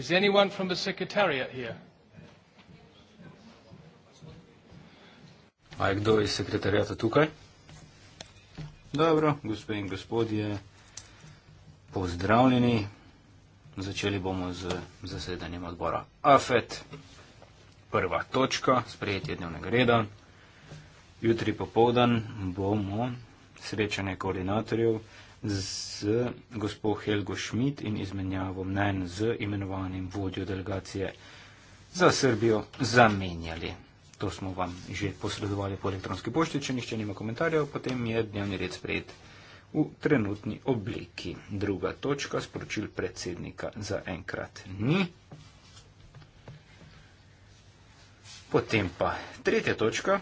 Is anyone from the secretariat here? A je kdo iz sekretarijata tukaj? Dobro, gospe in gospodje, pozdravljeni. Začeli bomo z zasedanjem odbora AFET. Prva točka, sprejetje dnevnega reda. Jutri popovdan bomo srečanje koordinatorjev z gospod Helgo Schmidt in izmenjavo mnen z imenovanim vodjo delegacije za Srbijo zamenjali. To smo vam že posredovali po elektronski pošti, če nišče nima komentarjev, potem je dnevni red sprejet v trenutni obliki. Druga točka sporočil predsednika za enkrat ni. Potem pa tretja točka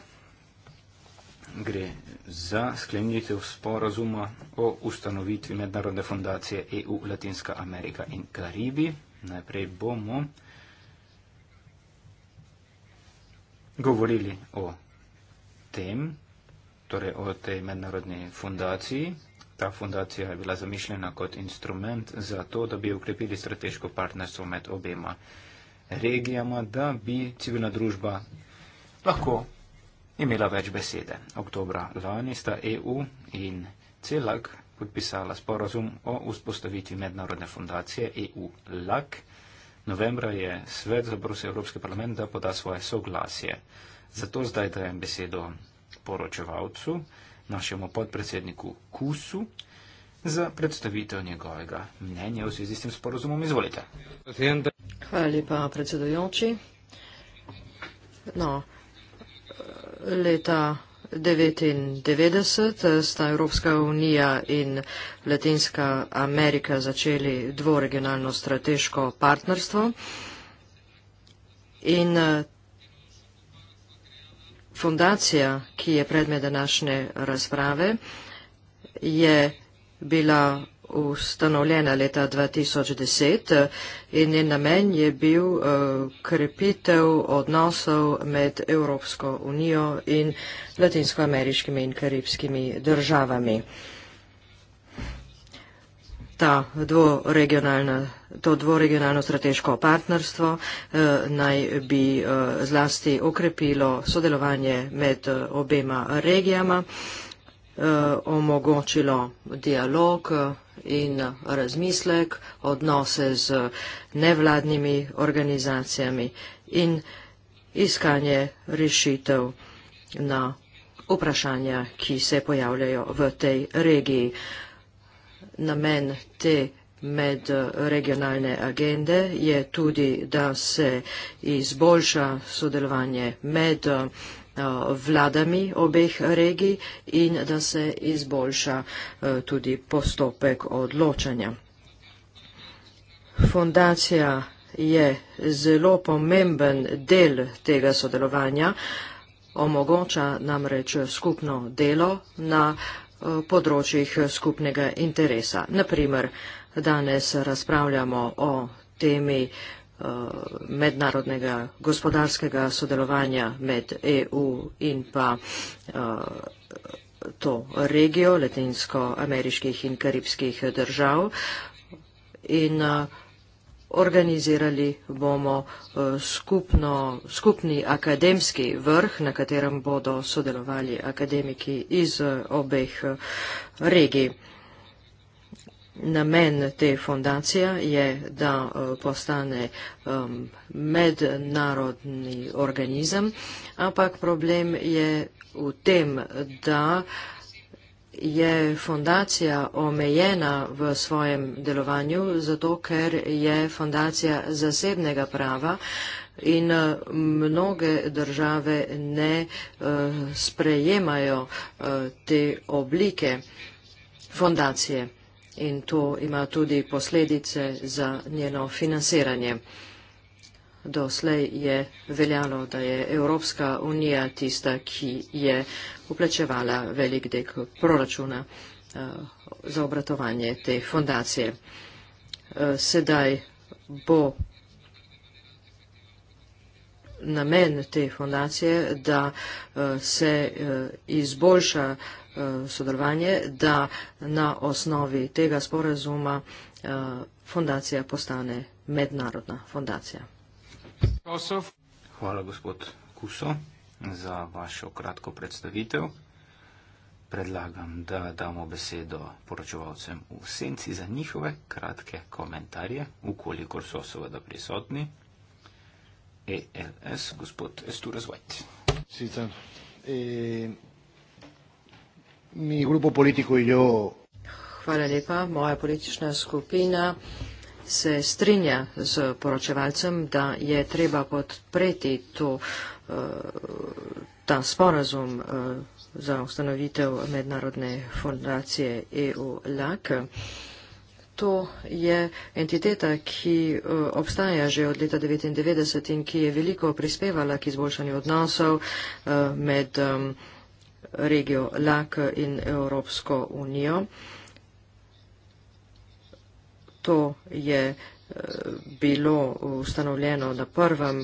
gre za sklenitev sporazuma o ustanovitvi mednarodne fundacije EU Latinska Amerika in Karibi. Najprej bomo govorili o tem, torej o tej mednarodni fundaciji. Ta fundacija je bila zamišljena kot instrument za to, da bi ukrepili strateško partnerstvo med obema regijama, da bi civilna družba lahko imela več besede. Oktobra lani sta EU in CELAC podpisala sporozum o vzpostavitvi mednarodne fundacije EU-LAC. Novembra je svet zaprosil Evropski parlament, da poda svoje soglasje. Zato zdaj dajem besedo poročevalcu, našemu podpredsedniku KUSU, za predstavitev njegovega mnenja v zvezi s tem sporozumom. Izvolite. Hvala lepa, predsedujoči. No leta 1999 sta Evropska unija in Latinska Amerika začeli dvoregionalno strateško partnerstvo in eh, fondacija, ki je predmet današnje razprave, je bila ustanovljena leta 2010 eh, in njen namen je bil eh, krepitev odnosov med Evropsko unijo in latinskoameriškimi in karibskimi državami. Ta dvoregionalna, to dvoregionalno strateško partnerstvo eh, naj bi eh, zlasti okrepilo sodelovanje med eh, obema regijama, eh, omogočilo dialog, eh, in razmislek, odnose z nevladnimi organizacijami in iskanje rešitev na vprašanja, ki se pojavljajo v tej regiji. Namen te med regionalne agende je tudi, da se izboljša sodelovanje med regionalne agende vladami obeh regij in da se izboljša tudi postopek odločanja. Fondacija je zelo pomemben del tega sodelovanja, omogoča namreč skupno delo na področjih skupnega interesa. Naprimer, danes razpravljamo o temi uh, Eh, mednarodnega gospodarskega sodelovanja med EU in pa eh, to regijo latinsko-ameriških in karibskih držav in eh, organizirali bomo skupno, skupni akademski vrh, na katerem bodo sodelovali akademiki iz obeh regij. Namen te fondacije je, da e, postane e, mednarodni organizem, ampak problem je v tem, da je fondacija omejena v svojem delovanju, zato ker je fondacija zasebnega prava in e, mnoge države ne sprejemajo te oblike fondacije in to ima tudi posledice za njeno financiranje. Doslej je veljalo, da je Evropska unija tista, ki je uplačevala velik del proračuna eh, za obratovanje te fondacije. Eh, sedaj bo namen te fondacije, da eh, se eh, izboljša eh, sodelovanje, da na osnovi tega sporazuma fondacija postane mednarodna fondacija. Hvala, gospod Kuso, za vašo kratko predstavitev. Predlagam, da damo besedo poročevalcem v senci za njihove kratke komentarje, ukolikor so seveda prisotni. ELS, gospod Esturas Vajt. Sicer, mi grupo politiko in jo. Hvala lepa. Moja politična skupina se strinja z poročevalcem, da je treba podpreti to, eh, ta sporazum eh, za ustanovitev mednarodne fondacije EU-LAC to je entiteta, ki eh, obstaja že od leta 1999 in ki je veliko prispevala k izboljšanju odnosov eh, med regijo LAK in Evropsko unijo. To je eh, bilo ustanovljeno na prvem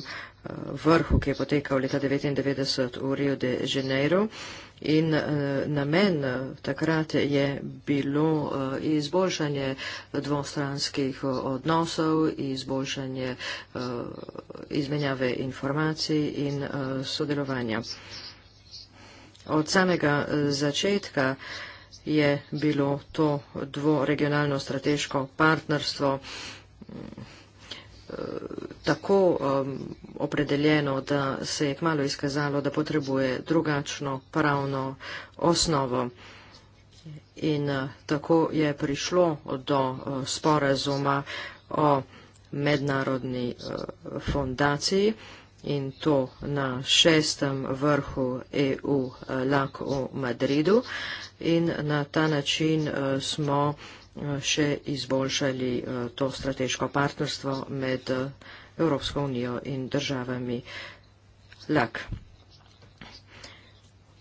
vrhu, ki je potekal leta 1999 v Rio de Janeiro. In eh, namen eh, takrat je bilo eh, izboljšanje dvostranskih odnosov, izboljšanje izmenjave informacij in sodelovanja. Od samega začetka je bilo to dvoregionalno strateško partnerstvo tako um, opredeljeno, da se je kmalo izkazalo, da potrebuje drugačno pravno osnovo. In uh, tako je prišlo do uh, sporazuma o mednarodni uh, fondaciji in to na šestem vrhu EU-LAK uh, v Madridu. In na ta način uh, smo uh, še izboljšali eh, to strateško partnerstvo med eh, Evropsko unijo in državami LAK.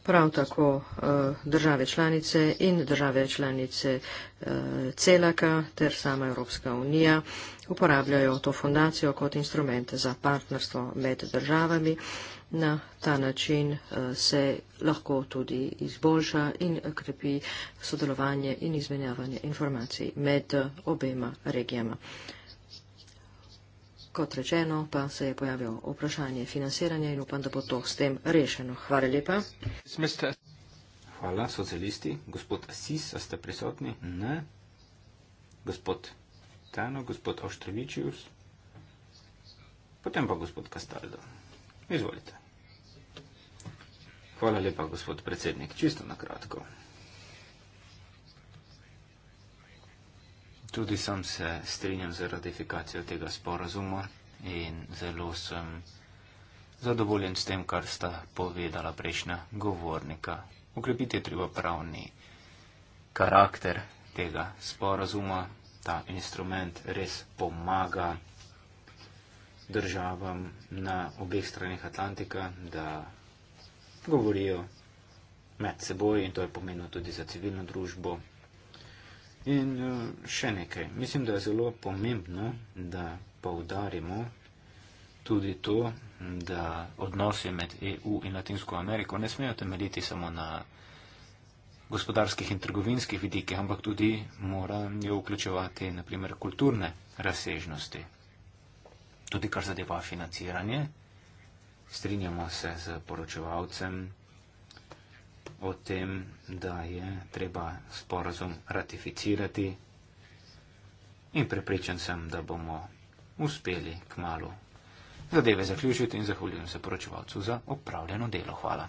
Prav tako eh, države članice in države članice celaka ter sama Evropska unija uporabljajo to fundacijo kot instrument za partnerstvo med državami na ta način eh, se lahko tudi izboljša in krepi sodelovanje in izmenjavanje informacij med eh, obema regijama. Kot rečeno, pa se je pojavilo vprašanje financiranja in upam, da bo to s tem rešeno. Hvala lepa. Hvala, socialisti. Gospod Asis, a ste prisotni? Ne. Gospod Tano, gospod Oštrevičius, potem pa gospod Kastaldo. Izvolite. Hvala lepa, gospod predsednik. Čisto na kratko. Tudi sam se strinjam z ratifikacijo tega sporazuma in zelo sem zadovoljen s tem, kar sta povedala prejšnja govornika. Ukrepiti je treba pravni karakter tega sporazuma. Ta instrument res pomaga državam na obeh stranih Atlantika, da govorijo med seboj in to je pomenilo tudi za civilno družbo. In eh, še nekaj, mislim, da je zelo pomembno, da poudarimo tudi to, da odnosi med EU in Latinsko Ameriko ne smejo temeljiti samo na gospodarskih in trgovinskih vidikih, ampak tudi morajo vključevati naprimer kulturne razsežnosti. Tudi kar zadeva financiranje, strinjamo se z poročevalcem o tem, da je treba sporazum ratificirati in prepričan sem, da bomo uspeli k malu zadeve zaključiti in zahvaljujem se poročevalcu za opravljeno delo. Hvala.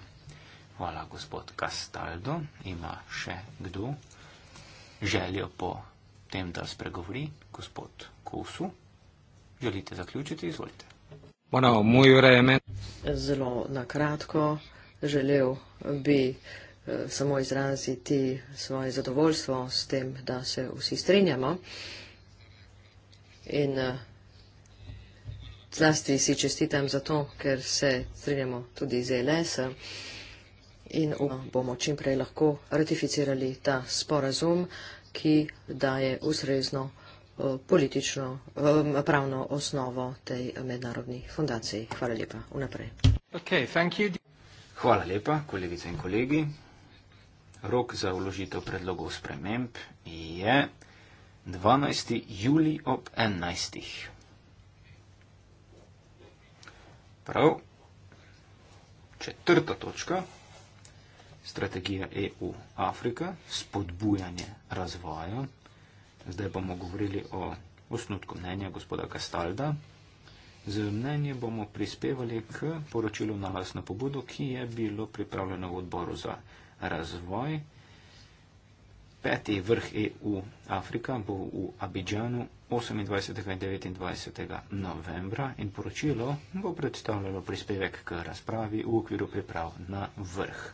Hvala, gospod Castaldo. Ima še kdo željo po tem, da spregovori, gospod Kusu? Želite zaključiti? Izvolite. Bueno, muy brevemente zelo nakratko. Želel bi eh, samo izraziti svoje zadovoljstvo s tem, da se vsi strinjamo. In eh, zlasti si čestitam zato, ker se strinjamo tudi z e LS in bomo čimprej lahko ratificirali ta sporazum, ki daje ustrezno. Eh, politično eh, pravno osnovo tej mednarodni fundaciji. Hvala lepa. Vnaprej. Hvala lepa, kolegice in kolegi. Rok za vložitev predlogov sprememb je 12. juli ob 11. Prav. Četrta točka. Strategija EU Afrika, spodbujanje razvoja Zdaj bomo govorili o osnutku mnenja gospoda Kastalda. Z mnenjem bomo prispevali k poročilu na lasno pobudo, ki je bilo pripravljeno v odboru za razvoj. Peti vrh EU Afrika bo v Abidžanu 28. in 29. novembra in poročilo bo predstavljalo prispevek k razpravi v okviru priprav na vrh.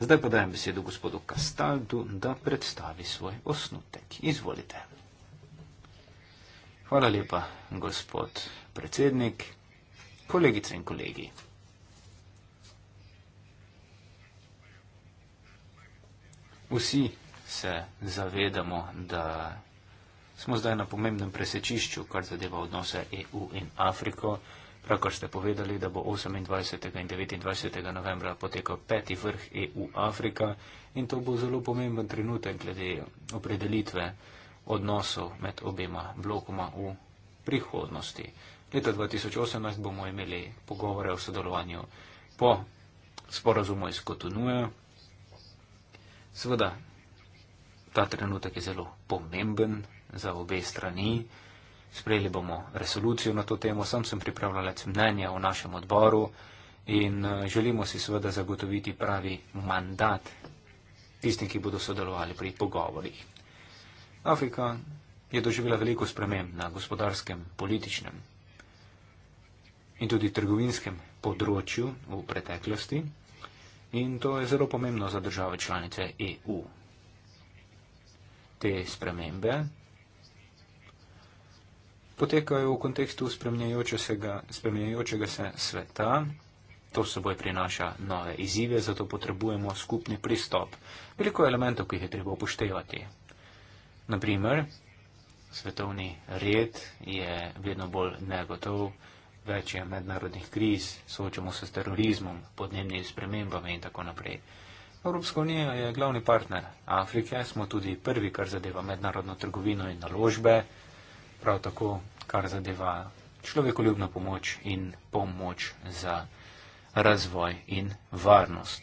Zdaj pa dajem besedo gospodu Kastaldu, da predstavi svoj osnutek. Izvolite. Hvala lepa, gospod predsednik, kolegice in kolegi. Vsi se zavedamo, da smo zdaj na pomembnem presečišču, kar zadeva odnose EU in Afriko. Pravkar ste povedali, da bo 28. in 29. novembra potekal peti vrh EU Afrika in to bo zelo pomemben trenutek glede opredelitve odnosov med obema blokoma v prihodnosti. Leta 2018 bomo imeli pogovore o sodelovanju po sporazumu iz Kotonuja. Seveda, ta trenutek je zelo pomemben za obe strani sprejeli bomo resolucijo na to temo, sem sem pripravljalec mnenja v našem odboru in eh, želimo si seveda zagotoviti pravi mandat tistim, ki bodo sodelovali pri pogovorih. Afrika je doživela veliko sprememb na gospodarskem, političnem in tudi trgovinskem področju v preteklosti in to je zelo pomembno za države članice EU. Te spremembe potekajo v kontekstu spremenjajočega se sveta. To seboj prinaša nove izzive, zato potrebujemo skupni pristop. Veliko elementov, ki jih je treba upoštevati. Naprimer, svetovni red je vedno bolj negotov, več je mednarodnih kriz, soočamo se s terorizmom, podnebnimi spremembami in tako naprej. Evropska unija je glavni partner Afrike, smo tudi prvi, kar zadeva mednarodno trgovino in naložbe, prav tako kar zadeva človekoljubno pomoč in pomoč za razvoj in varnost.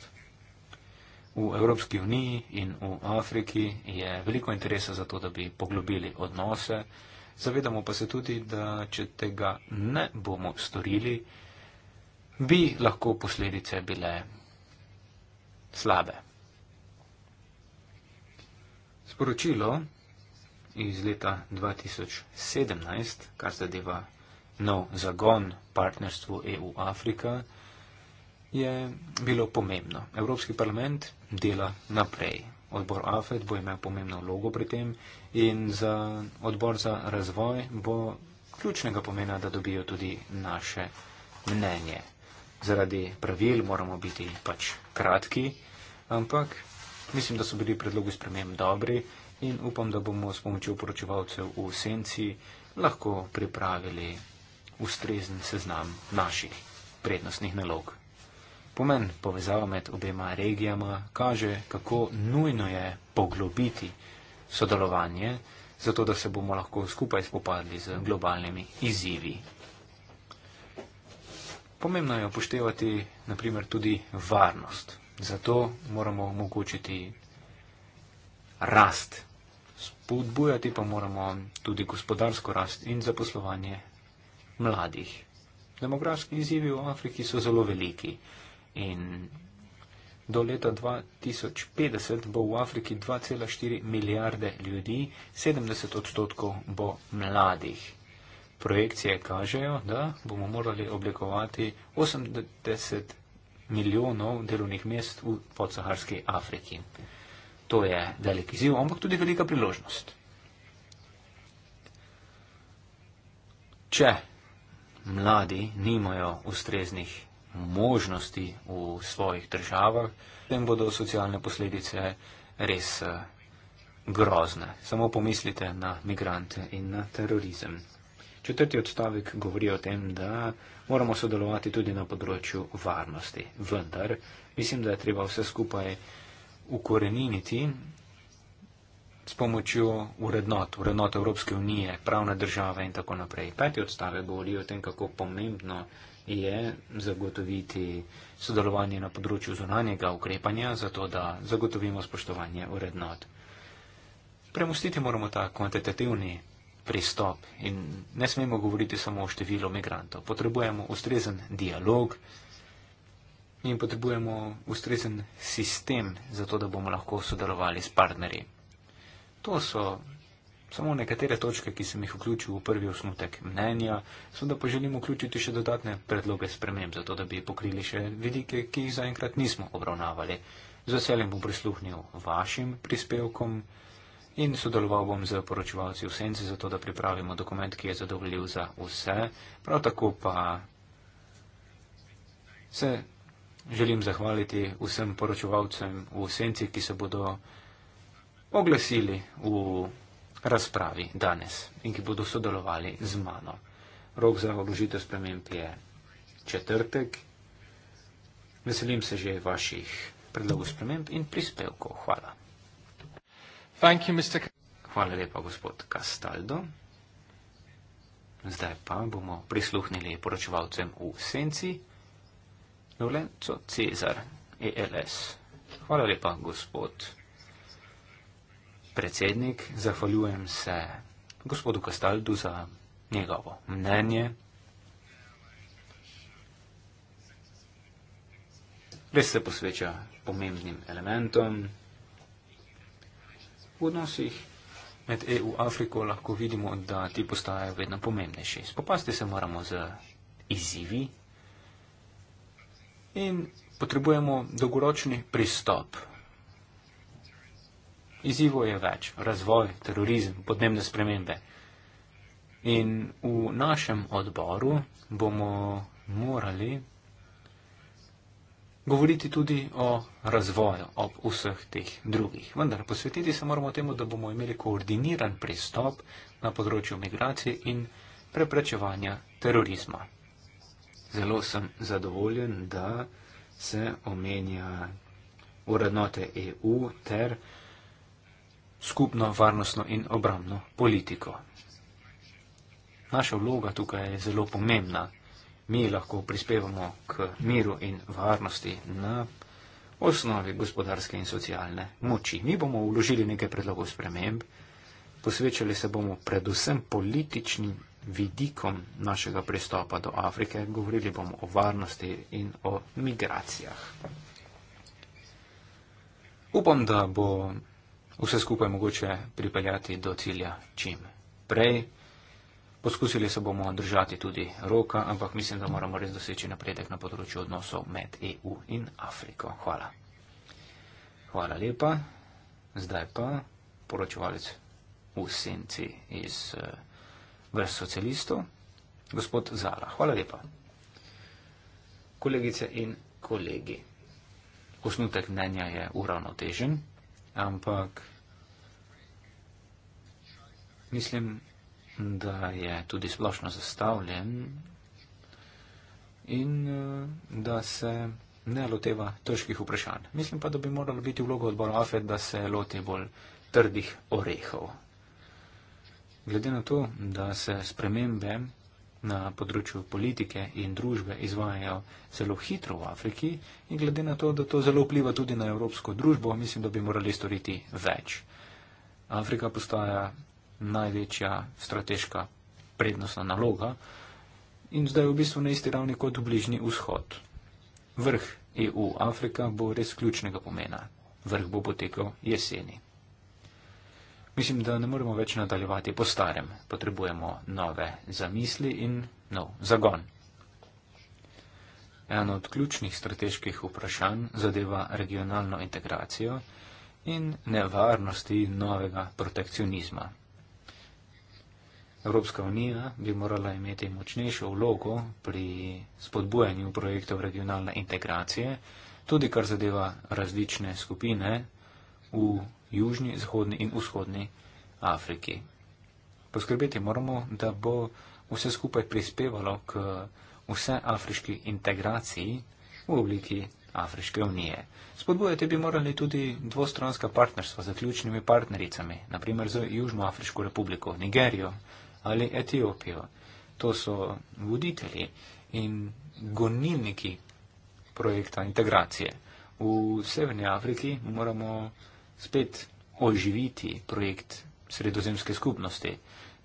V Evropski uniji in v Afriki je veliko interesa za to, da bi poglobili odnose, zavedamo pa se tudi, da če tega ne bomo storili, bi lahko posledice bile slabe. Sporočilo, iz leta 2017, kar zadeva nov zagon partnerstvu EU-Afrika, je bilo pomembno. Evropski parlament dela naprej. Odbor AFED bo imel pomembno vlogo pri tem in za odbor za razvoj bo ključnega pomena, da dobijo tudi naše mnenje. Zaradi pravil moramo biti pač kratki, ampak mislim, da so bili predlogi sprememb dobri in upam, da bomo s pomočjo poročevalcev v senci lahko pripravili ustrezen seznam naših prednostnih nalog. Pomen povezava med obema regijama kaže, kako nujno je poglobiti sodelovanje, zato da se bomo lahko skupaj spopadli z globalnimi izzivi. Pomembno je upoštevati naprimer tudi varnost. Zato moramo omogočiti rast podbujati pa moramo tudi gospodarsko rast in zaposlovanje mladih. Demografski izzivi v Afriki so zelo veliki in do leta 2050 bo v Afriki 2,4 milijarde ljudi, 70 odstotkov bo mladih. Projekcije kažejo, da bomo morali oblikovati 80 milijonov delovnih mest v podsaharski Afriki. To je velik izziv, ampak tudi velika priložnost. Če mladi nimajo ustreznih možnosti v svojih državah, potem bodo socialne posledice res eh, grozne. Samo pomislite na migrante in na terorizem. Četrti odstavek govori o tem, da moramo sodelovati tudi na področju varnosti. Vendar mislim, da je treba vse skupaj ukoreniniti s pomočjo urednot, urednot Evropske unije, pravne države in tako naprej. Peti odstavek govori o tem, kako pomembno je zagotoviti sodelovanje na področju zunanjega ukrepanja, zato da zagotovimo spoštovanje urednot. Premustiti moramo ta kvantitativni pristop in ne smemo govoriti samo o številu migrantov. Potrebujemo ustrezen dialog, in potrebujemo ustrezen sistem, zato da bomo lahko sodelovali s partnerji. To so samo nekatere točke, ki sem jih vključil v prvi osnutek mnenja, seveda pa želim vključiti še dodatne predloge sprememb, zato da bi pokrili še vidike, ki jih zaenkrat nismo obravnavali. Z veseljem bom prisluhnil vašim prispevkom in sodeloval bom z poročevalci v senci, zato da pripravimo dokument, ki je zadovoljiv za vse. Prav tako pa se želim zahvaliti vsem poročevalcem v senci, ki se bodo oglasili v razpravi danes in ki bodo sodelovali z mano. Rok za odložitev sprememb je četrtek. Veselim se že vaših predlogov sprememb in prispevkov. Hvala. You, Mr. Hvala lepa, gospod Castaldo. Zdaj pa bomo prisluhnili poročevalcem v senci. Lorenzo Cezar, ELS. Hvala lepa, gospod predsednik. Zahvaljujem se gospodu Kastaldu za njegovo mnenje. Res se posveča pomembnim elementom. V odnosih med EU in Afriko lahko vidimo, da ti postajajo vedno pomembnejši. Spopasti se moramo z izzivi, in potrebujemo dolgoročni pristop. Izivo je več. Razvoj, terorizem, podnebne spremembe. In v našem odboru bomo morali govoriti tudi o razvoju ob vseh teh drugih. Vendar posvetiti se moramo temu, da bomo imeli koordiniran pristop na področju migracije in preprečevanja terorizma zelo sem zadovoljen, da se omenja urednote EU ter skupno varnostno in obramno politiko. Naša vloga tukaj je zelo pomembna. Mi lahko prispevamo k miru in varnosti na osnovi gospodarske in socialne moči. Mi bomo uložili nekaj predlogov sprememb, posvečali se bomo predvsem političnim vidikom našega pristopa do Afrike. Govorili bomo o varnosti in o migracijah. Upam, da bo vse skupaj mogoče pripeljati do cilja čim prej. Poskusili se bomo držati tudi roka, ampak mislim, da moramo res doseči napredek na področju odnosov med EU in Afriko. Hvala. Hvala lepa. Zdaj pa poročevalec v senci iz. Uh, brez socialistov, gospod Zala. Hvala lepa. Kolegice in kolegi, osnutek mnenja je uravnotežen, ampak mislim, da je tudi splošno zastavljen in eh, da se ne loteva težkih vprašanj. Mislim pa, da bi moralo biti vlogo odbora AFED, da se loti bolj trdih orehov. Glede na to, da se spremembe na področju politike in družbe izvajajo zelo hitro v Afriki in glede na to, da to zelo vpliva tudi na evropsko družbo, mislim, da bi morali storiti več. Afrika postaja največja strateška prednostna naloga in zdaj je v bistvu na isti ravni kot bližnji vzhod. Vrh EU Afrika bo res ključnega pomena. Vrh bo potekal jeseni. Mislim, da ne moremo več nadaljevati po starem. Potrebujemo nove zamisli in nov zagon. Eno od ključnih strateških vprašanj zadeva regionalno integracijo in nevarnosti novega protekcionizma. Evropska unija bi morala imeti močnejšo vlogo pri spodbujanju projektov regionalne integracije, tudi kar zadeva različne skupine v južni, zahodni in vzhodni Afriki. Poskrbeti moramo, da bo vse skupaj prispevalo k vse afriški integraciji v obliki Afriške unije. Spodbojati bi morali tudi dvostranska partnerstva z ključnimi partnericami, naprimer z Južno Afriško republiko, Nigerijo ali Etiopijo. To so voditelji in gonilniki projekta integracije. V Severni Afriki moramo spet oživiti projekt sredozemske skupnosti.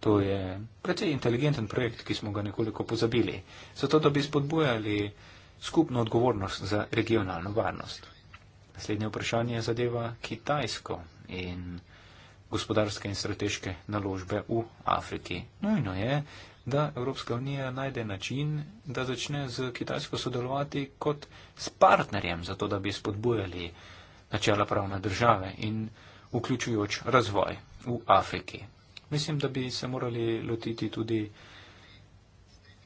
To je precej inteligenten projekt, ki smo ga nekoliko pozabili, zato da bi spodbujali skupno odgovornost za regionalno varnost. Naslednje vprašanje zadeva Kitajsko in gospodarske in strateške naložbe v Afriki. Nujno je, da Evropska unija najde način, da začne z Kitajsko sodelovati kot s partnerjem, zato da bi spodbujali načela pravne države in vključujoč razvoj v Afriki. Mislim, da bi se morali lotiti tudi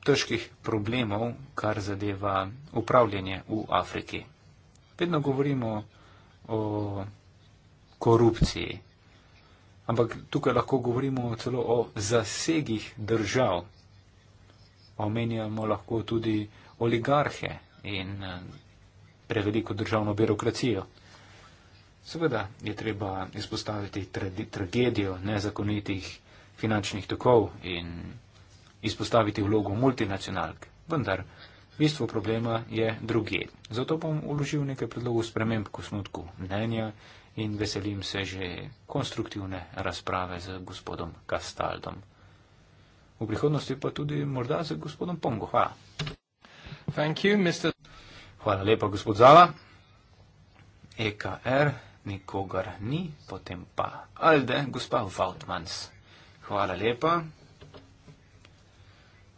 težkih problemov, kar zadeva upravljanje v Afriki. Vedno govorimo o korupciji, ampak tukaj lahko govorimo celo o zasegih držav. Omenjamo lahko tudi oligarhe in eh, preveliko državno birokracijo. Seveda je treba izpostaviti tragedijo nezakonitih finančnih tokov in izpostaviti vlogo multinacionalk, vendar bistvo problema je druge. Zato bom uložil nekaj predlogov sprememb k osnutku mnenja in veselim se že konstruktivne razprave z gospodom Kastaldom. V prihodnosti pa tudi morda z gospodom Pongo. Hvala. Thank you, Mr. Hvala lepa, gospod Zala. EKR nikogar ni, potem pa Alde, gospa Vautmans. Hvala lepa.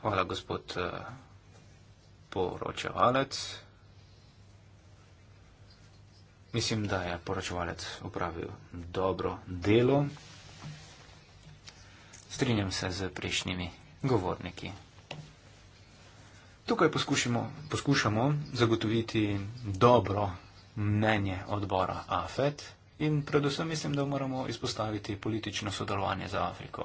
Hvala, gospod uh, poročevalec. Mislim, da je poročevalec upravil dobro delo. Strinjam se z prejšnjimi govorniki. Tukaj poskušamo, poskušamo zagotoviti dobro mnenje odbora AFET in predvsem mislim, da moramo izpostaviti politično sodelovanje za Afriko.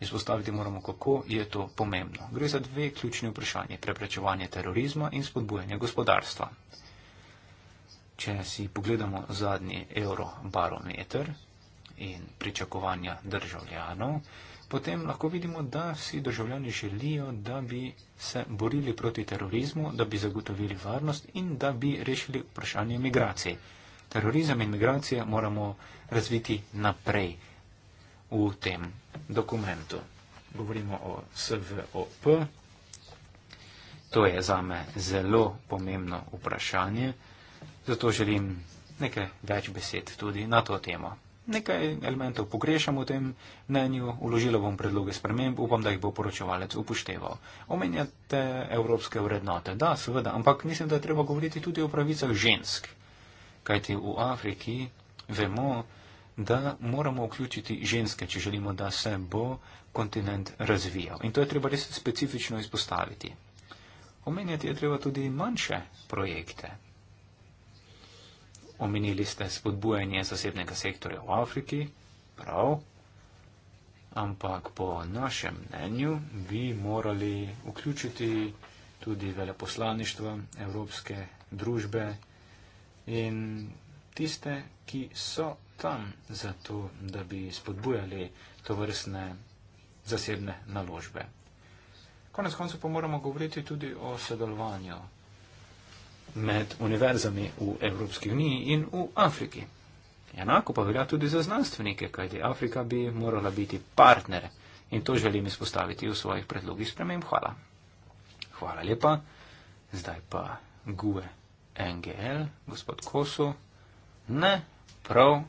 Izpostaviti moramo, kako je to pomembno. Gre za dve ključni vprašanje, preprečevanje terorizma in spodbujanje gospodarstva. Če si pogledamo zadnji eurobarometer in pričakovanja državljanov, potem lahko vidimo, da vsi državljani želijo, da bi se borili proti terorizmu, da bi zagotovili varnost in da bi rešili vprašanje migracije. Terorizem in migracije moramo razviti naprej v tem dokumentu. Govorimo o SVOP. To je za me zelo pomembno vprašanje, zato želim nekaj več besed tudi na to temo nekaj elementov pogrešam v tem mnenju, uložila bom predloge sprememb, upam, da jih bo poročevalec upošteval. Omenjate evropske vrednote, da, seveda, ampak mislim, da je treba govoriti tudi o pravicah žensk. Kajti v Afriki vemo, da moramo vključiti ženske, če želimo, da se bo kontinent razvijal. In to je treba res specifično izpostaviti. Omenjati je treba tudi manjše projekte omenili ste spodbujanje zasebnega sektorja v Afriki, prav, ampak po našem mnenju bi morali vključiti tudi veleposlaništva, evropske družbe in tiste, ki so tam zato, da bi spodbujali to vrstne zasebne naložbe. Konec koncev pa moramo govoriti tudi o sodelovanju med univerzami v Evropski uniji in v Afriki. Enako pa velja tudi za znanstvenike, kajti Afrika bi morala biti partner in to želim izpostaviti v svojih predlogih sprememb. Hvala. Hvala lepa. Zdaj pa GUE NGL, gospod Kosu. Ne, prav.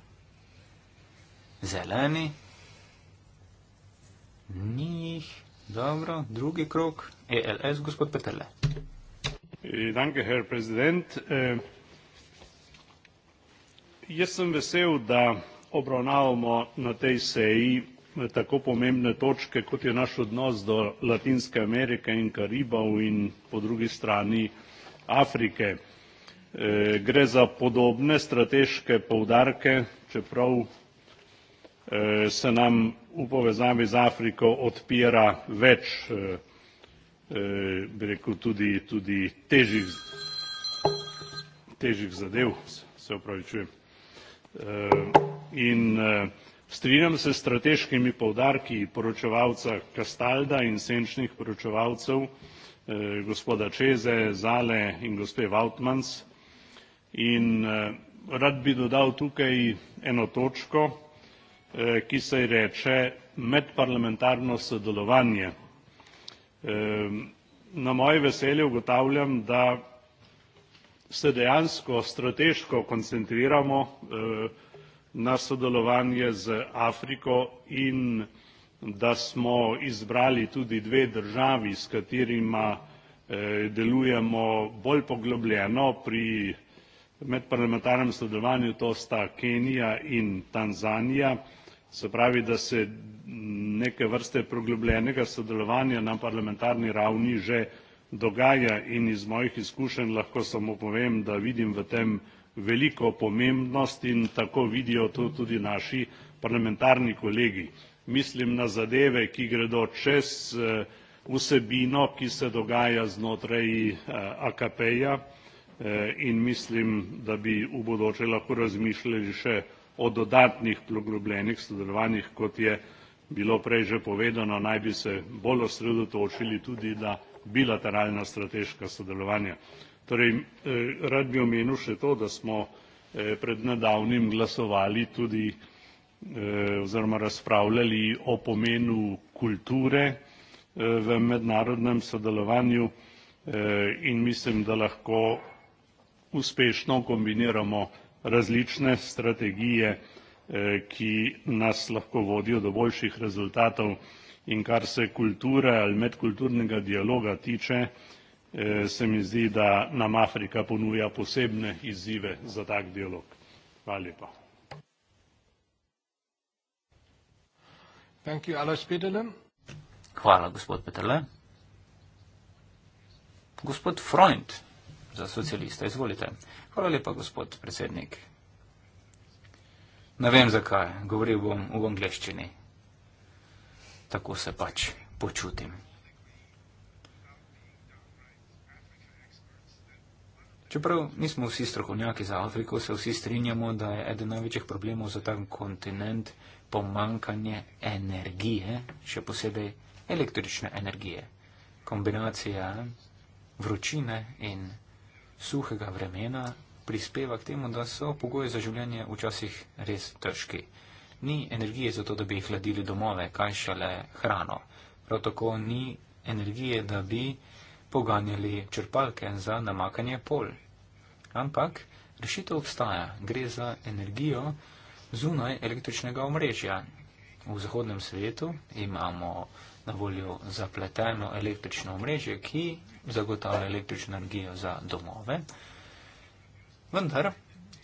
Zeleni. Njih. Dobro, drugi krok. ELS, gospod Petele. Eh, danke, Herr Präsident. Eh, jaz sem vesel, da obravnavamo na tej seji eh, tako pomembne točke, kot je naš odnos do Latinske Amerike in Karibov in po drugi strani Afrike. Gre za podobne strateške poudarke, čeprav se nam v povezavi z Afriko odpira več Eh, bi rekel, tudi, tudi težjih, težjih zadev, se upravičujem. Eh, in eh, strinjam se s strateškimi povdarki poročevalca Kastalda in senčnih poročevalcev, gospoda Čeze, Zale in gospe Vautmans. In rad bi dodal tukaj eno točko, ki se reče medparlamentarno sodelovanje Na moje veselje ugotavljam, da se dejansko strateško koncentriramo e, na sodelovanje z Afriko in da smo izbrali tudi dve državi, s katerima e, delujemo bolj poglobljeno pri medparlamentarnem sodelovanju, to sta Kenija in Tanzanija. Se pravi, da se neke vrste poglobljenega sodelovanja na parlamentarni ravni že dogaja in iz mojih izkušenj lahko samo povem, da vidim v tem veliko pomembnost in tako vidijo to tudi naši parlamentarni kolegi. Mislim na zadeve, ki gredo čez eh, vsebino, ki se dogaja znotraj eh, AKP-ja eh, in mislim, da bi v bodoče lahko razmišljali še o dodatnih poglobljenih sodelovanjih, kot je bilo prej že povedano, naj bi se bolj osredotočili tudi na bilateralna strateška sodelovanja. Torej, eh, rad bi omenil še to, da smo eh, pred nedavnim glasovali tudi eh, oziroma razpravljali o pomenu kulture v mednarodnem sodelovanju in mislim, da lahko uspešno kombiniramo različne strategije Eh, ki nas lahko vodijo do boljših rezultatov. In kar se kulture ali medkulturnega dialoga tiče, eh, se mi zdi, da nam Afrika ponuja posebne izzive za tak dialog. Hvala lepa. Thank you, Alois Peterlen. Hvala, gospod Peterle. Gospod Freund za socialista, izvolite. Hvala lepa, gospod predsednik. Ne vem zakaj, govoril bom v angleščini. Tako se pač počutim. Čeprav nismo vsi strokovnjaki za Afriko, se vsi strinjamo, da je eden največjih problemov za ta kontinent pomankanje energije, še posebej električne energije. Kombinacija vročine in suhega vremena prispeva k temu, da so pogoji za življenje včasih res težki. Ni energije za to, da bi jih hladili domove, kaj šele hrano. Prav tako ni energije, da bi poganjali črpalke za namakanje pol. Ampak rešitev obstaja. Gre za energijo zunaj električnega omrežja. V zahodnem svetu imamo na voljo zapleteno električno omrežje, ki zagotavlja električno energijo za domove. Vendar,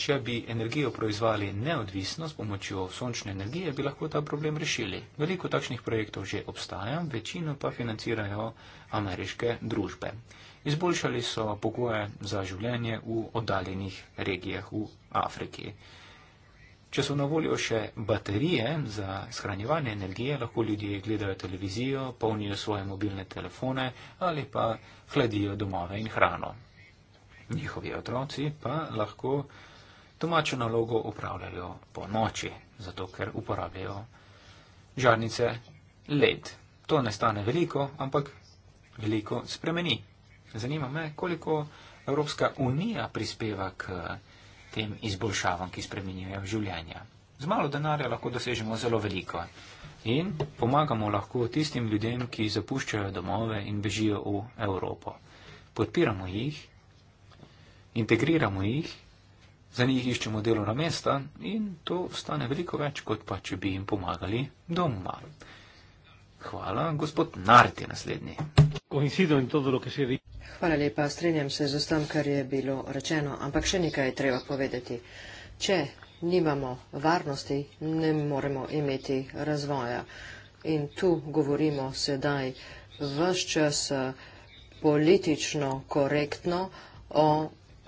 če bi energijo proizvali neodvisno s pomočjo sončne energije, bi lahko ta problem rešili. Veliko takšnih projektov že obstaja, večino pa financirajo ameriške družbe. Izboljšali so pogoje za življenje v oddaljenih regijah v Afriki. Če so na voljo še baterije za shranjevanje energije, lahko ljudje gledajo televizijo, polnijo svoje mobilne telefone ali pa hladijo domove in hrano njihovi otroci pa lahko domačo nalogo upravljajo po noči, zato ker uporabljajo žarnice led. To ne stane veliko, ampak veliko spremeni. Zanima me, koliko Evropska unija prispeva k tem izboljšavam, ki spremenjujejo življenja. Z malo denarja lahko dosežemo zelo veliko in pomagamo lahko tistim ljudem, ki zapuščajo domove in bežijo v Evropo. Podpiramo jih integriramo jih, za njih iščemo delovna mesta in to stane veliko več, kot pa če bi jim pomagali doma. Hvala, gospod Nart je naslednji. Hvala lepa, strenjam se z ostam, kar je bilo rečeno, ampak še nekaj je treba povedati. Če nimamo varnosti, ne moremo imeti razvoja. In tu govorimo sedaj vse čas eh, politično korektno o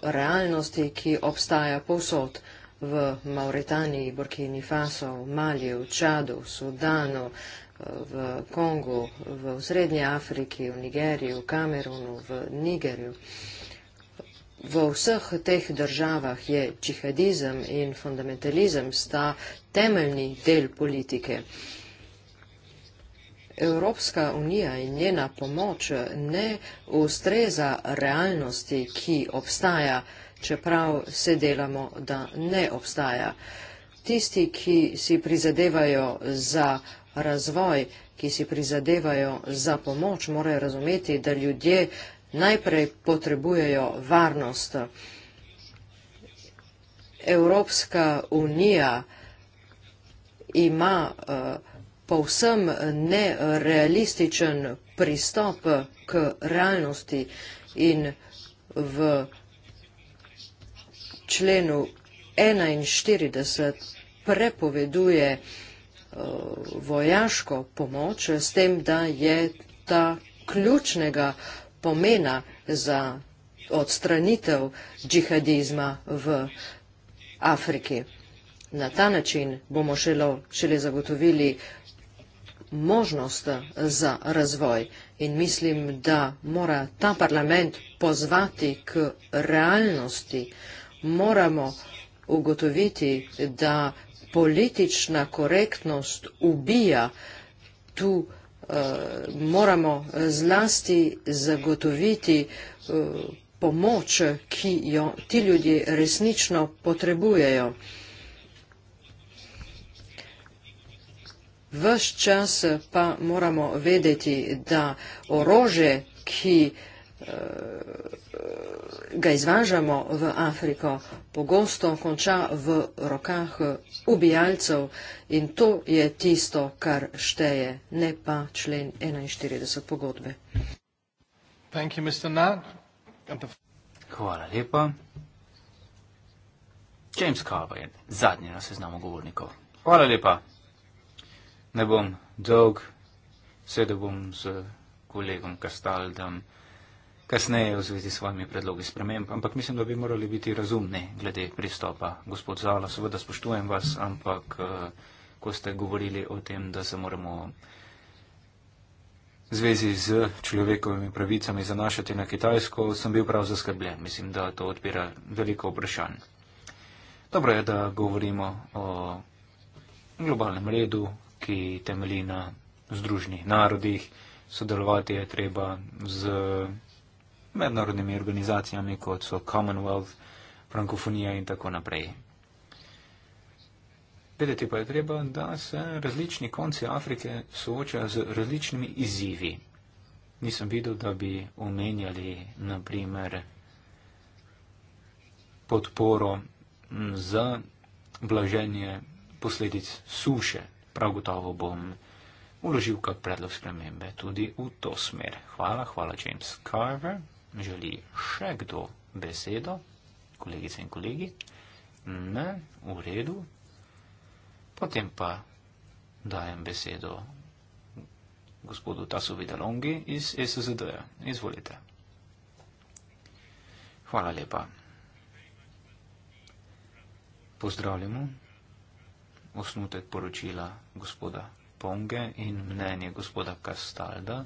realnosti, ki obstaja povsod v Mauritaniji, Burkini Faso, v Maliju, Čadu, Sudanu, v Kongu, v Srednji Afriki, v Nigeriji, v Kamerunu, v Nigerju. V vseh teh državah je džihadizem in fundamentalizem sta temeljni del politike. Evropska unija in njena pomoč ne ustreza realnosti, ki obstaja, čeprav se delamo, da ne obstaja. Tisti, ki si prizadevajo za razvoj, ki si prizadevajo za pomoč, morajo razumeti, da ljudje najprej potrebujejo varnost. Evropska unija ima uh, povsem nerealističen pristop k realnosti in v členu 41 prepoveduje eh, vojaško pomoč s tem, da je ta ključnega pomena za odstranitev džihadizma v Afriki. Na ta način bomo šele zagotovili možnost za razvoj in mislim, da mora ta parlament pozvati k realnosti. Moramo ugotoviti, da politična korektnost ubija tu eh, Moramo zlasti zagotoviti eh, pomoč, ki jo ti ljudje resnično potrebujejo. Ves čas pa moramo vedeti, da orože, ki eh, ga izvažamo v Afriko, pogosto konča v rokah ubijalcev in to je tisto, kar šteje, ne pa člen 41 pogodbe. Hvala lepa. James Carver je zadnji na seznamu govornikov. Hvala lepa ne bom dolg, sedel bom z kolegom Kastaldom kasneje v zvezi s svojimi predlogi sprememb, ampak mislim, da bi morali biti razumni glede pristopa. Gospod Zala, seveda spoštujem vas, ampak eh, ko ste govorili o tem, da se moramo v zvezi z človekovimi pravicami zanašati na Kitajsko, sem bil prav zaskrbljen. Mislim, da to odpira veliko vprašanj. Dobro je, da govorimo o globalnem redu, ki temelji na združnih narodih, sodelovati je treba z mednarodnimi organizacijami, kot so Commonwealth, Frankofonija in tako naprej. Vedeti pa je treba, da se različni konci Afrike soočajo z različnimi izzivi. Nisem videl, da bi omenjali, naprimer, podporo za blaženje posledic suše, prav gotovo bom uložil kak predlog spremembe tudi v to smer. Hvala, hvala James Carver. Želi še kdo besedo? Kolegice in kolegi? Ne, v redu. Potem pa dajem besedo gospodu Tasu Vidalongi iz SZD-ja. Izvolite. Hvala lepa. Pozdravljamo osnutek poročila gospoda Ponge in mnenje gospoda Kastalda,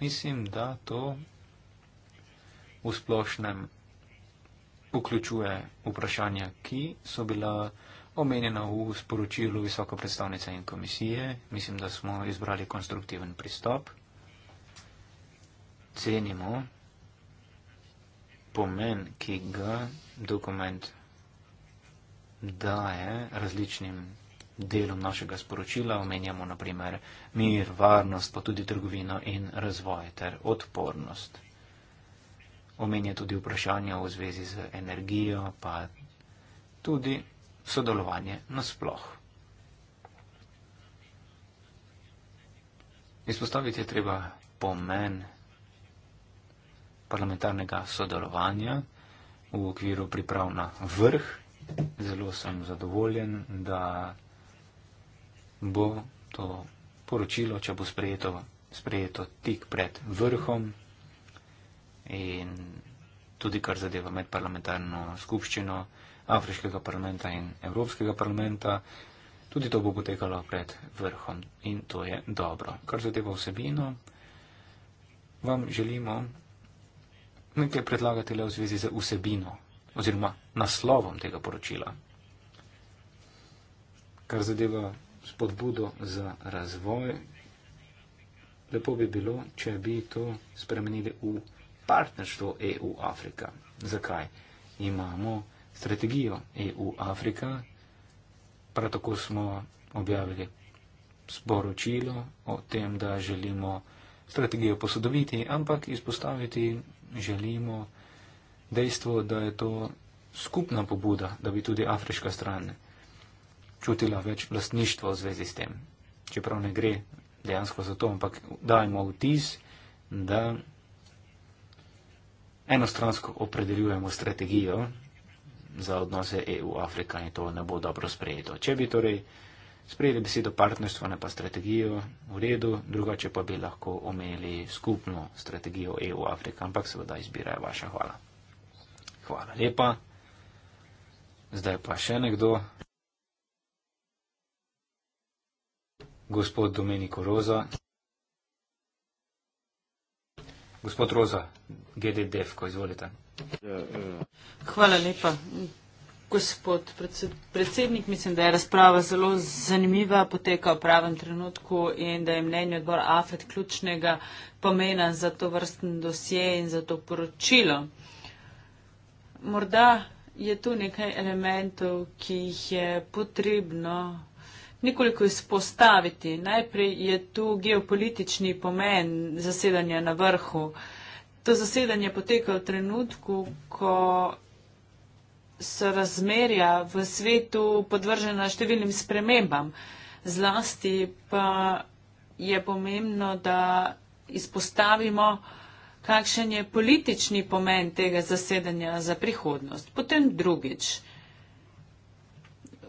mislim, da to v splošnem vključuje vprašanja, ki so bila omenjena v sporočilu visoko predstavnice in komisije. Mislim, da smo izbrali konstruktiven pristop. Cenimo pomen, ki ga dokument daje različnim delom našega sporočila omenjamo naprimer mir, varnost, pa tudi trgovino in razvoj ter odpornost. Omenja tudi vprašanja v zvezi z energijo, pa tudi sodelovanje nasploh. Izpostaviti je treba pomen parlamentarnega sodelovanja v okviru priprav na vrh. Zelo sem zadovoljen, da bo to poročilo, če bo sprejeto, sprejeto tik pred vrhom in tudi kar zadeva medparlamentarno skupščino Afriškega parlamenta in Evropskega parlamenta, tudi to bo potekalo pred vrhom in to je dobro. Kar zadeva vsebino, vam želimo nekaj predlagati le v zvezi z vsebino oziroma naslovom tega poročila. Kar zadeva spodbudo za razvoj. Lepo bi bilo, če bi to spremenili v partnerstvo EU-Afrika. Zakaj? Imamo strategijo EU-Afrika, prav tako smo objavili sporočilo o tem, da želimo strategijo posodobiti, ampak izpostaviti želimo dejstvo, da je to skupna pobuda, da bi tudi afriška stran čutila več lastništva v zvezi s tem. Čeprav ne gre dejansko za to, ampak dajemo vtis, da enostransko opredeljujemo strategijo za odnose EU-Afrika in to ne bo dobro sprejeto. Če bi torej sprejeli besedo partnerstvo, ne pa strategijo, v redu, drugače pa bi lahko omenili skupno strategijo EU-Afrika, ampak seveda izbira je vaša. Hvala. Hvala lepa. Zdaj pa še nekdo. gospod Domenico Roza. Gospod Roza, GD Defko, izvolite. Hvala lepa. Gospod predsednik, mislim, da je razprava zelo zanimiva, poteka v pravem trenutku in da je mnenje odbora AFED ključnega pomena za to vrsten dosje in za to poročilo. Morda je tu nekaj elementov, ki jih je potrebno nekoliko izpostaviti. Najprej je tu geopolitični pomen zasedanja na vrhu. To zasedanje poteka v trenutku, ko so razmerja v svetu podvržena številnim spremembam. Zlasti pa je pomembno, da izpostavimo, kakšen je politični pomen tega zasedanja za prihodnost. Potem drugič.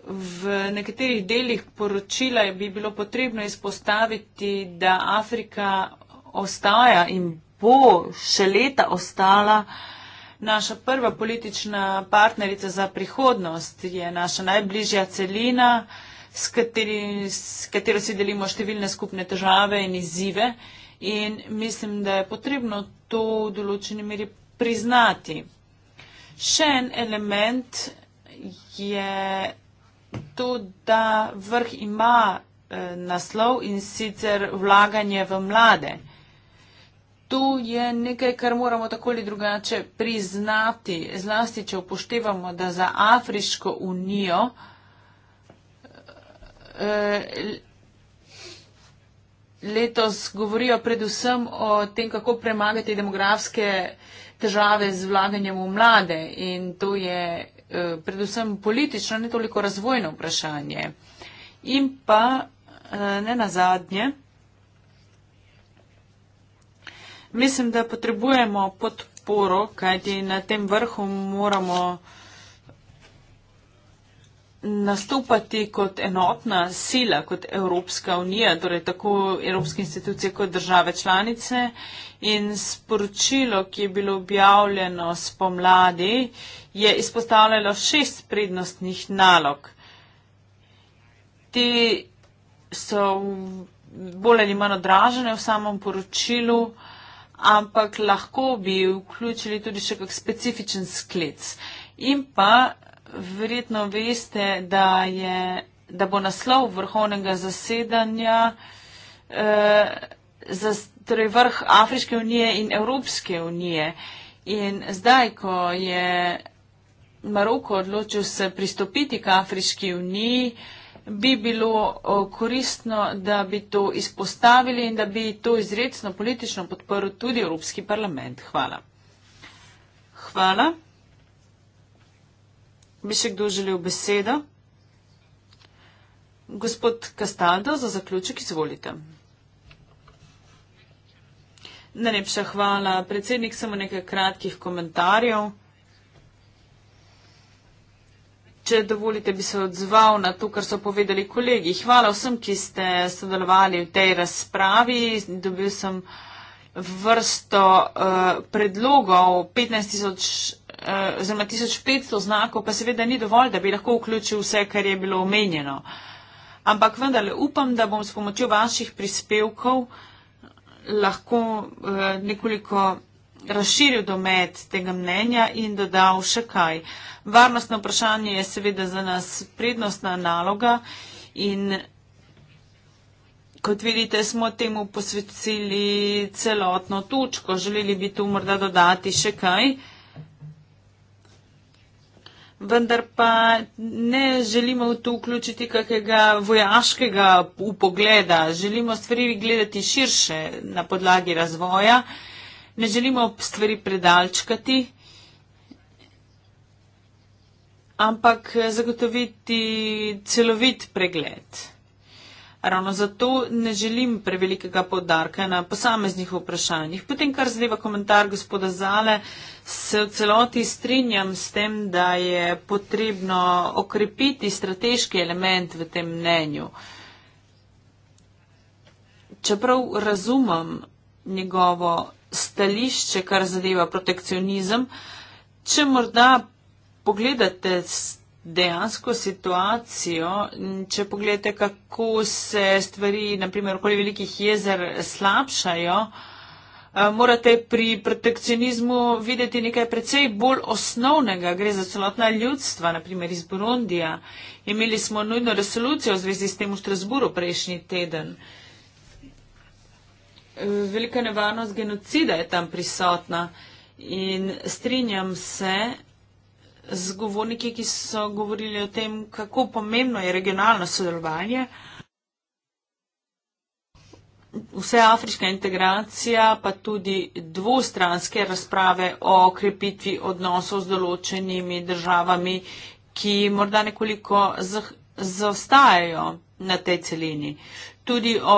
V nekaterih delih poročila bi bilo potrebno izpostaviti, da Afrika ostaja in bo še leta ostala naša prva politična partnerica za prihodnost, je naša najbližja celina, s, kateri, s katero si delimo številne skupne težave in izzive in mislim, da je potrebno to v določeni meri priznati. Še en element je da vrh ima eh, naslov in sicer vlaganje v mlade. Tu je nekaj, kar moramo tako ali drugače priznati, zlasti če upoštevamo, da za Afriško unijo eh, letos govorijo predvsem o tem, kako premagati demografske težave z vlaganjem v mlade. In to je Eh, predvsem politično, ne toliko razvojno vprašanje. In pa eh, ne na zadnje, mislim, da potrebujemo podporo, kajti na tem vrhu moramo nastopati kot enotna sila, kot Evropska unija, torej tako Evropske institucije kot države članice. In sporočilo, ki je bilo objavljeno spomladi, je izpostavljalo šest prednostnih nalog. Te so bolj ali manj odražene v samem poročilu, ampak lahko bi vključili tudi še kak specifičen sklic. In pa verjetno veste, da, je, da bo naslov vrhovnega zasedanja eh, za, torej vrh Afriške unije in Evropske unije. In zdaj, ko je Maroko odločil se pristopiti k Afriški uniji, bi bilo eh, koristno, da bi to izpostavili in da bi to izredno politično podporil tudi Evropski parlament. Hvala. Hvala. Bi še kdo želel besedo? Gospod Kastaldo, za zaključek izvolite. Najlepša hvala. Predsednik, samo nekaj kratkih komentarjev. Če dovolite, bi se odzval na to, kar so povedali kolegi. Hvala vsem, ki ste sodelovali v tej razpravi. Dobil sem vrsto uh, predlogov 15 tisoč Eh, oziroma 1500 znakov pa seveda ni dovolj, da bi lahko vključil vse, kar je bilo omenjeno. Ampak vendar upam, da bom s pomočjo vaših prispevkov lahko eh, nekoliko razširil domet tega mnenja in dodal še kaj. Varnostno vprašanje je seveda za nas prednostna naloga in kot vidite, smo temu posvetili celotno točko. Želeli bi tu morda dodati še kaj. Eh, vendar pa ne želimo tu vključiti kakega vojaškega upogleda. Želimo stvari gledati širše na podlagi razvoja. Ne želimo stvari predalčkati, ampak zagotoviti celovit pregled. Ravno zato ne želim prevelikega podarka na posameznih vprašanjih. Potem, kar zadeva komentar gospoda Zale, eh, se v celoti strinjam s tem, da je potrebno okrepiti strateški element v tem mnenju. Čeprav razumem njegovo stališče, kar zadeva protekcionizem, če morda pogledate dejansko situacijo, če pogledate, kako se stvari, naprimer okoli velikih jezer, slabšajo, Eh, morate pri protekcionizmu videti nekaj precej bolj osnovnega. Gre za celotna ljudstva, naprimer iz Burundija. Imeli smo nujno resolucijo v zvezi s tem v Štrasburu prejšnji teden. Eh, velika nevarnost genocida je tam prisotna in strinjam se z govorniki, ki so govorili o tem, kako pomembno je regionalno sodelovanje vse afriška integracija, pa tudi dvostranske razprave o krepitvi odnosov z določenimi državami, ki morda nekoliko zaostajajo na tej celini. Tudi o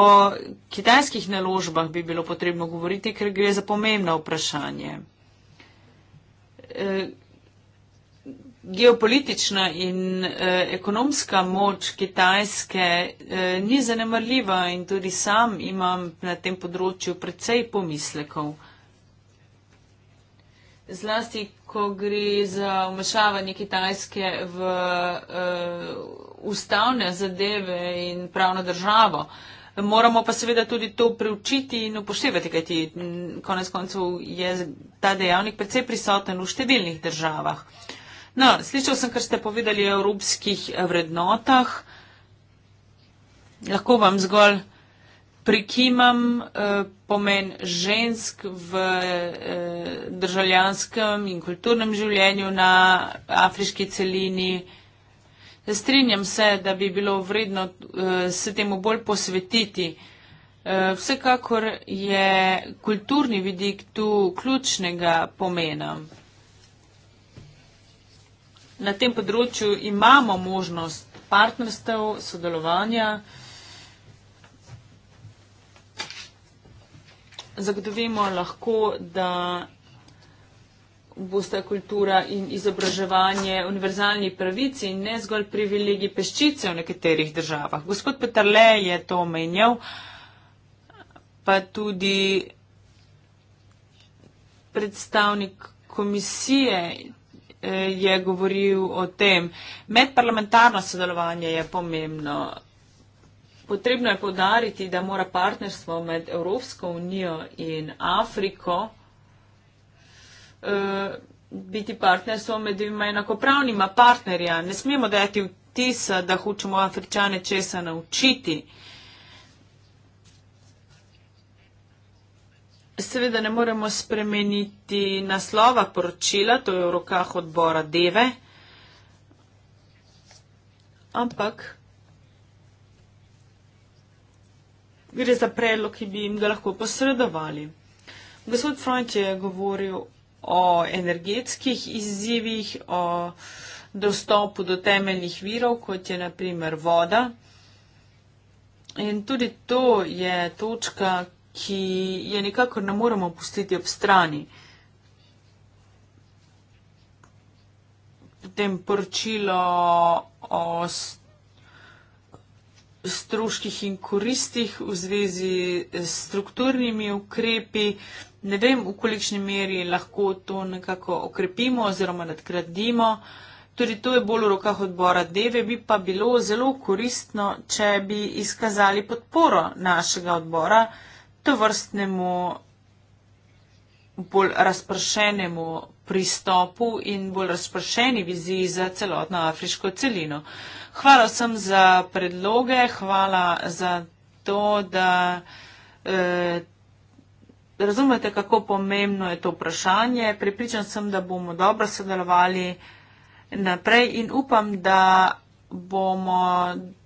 kitajskih naložbah bi bilo potrebno govoriti, ker gre za pomembno vprašanje. E, geopolitična in eh, ekonomska moč Kitajske eh, ni zanemrljiva in tudi sam imam na tem področju precej pomislekov. Zlasti, ko gre za vmešavanje Kitajske v eh, ustavne zadeve in pravno državo. Moramo pa seveda tudi to preučiti in upoštevati, kajti konec koncev je ta dejavnik precej prisoten v številnih državah. Eh, No, slišal sem, kar ste povedali o evropskih vrednotah. Lahko vam zgolj prikimam eh, pomen žensk v eh, državljanskem in kulturnem življenju na afriški celini. Strinjam se, da bi bilo vredno eh, se temu bolj posvetiti. Eh, vsekakor je kulturni vidik tu ključnega pomena na tem področju imamo možnost partnerstev, sodelovanja. Zagotovimo lahko, da bosta kultura in izobraževanje univerzalni pravici in ne zgolj privilegij peščice v nekaterih državah. Gospod Petrle je to omenjal, pa tudi predstavnik komisije je govoril o tem. Medparlamentarno sodelovanje je pomembno. Potrebno je povdariti, da mora partnerstvo med Evropsko unijo in Afriko eh, biti partnerstvo med dvima enakopravnima partnerja. Ne smemo dajati vtisa, da hočemo Afričane česa naučiti. Seveda ne moremo spremeniti naslova poročila, to je v rokah odbora Deve, ampak gre za predlog, ki bi jim ga lahko posredovali. Gospod Front je govoril o energetskih izzivih, o dostopu do temeljnih virov, kot je naprimer voda. In tudi to je točka, ki je nikakor ne moremo pustiti ob strani. Potem poročilo o stroških in koristih v zvezi s strukturnimi ukrepi. Ne vem, v kolikšni meri lahko to nekako okrepimo oziroma nadgradimo. Tudi to je bolj v rokah odbora Deve, bi pa bilo zelo koristno, če bi izkazali podporo našega odbora to vrstnemu bolj razpršenemu pristopu in bolj razpršeni viziji za celotno afriško celino. Hvala vsem za predloge, hvala za to, da eh, razumete, kako pomembno je to vprašanje. Pripričan sem, da bomo dobro sodelovali naprej in upam, da bomo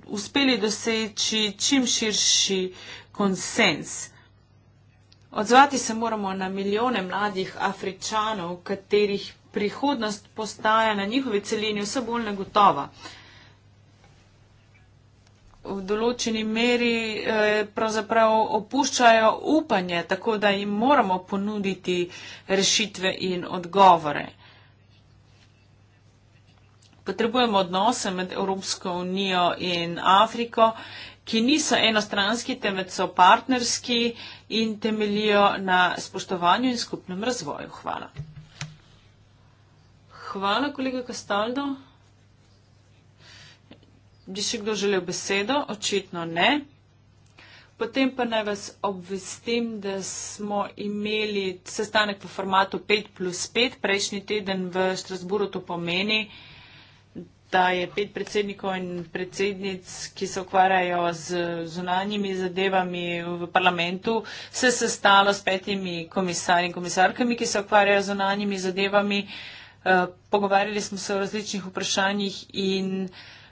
uspeli doseči čim širši konsens. Odzvati se moramo na milijone mladih Afričanov, katerih prihodnost postaja na njihovi celini vse bolj negotova. V določeni meri eh, pravzaprav opuščajo upanje, tako da jim moramo ponuditi rešitve in odgovore. Potrebujemo odnose med Evropsko unijo in Afriko, ki niso enostranski, temveč so partnerski in temelijo na spoštovanju in skupnem razvoju. Hvala. Hvala, kolega Kastaldo. Bi še kdo želel besedo? Očitno ne. Potem pa naj vas obvestim, da smo imeli sestanek v formatu 5 plus 5 prejšnji teden v Strasburu, to pomeni, da je pet predsednikov in predsednic, ki se ukvarjajo z zunanjimi zadevami v parlamentu, se sestalo s petimi komisarji in komisarkami, ki se ukvarjajo z zunanjimi zadevami. Eh, pogovarjali smo se o različnih vprašanjih in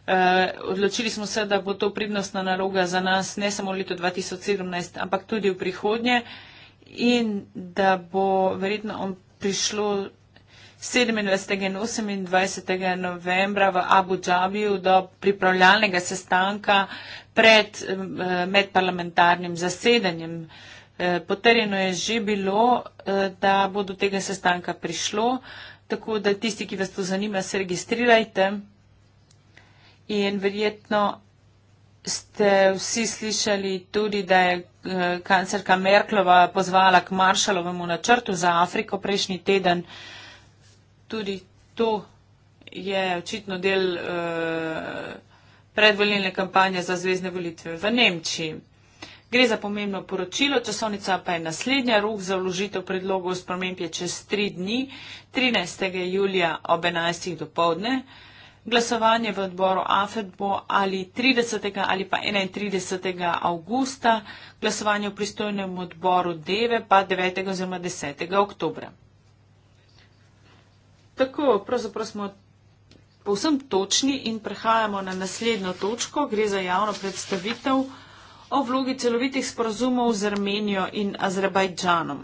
eh, odločili smo se, da bo to prednostna naloga za nas ne samo v letu 2017, ampak tudi v prihodnje in da bo verjetno prišlo 27. in 28. novembra v Abu Džabiju do pripravljalnega sestanka pred eh, medparlamentarnim zasedanjem. Eh, potrjeno je že bilo, eh, da bo do tega sestanka prišlo, tako da tisti, ki vas to zanima, se registrirajte in verjetno ste vsi slišali tudi, da je kancerka Merklova pozvala k maršalovemu načrtu za Afriko prejšnji teden tudi to je očitno del uh, eh, predvoljene kampanje za zvezdne volitve v Nemčiji. Gre za pomembno poročilo, časovnica pa je naslednja, rok za vložitev predlogov sprememb je čez tri dni, 13. julija ob 11. do povdne. Glasovanje v odboru AFED bo ali 30. ali pa 31. augusta, glasovanje v pristojnem odboru DEVE pa 9. oziroma 10. oktobra tako, pravzaprav smo povsem točni in prehajamo na naslednjo točko. Gre za javno predstavitev o vlogi celovitih sporazumov z Armenijo in Azerbajdžanom.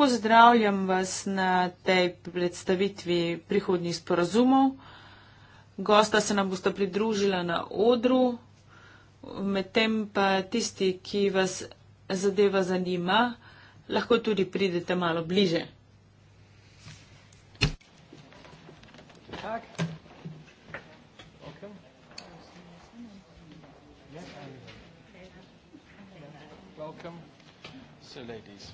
Pozdravljam vas na tej predstavitvi prihodnjih sporazumov. Gosta se nam bosta pridružila na odru, medtem pa tisti, ki vas zadeva zanima, lahko tudi pridete malo bliže. Tag. Okay. Yes, Welcome. So, ladies.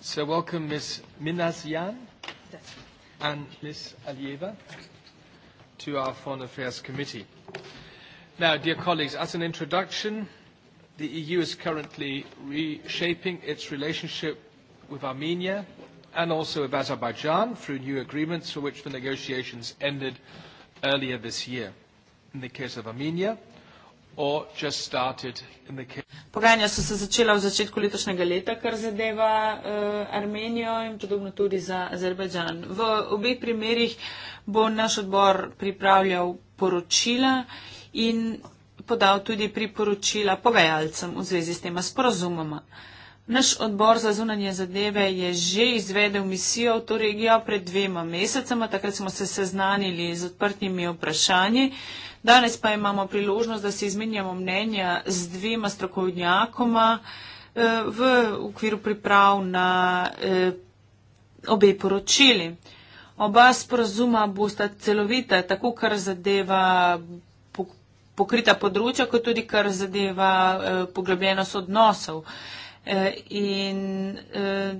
So, welcome, Miss Minazian and Miss Alieva to our Foreign Affairs Committee. Now, dear colleagues, as an introduction, the EU is currently reshaping its relationship with Armenia and also with Azerbaijan through new agreements for which the negotiations ended earlier this year. In the case of Armenia, Or just started in the case. Pogajanja so se začela v začetku letošnjega leta, kar zadeva uh, Armenijo in podobno tudi za Azerbajdžan. V obeh primerjih bo naš odbor pripravljal poročila in podal tudi priporočila pogajalcem v zvezi s tema sporozumoma. Naš odbor za zunanje zadeve je že izvedel misijo v to regijo pred dvema mesecema, takrat smo se seznanili z odprtimi vprašanji. Danes pa imamo priložnost, da se izmenjamo mnenja z dvema strokovnjakoma eh, v okviru priprav na eh, obe poročili. Oba sporozuma bosta celovita, tako kar zadeva pokrita področja, kot tudi kar zadeva eh, poglobljenost odnosov. Eh, in eh,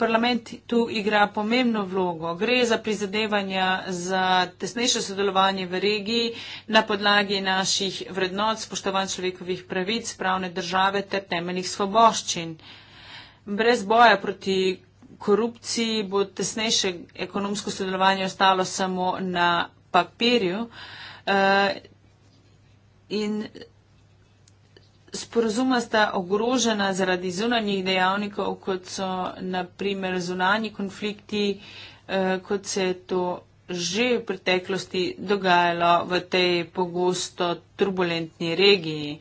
parlament tu igra pomembno vlogo. Gre za prizadevanja za tesnejše sodelovanje v regiji na podlagi naših vrednot, spoštovanj človekovih pravic, pravne države ter temeljnih svoboščin. Brez boja proti korupciji bo tesnejše ekonomsko sodelovanje ostalo samo na papirju. Eh, Eh, in sporozuma sta ogrožena zaradi zunanjih dejavnikov, kot so naprimer zunanji konflikti, eh, kot se je to že v preteklosti dogajalo v tej pogosto turbulentni regiji.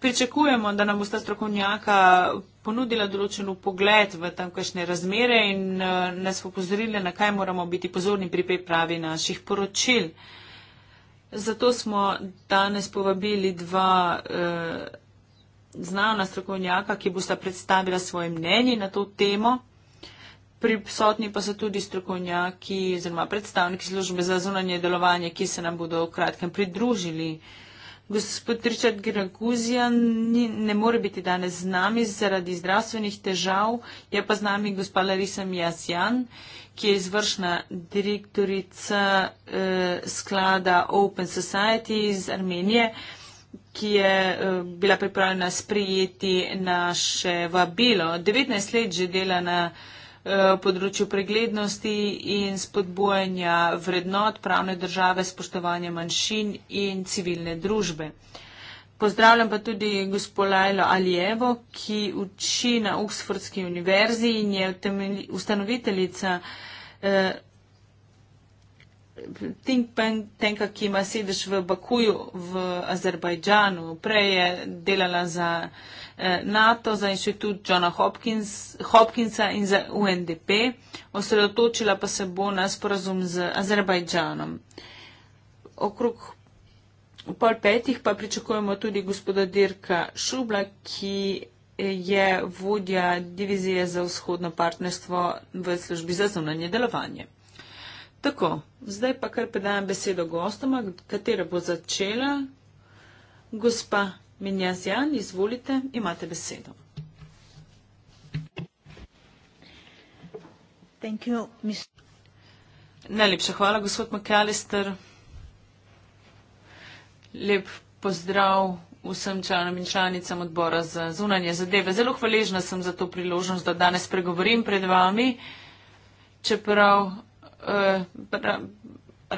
Pričakujemo, da nam bosta strokovnjaka ponudila določen pogled v tamkajšnje razmere in eh, nas opozorila, na kaj moramo biti pozorni pri pripravi naših poročil. Zato smo danes povabili dva eh, znana strokovnjaka, ki bosta predstavila svoje mnenje na to temo. Prisotni pa so tudi strokovnjaki oziroma predstavniki službe za zunanje delovanje, ki se nam bodo v kratkem pridružili eh, Gospod Richard Giraguzijan ne more biti danes z nami zaradi zdravstvenih težav, je pa z nami gospa Larisa Mijasjan, ki je izvršna direktorica eh, sklada Open Society iz Armenije, ki je eh, bila pripravljena sprijeti naše vabilo. 19 let že dela na. Eh, Eh, v področju preglednosti in spodbojanja vrednot pravne države, spoštovanja manjšin in civilne družbe. Pozdravljam pa tudi gospod Lajlo Alijevo, ki uči na Oxfordski univerzi in je ustanoviteljica eh, Think Tanka, ki ima sedež v Bakuju v Azerbajdžanu. Prej je delala za eh, NATO, za inštitut Johna Hopkins, Hopkinsa in za UNDP, osredotočila pa se bo na sporazum z Azerbajdžanom. Okrog pol petih pa pričakujemo tudi gospoda Dirka Šubla, ki je vodja divizije za vzhodno partnerstvo v službi za zunanje delovanje. Tako, zdaj pa kar predajam besedo gostoma, katera bo začela gospa Minjazjan, izvolite, imate besedo. Najlepša hvala, gospod McAllister. Lep pozdrav vsem članom in članicam odbora za zunanje zadeve. Zelo hvaležna sem za to priložnost, da danes pregovorim pred vami, čeprav eh,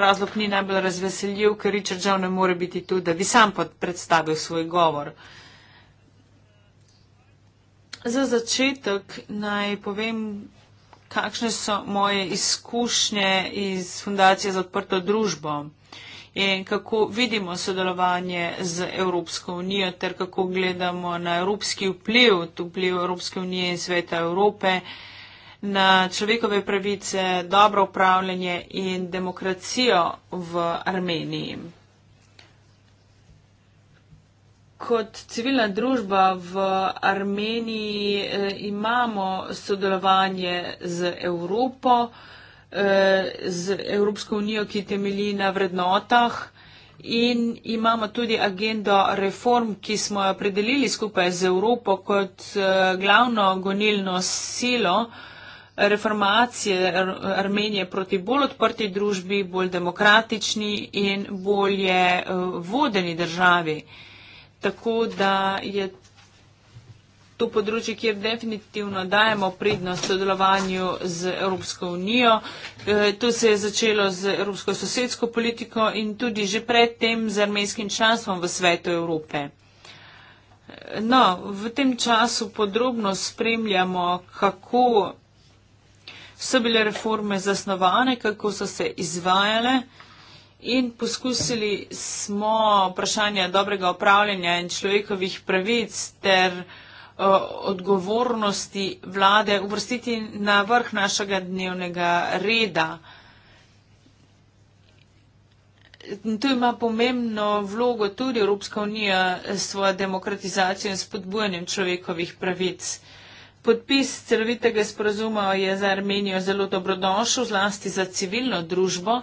razlog ni najbolj razveseljiv, ker Richard Jones ne more biti tu, da bi sam predstavil svoj govor. Za začetek naj povem, kakšne so moje izkušnje iz Fundacije za odprto družbo in kako vidimo sodelovanje z Evropsko unijo ter kako gledamo na evropski vpliv, vpliv Evropske unije in sveta Evrope na človekove pravice, dobro upravljanje in demokracijo v Armeniji. Kot civilna družba v Armeniji eh, imamo sodelovanje z Evropo, eh, z Evropsko unijo, ki temelji na vrednotah in imamo tudi agendo reform, ki smo jo predelili skupaj z Evropo kot eh, glavno gonilno silo eh, reformacije Ar Armenije proti bolj odprti družbi, bolj demokratični in bolje uh, vodeni državi. Tako da je to področje, kjer definitivno dajemo prednost sodelovanju z Evropsko unijo. E, to se je začelo z Evropsko sosedsko politiko in tudi že predtem z armenskim članstvom v svetu Evrope. No, v tem času podrobno spremljamo, kako so bile reforme zasnovane, kako so se izvajale in poskusili smo vprašanje dobrega upravljanja in človekovih pravic ter odgovornosti vlade uvrstiti na vrh našega dnevnega reda. Tu ima pomembno vlogo tudi Evropska unija s svojo demokratizacijo in spodbujanjem človekovih pravic. Podpis celovitega sporazuma je za Armenijo zelo dobrodošel, zlasti za civilno družbo,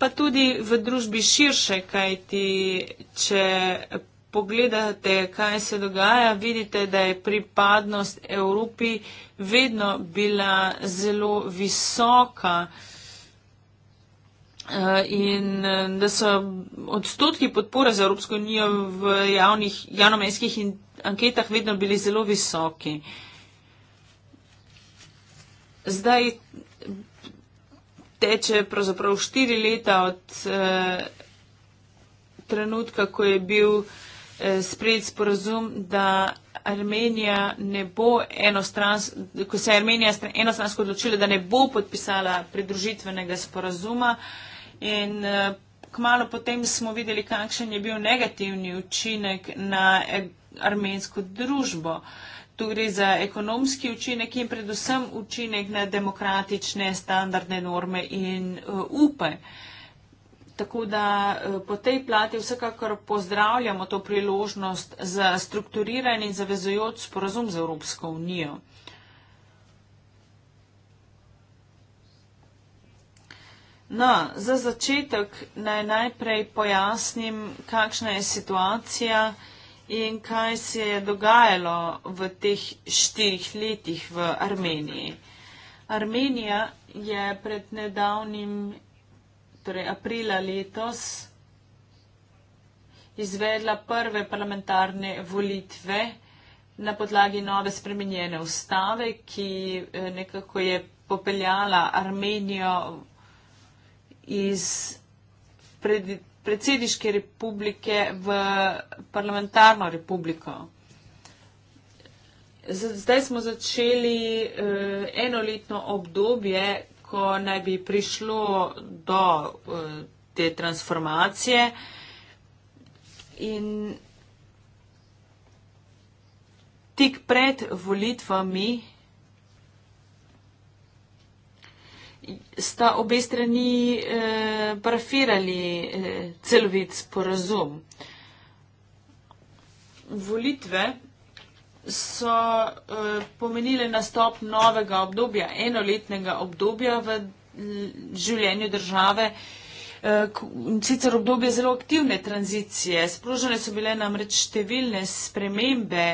pa tudi v družbi širše, kajti če pogledate, kaj se dogaja, vidite, da je pripadnost Evropi vedno bila zelo visoka eh, in eh, da so odstotki podpore za Evropsko unijo v javnih, javnomenskih anketah vedno bili zelo visoki zdaj teče pravzaprav štiri leta od eh, trenutka, ko je bil eh, sprejet sporazum, da Armenija ne bo enostransko, ko se je Armenija enostransko odločila, da ne bo podpisala pridružitvenega sporazuma. In eh, kmalo potem smo videli, kakšen je bil negativni učinek na eh, armensko družbo. Eh, Tu gre za ekonomski učinek in predvsem učinek na demokratične standardne norme in uh, upe. Tako da uh, po tej plati vsekakor pozdravljamo to priložnost za strukturiran in zavezujoč sporazum z Evropsko unijo. No, za začetek naj najprej pojasnim, kakšna je situacija in kaj se je dogajalo v teh štirih letih v Armeniji. Armenija je pred nedavnim, torej aprila letos, izvedla prve parlamentarne volitve na podlagi nove spremenjene ustave, ki eh, nekako je popeljala Armenijo iz pred, predsedniške republike v parlamentarno republiko. Zdaj smo začeli eh, enoletno obdobje, ko naj bi prišlo do eh, te transformacije. In tik pred volitvami sta obe strani eh, parafirali eh, celovit sporazum. Volitve so eh, pomenile nastop novega obdobja, enoletnega obdobja v življenju države, eh, sicer obdobje zelo aktivne tranzicije. Sprožene so bile namreč številne spremembe,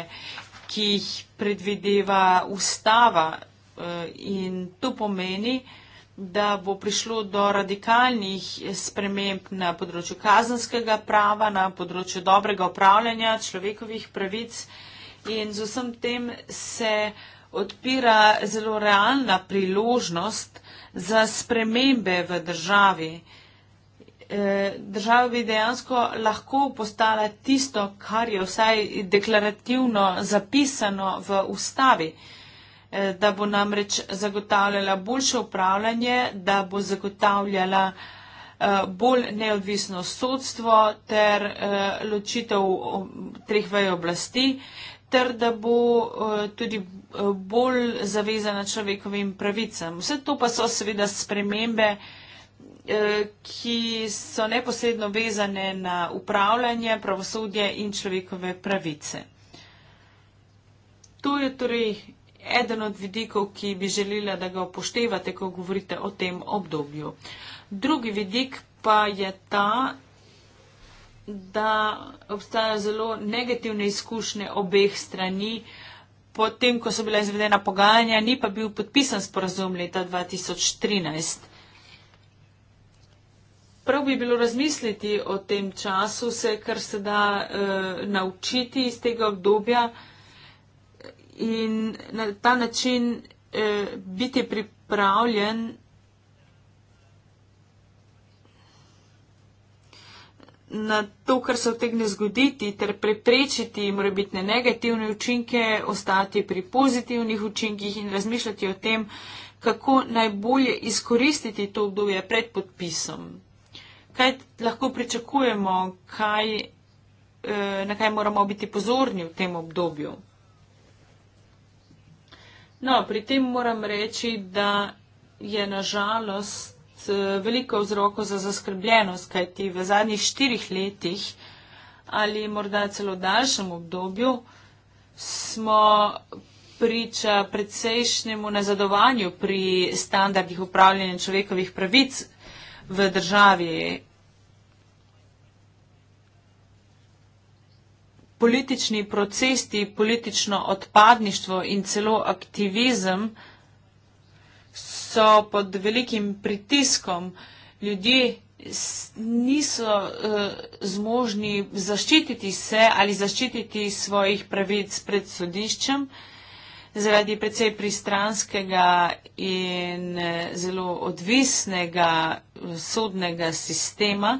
ki jih predvideva ustava eh, in to pomeni, da bo prišlo do radikalnih sprememb na področju kazenskega prava, na področju dobrega upravljanja človekovih pravic in z vsem tem se odpira zelo realna priložnost za spremembe v državi. Eh, država bi dejansko lahko postala tisto, kar je vsaj deklarativno zapisano v ustavi. Eh, da bo namreč zagotavljala boljše upravljanje, da bo zagotavljala eh, bolj neodvisno sodstvo ter eh, ločitev treh vej oblasti ter da bo tudi bolj zavezana človekovim pravicam. Vse to pa so seveda spremembe, ki so neposredno vezane na upravljanje, pravosodje in človekove pravice. To je torej eden od vidikov, ki bi želela, da ga upoštevate, ko govorite o tem obdobju. Drugi vidik pa je ta, da obstajajo zelo negativne izkušnje obeh strani, potem, ko so bila izvedena pogajanja, ni pa bil podpisan sporazum leta 2013. Prav bi bilo razmisliti o tem času, vse, kar se da e, naučiti iz tega obdobja in na ta način eh, biti pripravljen. Na to, kar se vtegne zgoditi, ter preprečiti morebitne negativne učinke, ostati pri pozitivnih učinkih in razmišljati o tem, kako najbolje izkoristiti to obdobje pred podpisom. Kaj lahko pričakujemo, kaj, eh, na kaj moramo biti pozorni v tem obdobju? No, pri tem moram reči, da je nažalost eh, veliko vzrokov za zaskrbljenost, kajti v zadnjih štirih letih ali morda celo daljšem obdobju smo priča predsejšnjemu nazadovanju pri standardih upravljanja človekovih pravic v državi. politični procesi, politično odpadništvo in celo aktivizem so pod velikim pritiskom. Ljudje niso uh, zmožni zaščititi se ali zaščititi svojih pravic pred sodiščem zaradi precej pristranskega in eh, zelo odvisnega eh, sodnega sistema.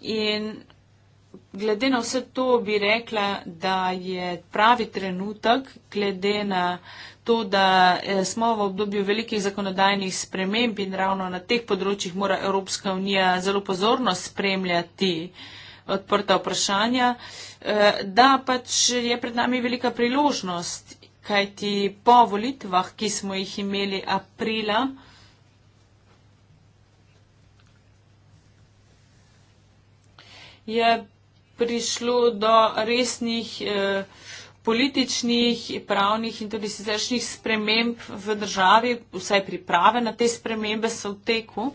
In glede na vse to bi rekla, da je pravi trenutek, glede na to, da eh, smo v obdobju velikih zakonodajnih sprememb in ravno na teh področjih mora Evropska unija zelo pozorno spremljati eh, odprta vprašanja, eh, da pač je pred nami velika priložnost, kajti po volitvah, ki smo jih imeli aprila, je prišlo do resnih eh, političnih, pravnih in tudi siceršnjih sprememb v državi, vsaj priprave na te spremembe so v teku.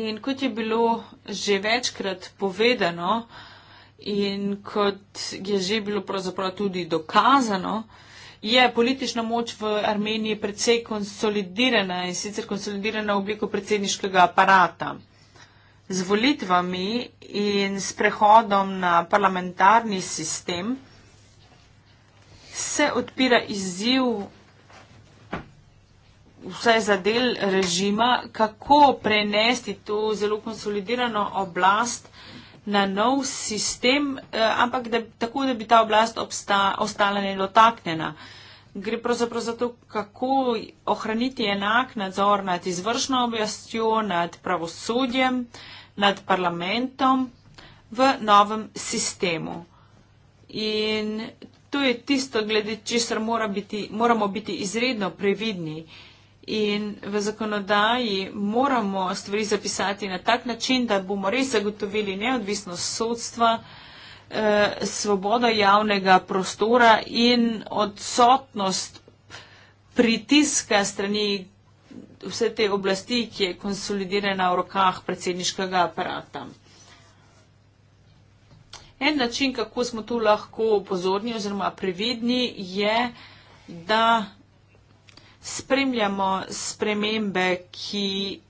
In kot je bilo že večkrat povedano in kot je že bilo pravzaprav tudi dokazano, je politična moč v Armeniji precej konsolidirana in sicer konsolidirana v obliko predsedniškega aparata z volitvami in s prehodom na parlamentarni sistem se odpira izziv vsaj za del režima, kako prenesti to zelo konsolidirano oblast na nov sistem, eh, ampak da, tako, da bi ta oblast obsta, ostala nedotaknjena. Gre pravzaprav za to, kako ohraniti enak nadzor nad izvršno objastjo, nad pravosodjem, eh, nad parlamentom v novem sistemu. In to je tisto, glede česar mora biti, moramo biti izredno previdni. In v zakonodaji moramo stvari zapisati na tak način, da bomo res zagotovili neodvisnost sodstva, eh, svobodo javnega prostora in odsotnost pritiska strani vse te oblasti, ki je konsolidirana v rokah predsedniškega aparata. En način, kako smo tu lahko pozorni oziroma previdni, je, da spremljamo spremembe, ki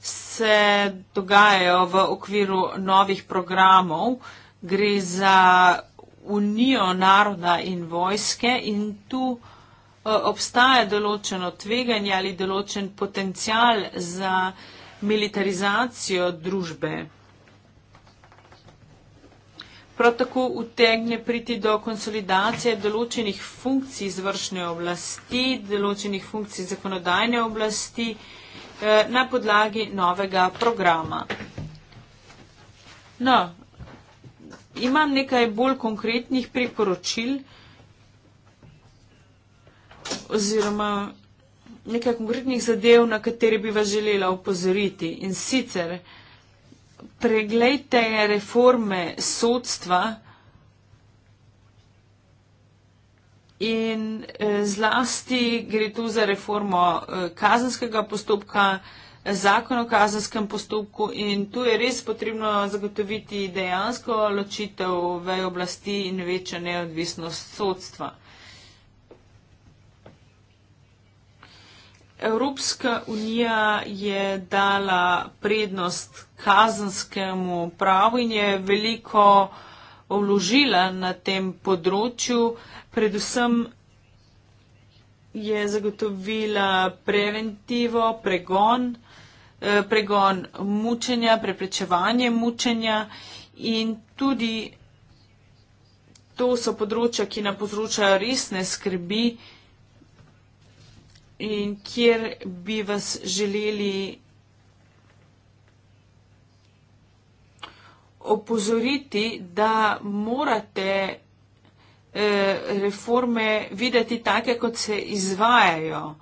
se dogajajo v okviru novih programov. Gre za unijo naroda in vojske in tu Eh, obstaja določeno tveganje ali določen potencial za militarizacijo družbe. Prav tako utegne priti do konsolidacije določenih funkcij izvršne oblasti, določenih funkcij zakonodajne oblasti eh, na podlagi novega programa. No, imam nekaj bolj konkretnih priporočil oziroma nekaj konkretnih zadev, na kateri bi vas želela upozoriti. In sicer preglejte reforme sodstva in eh, zlasti gre tu za reformo eh, kazenskega postopka, zakon o kazenskem postopku in tu je res potrebno zagotoviti dejansko ločitev v oblasti in večjo neodvisnost sodstva. Evropska unija je dala prednost kazanskemu pravu in je veliko vložila na tem področju. Predvsem je zagotovila preventivo, pregon, eh, pregon mučenja, preprečevanje mučenja in tudi to so področja, ki nam povzročajo resne skrbi in kjer bi vas želeli opozoriti, da morate eh, reforme videti take, kot se izvajajo.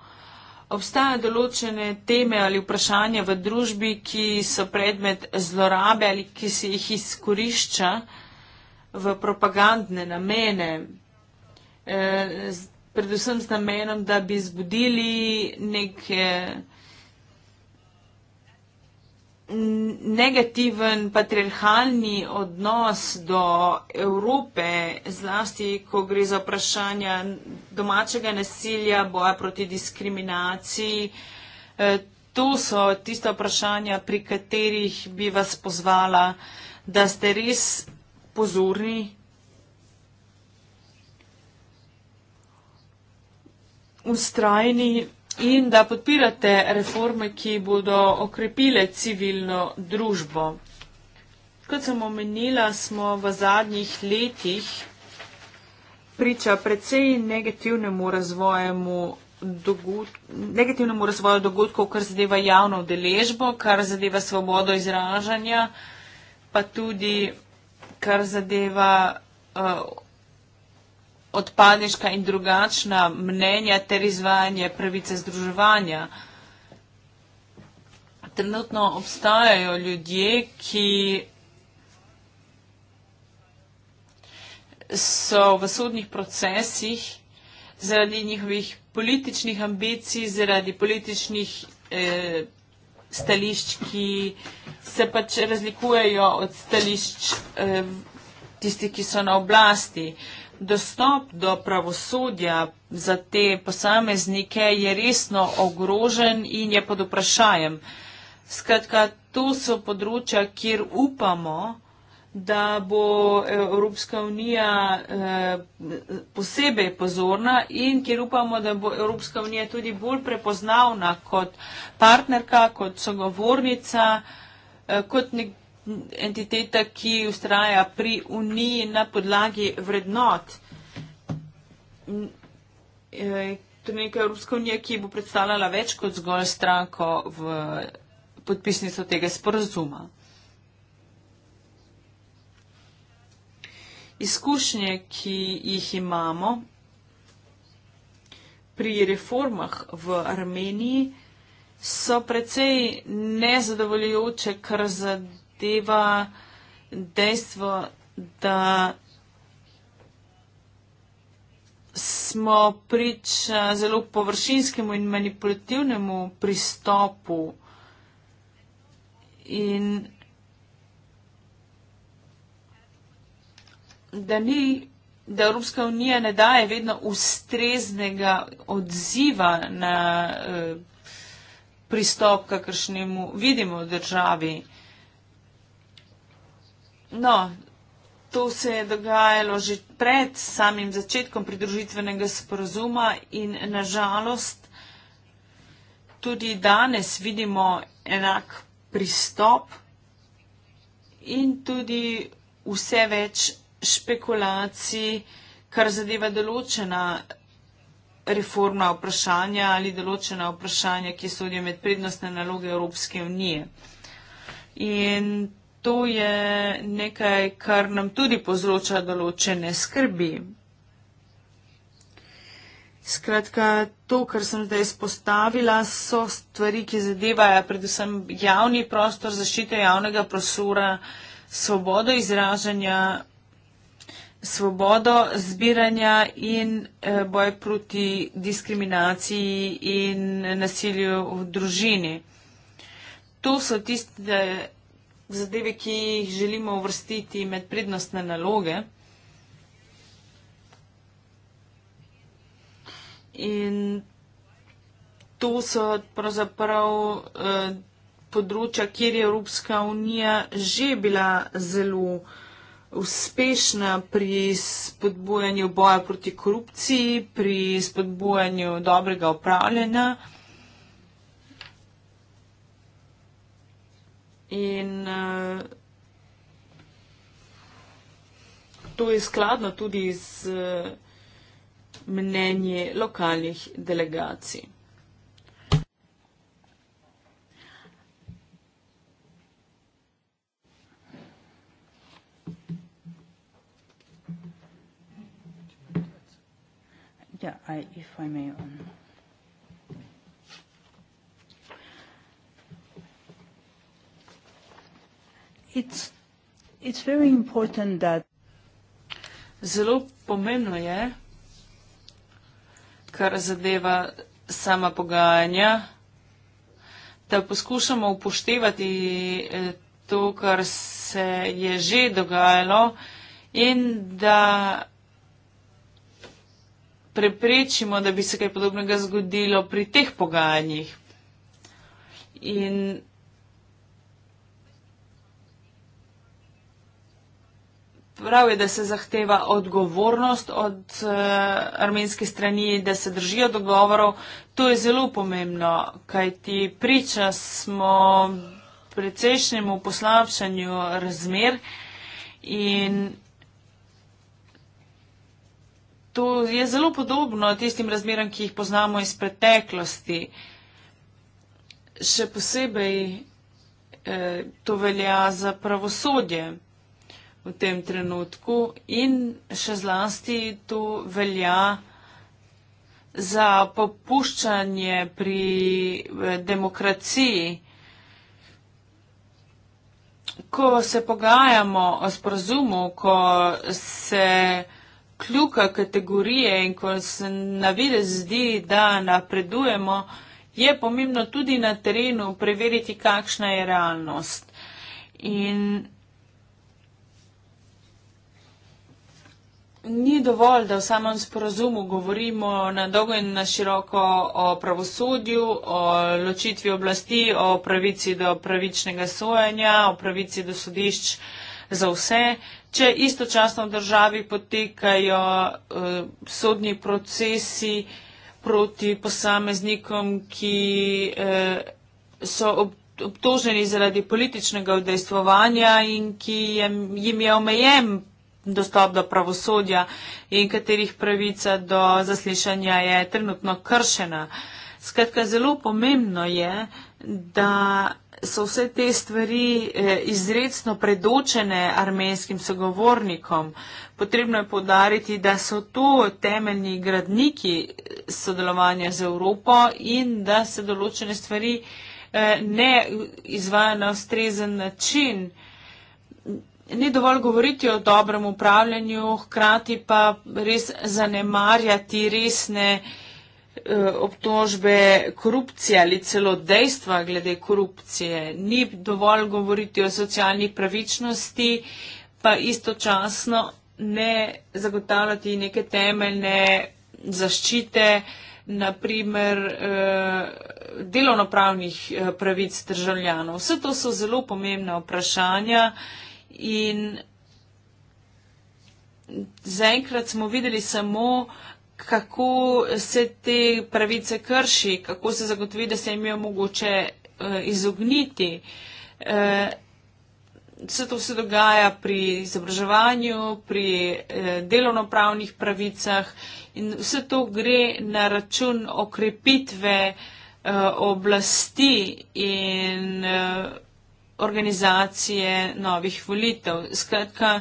Obstaja določene teme ali vprašanja v družbi, ki so predmet zlorabe ali ki se jih izkorišča v propagandne namene. Eh, predvsem z namenom, da bi zbudili neke negativen patriarhalni odnos do Evrope, zlasti ko gre za vprašanja domačega nasilja, boja proti diskriminaciji. Eh, to so tiste vprašanja, pri katerih bi vas pozvala, da ste res pozorni ustrajni in da podpirate reforme, ki bodo okrepile civilno družbo. Kot sem omenila, smo v zadnjih letih priča precej negativnemu razvojemu dogod negativnemu razvoju dogodkov, kar zadeva javno udeležbo, kar zadeva svobodo izražanja, pa tudi kar zadeva. Uh, odpadniška in drugačna mnenja ter izvajanje pravice združevanja. Trenutno obstajajo ljudje, ki so v sodnih procesih zaradi njihovih političnih ambicij, zaradi političnih eh, stališč, ki se pač razlikujejo od stališč eh, tistih, ki so na oblasti. Eh, dostop do pravosodja za te posameznike je resno ogrožen in je pod vprašajem. Skratka, to so področja, kjer upamo, da bo Evropska unija eh, posebej pozorna in kjer upamo, da bo Evropska unija tudi bolj prepoznavna kot partnerka, kot sogovornica, eh, kot nekdo entiteta, ki ustraja pri uniji na podlagi vrednot. E, to je neka Evropska unija, ki bo predstavljala več kot zgolj stranko v podpisnico tega sporozuma. Izkušnje, ki jih imamo pri reformah v Armeniji, so precej nezadovoljujoče, kar zadeva upošteva dejstvo, da smo priča zelo površinskemu in manipulativnemu pristopu in da ni da Evropska unija ne daje vedno ustreznega odziva na eh, pristop, kakršnemu vidimo v državi. No, to se je dogajalo že pred samim začetkom pridružitvenega sporazuma in nažalost tudi danes vidimo enak pristop in tudi vse več špekulacij, kar zadeva določena reformna vprašanja ali določena vprašanja, ki sodijo med prednostne naloge Evropske unije. In to je nekaj, kar nam tudi povzroča določene skrbi. Skratka, to, kar sem zdaj izpostavila, so stvari, ki zadevajo predvsem javni prostor, zaščite javnega prostora, svobodo izražanja, svobodo zbiranja in eh, boj proti diskriminaciji in nasilju v družini. To so tiste zadeve, ki jih želimo uvrstiti med prednostne naloge. In to so pravzaprav eh, področja, kjer je Evropska unija že bila zelo uspešna pri spodbujanju boja proti korupciji, pri spodbujanju dobrega upravljanja. In uh, to je skladno tudi z uh, eh, mnenje lokalnih delegacij. Yeah, ja, I, if I may. Um Zelo pomembno je, kar zadeva sama pogajanja, da poskušamo upoštevati eh, to, kar se je že dogajalo in da preprečimo, da bi se kaj podobnega zgodilo pri teh pogajanjih. In prav je, da se zahteva odgovornost od uh, armenske strani, da se držijo dogovorov. To je zelo pomembno, kajti priča smo precejšnjemu poslavšanju razmer in to je zelo podobno tistim razmeram, ki jih poznamo iz preteklosti. Še posebej eh, to velja za pravosodje v tem trenutku in še zlasti to velja za popuščanje pri eh, demokraciji. Ko se pogajamo o sporazumu, ko se kljuka kategorije in ko se na vide zdi, da napredujemo, je pomembno tudi na terenu preveriti, kakšna je realnost. In ni dovolj, da v samem sporazumu govorimo na dolgo in na široko o pravosodju, o ločitvi oblasti, o pravici do pravičnega sojanja, o pravici do sodišč za vse. Če istočasno v državi potekajo uh, sodni procesi proti posameznikom, ki uh, so ob, obtoženi zaradi političnega udejstvovanja in ki jem, jim je omejen dostop do pravosodja in katerih pravica do zaslišanja je trenutno kršena. Skratka, zelo pomembno je, da so vse te stvari eh, izredno predočene armenskim sogovornikom. Potrebno je podariti, da so to temeljni gradniki eh, sodelovanja z Evropo in da se določene stvari eh, ne izvajo na ustrezen način ni dovolj govoriti o dobrem upravljanju, hkrati pa res zanemarjati resne eh, obtožbe korupcije ali celo dejstva glede korupcije. Ni dovolj govoriti o socialni pravičnosti, pa istočasno ne zagotavljati neke temeljne zaščite, naprimer eh, delovnopravnih eh, pravic državljanov. Vse to so zelo pomembna vprašanja in zaenkrat smo videli samo, kako se te pravice krši, kako se zagotovi, da se jim je mogoče uh, izogniti. Eh, vse uh, to se dogaja pri izobraževanju, pri uh, delovnopravnih pravicah in vse to gre na račun okrepitve uh, oblasti in uh, organizacije novih volitev. Skratka,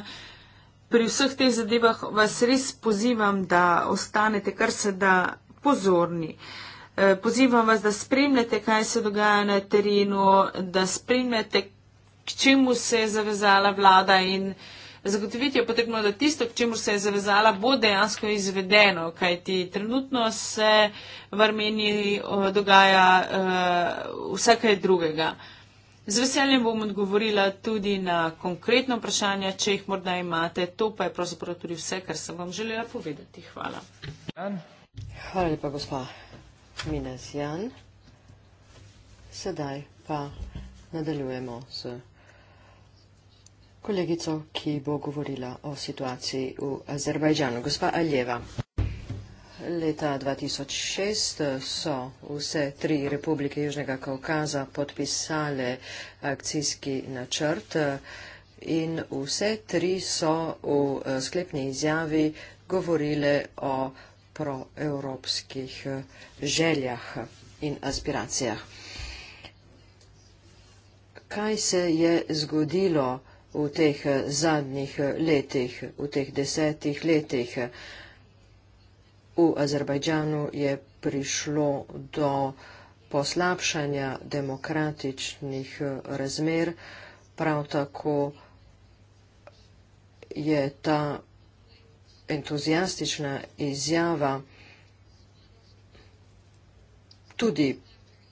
pri vseh teh zadevah vas res pozivam, da ostanete kar se da pozorni. Eh, pozivam vas, da spremljate, kaj se dogaja na terenu, da spremljate, k čemu se je zavezala vlada in zagotoviti je potrebno, da tisto, k čemu se je zavezala, bo dejansko izvedeno, kajti trenutno se v Armeniji eh, dogaja uh, vse kaj drugega. Uh, Z veseljem bom odgovorila tudi na konkretno vprašanje, če jih morda imate. To pa je pravzaprav tudi vse, kar sem vam želela povedati. Hvala. Jan. Hvala lepa, gospa Mines Jan. Sedaj pa nadaljujemo s kolegico, ki bo govorila o situaciji v Azerbajdžanu. Gospa Aljeva. Leta 2006 so vse tri republike Južnega Kaukaza podpisale akcijski načrt in vse tri so v eh, sklepni izjavi govorile o proevropskih eh, željah in aspiracijah. Kaj se je zgodilo v teh eh, zadnjih letih, v teh desetih letih? V Azerbajdžanu je prišlo do poslabšanja demokratičnih eh, razmer, prav tako je ta entuzijastična izjava tudi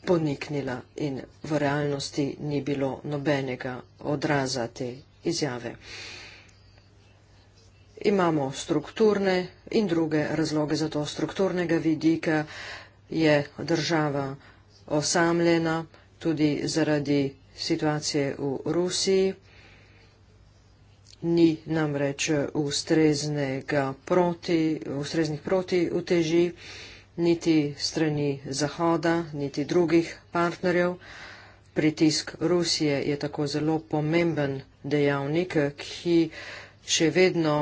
poniknila in v realnosti ni bilo nobenega odraza te izjave imamo strukturne in druge razloge za to. Strukturnega vidika je država osamljena tudi zaradi situacije v Rusiji. Ni namreč ustreznega proti, ustreznih proti uteži, niti strani Zahoda, niti drugih partnerjev. Pritisk Rusije je tako zelo pomemben dejavnik, ki še vedno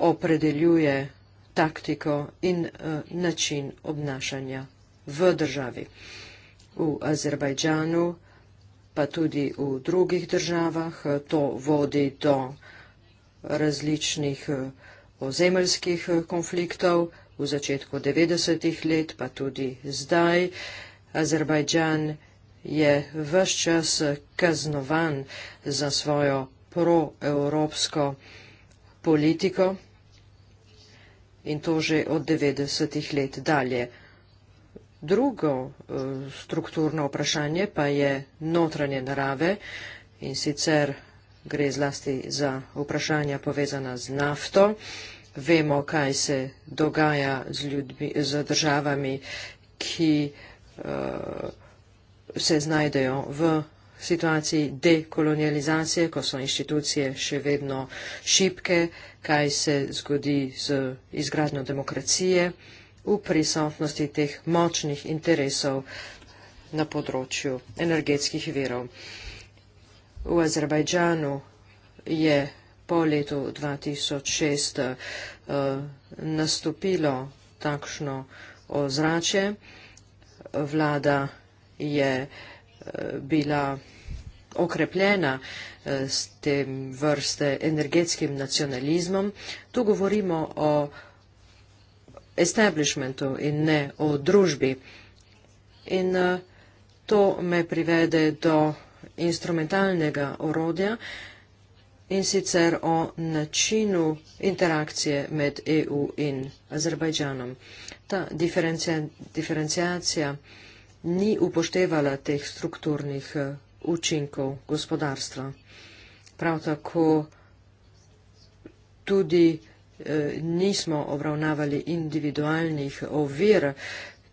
opredeljuje taktiko in uh, način obnašanja v državi. V Azerbajdžanu, pa tudi v drugih državah, eh, to vodi do različnih eh, ozemeljskih konfliktov v začetku 90-ih let, pa tudi zdaj. Azerbajdžan je vse čas kaznovan za svojo proevropsko politiko in to že od 90-ih let dalje. Drugo eh, strukturno vprašanje pa je notranje narave in sicer gre zlasti za vprašanja povezana z nafto. Vemo, kaj se dogaja z, ljudmi, z državami, ki uh, se znajdejo v situaciji dekolonializacije, ko so inštitucije še vedno šipke, kaj se zgodi z izgradnjo demokracije v prisotnosti teh močnih interesov na področju energetskih verov. V Azerbajdžanu je po letu 2006 uh, eh, nastopilo takšno ozračje. Vlada je uh, bila okrepljena eh, s tem vrste energetskim nacionalizmom. Tu govorimo o establishmentu in ne o družbi. In eh, to me privede do instrumentalnega orodja in sicer o načinu interakcije med EU in Azerbajdžanom. Ta diferencijacija diferencia, ni upoštevala teh strukturnih eh, učinkov gospodarstva. Prav tako tudi eh, nismo obravnavali individualnih ovir,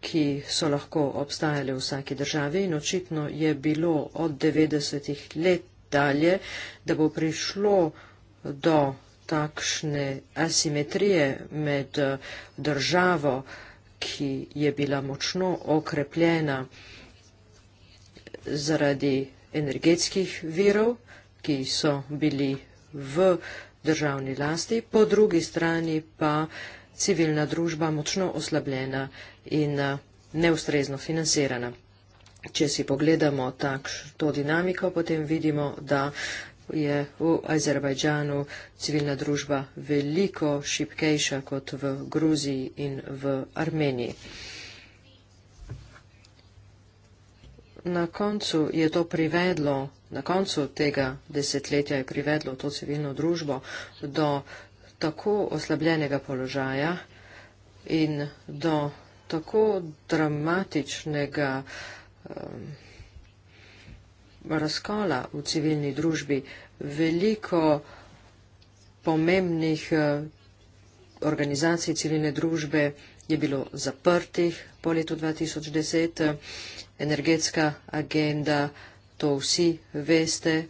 ki so lahko obstajali v vsaki državi in očitno je bilo od 90-ih let dalje, da bo prišlo do takšne asimetrije med eh, državo, ki je bila močno okrepljena zaradi energetskih virov, ki so bili v državni lasti, po drugi strani pa civilna družba močno oslabljena in eh, neustrezno financirana. Če si pogledamo takšno dinamiko, potem vidimo, da uh, je v Azerbajdžanu civilna družba veliko šipkejša kot v Gruziji in v Armeniji. Na koncu je to privedlo, na koncu tega desetletja je privedlo to civilno družbo do tako oslabljenega položaja in do tako dramatičnega um, razkola v civilni družbi, veliko pomembnih eh, organizacij civilne družbe je bilo zaprtih po letu 2010, eh, energetska agenda, to vsi veste,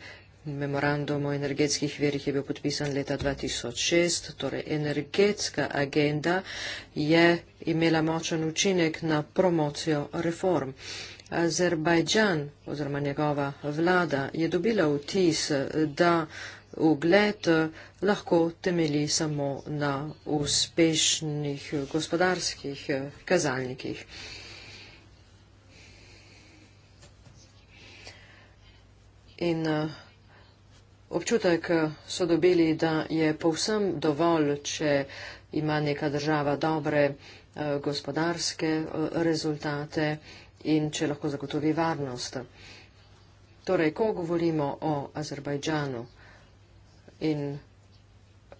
memorandum o energetskih verjih je bil podpisan leta 2006, torej energetska agenda je imela močen učinek na promocijo reform. Azerbajdžan oziroma njegova vlada je dobila vtis, da ugled eh, lahko temeli samo na uspešnih gospodarskih eh, kazalnikih. In eh, občutek so dobili, da je povsem dovolj, če ima neka država dobre gospodarske rezultate in če lahko zagotovi varnost. Torej, ko govorimo o Azerbajdžanu in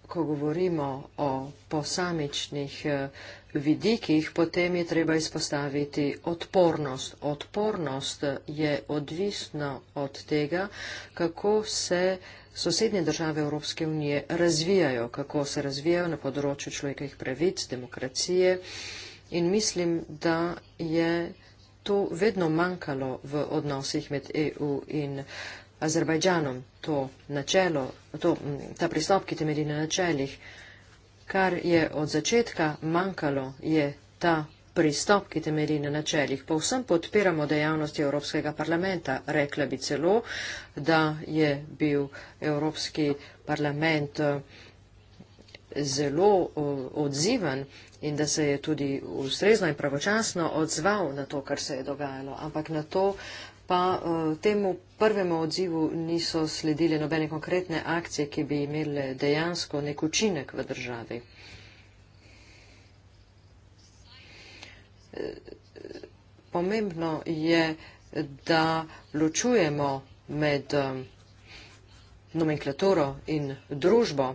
ko govorimo o posamičnih eh, vidikih, potem je treba izpostaviti odpornost. Odpornost je odvisna od tega, kako se sosednje države Evropske unije razvijajo, kako se razvijajo na področju človekovih pravic, demokracije in mislim, da je to vedno manjkalo v odnosih med EU in Azerbajdžanom, to načelo, to, ta pristop, ki temelji na načelih. Kar je od začetka manjkalo, je ta pristop, ki temelji na načelih. Povsem podpiramo dejavnosti Evropskega parlamenta. Rekla bi celo, da je bil Evropski parlament uh, zelo odziven in da se je tudi ustrezno in pravočasno odzval na to, kar se je dogajalo. Ampak na to pa temu prvemu odzivu niso sledile nobene konkretne akcije, ki bi imele dejansko nek učinek v državi. E, pomembno je, da ločujemo med nomenklaturo in družbo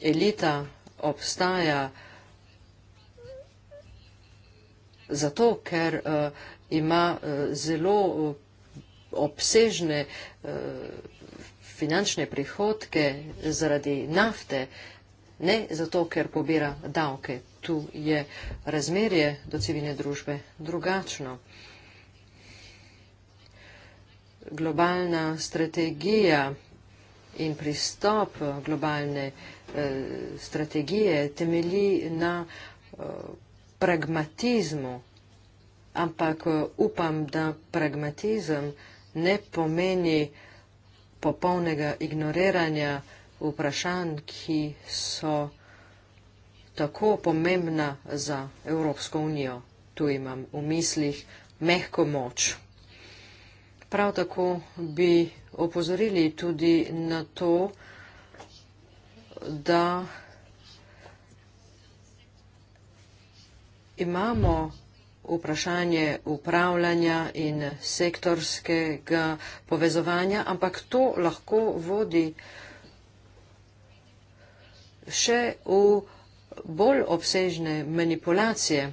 elita obstaja zato, ker uh, ima uh, zelo uh, obsežne uh, finančne prihodke zaradi nafte, ne zato, ker pobira davke. Tu je razmerje do civilne družbe drugačno. Globalna strategija in pristop globalne uh, Eh, strategije temelji na eh, pragmatizmu, ampak eh, upam, da pragmatizem ne pomeni popolnega ignoriranja vprašanj, ki so tako pomembna za Evropsko unijo. Tu imam v mislih mehko moč. Prav tako bi opozorili tudi na to, da da imamo vprašanje upravljanja in sektorskega povezovanja, ampak to lahko vodi še v bolj obsežne manipulacije.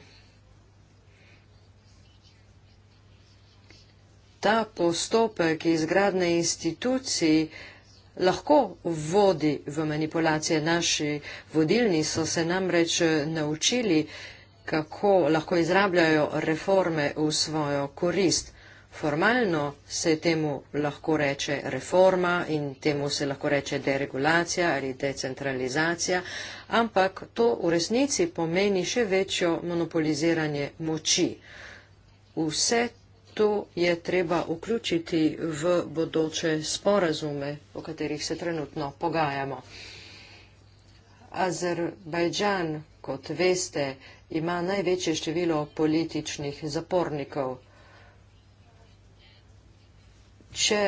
Ta postopek izgradne institucije lahko vodi v manipulacije. Naši vodilni so se namreč naučili, kako lahko izrabljajo reforme v svojo korist. Formalno se temu lahko reče reforma in temu se lahko reče deregulacija ali decentralizacija, ampak to v resnici pomeni še večjo monopoliziranje moči. Vse to je treba vključiti v bodoče sporazume, o katerih se trenutno pogajamo. Azerbajdžan, kot veste, ima največje število političnih zapornikov. Če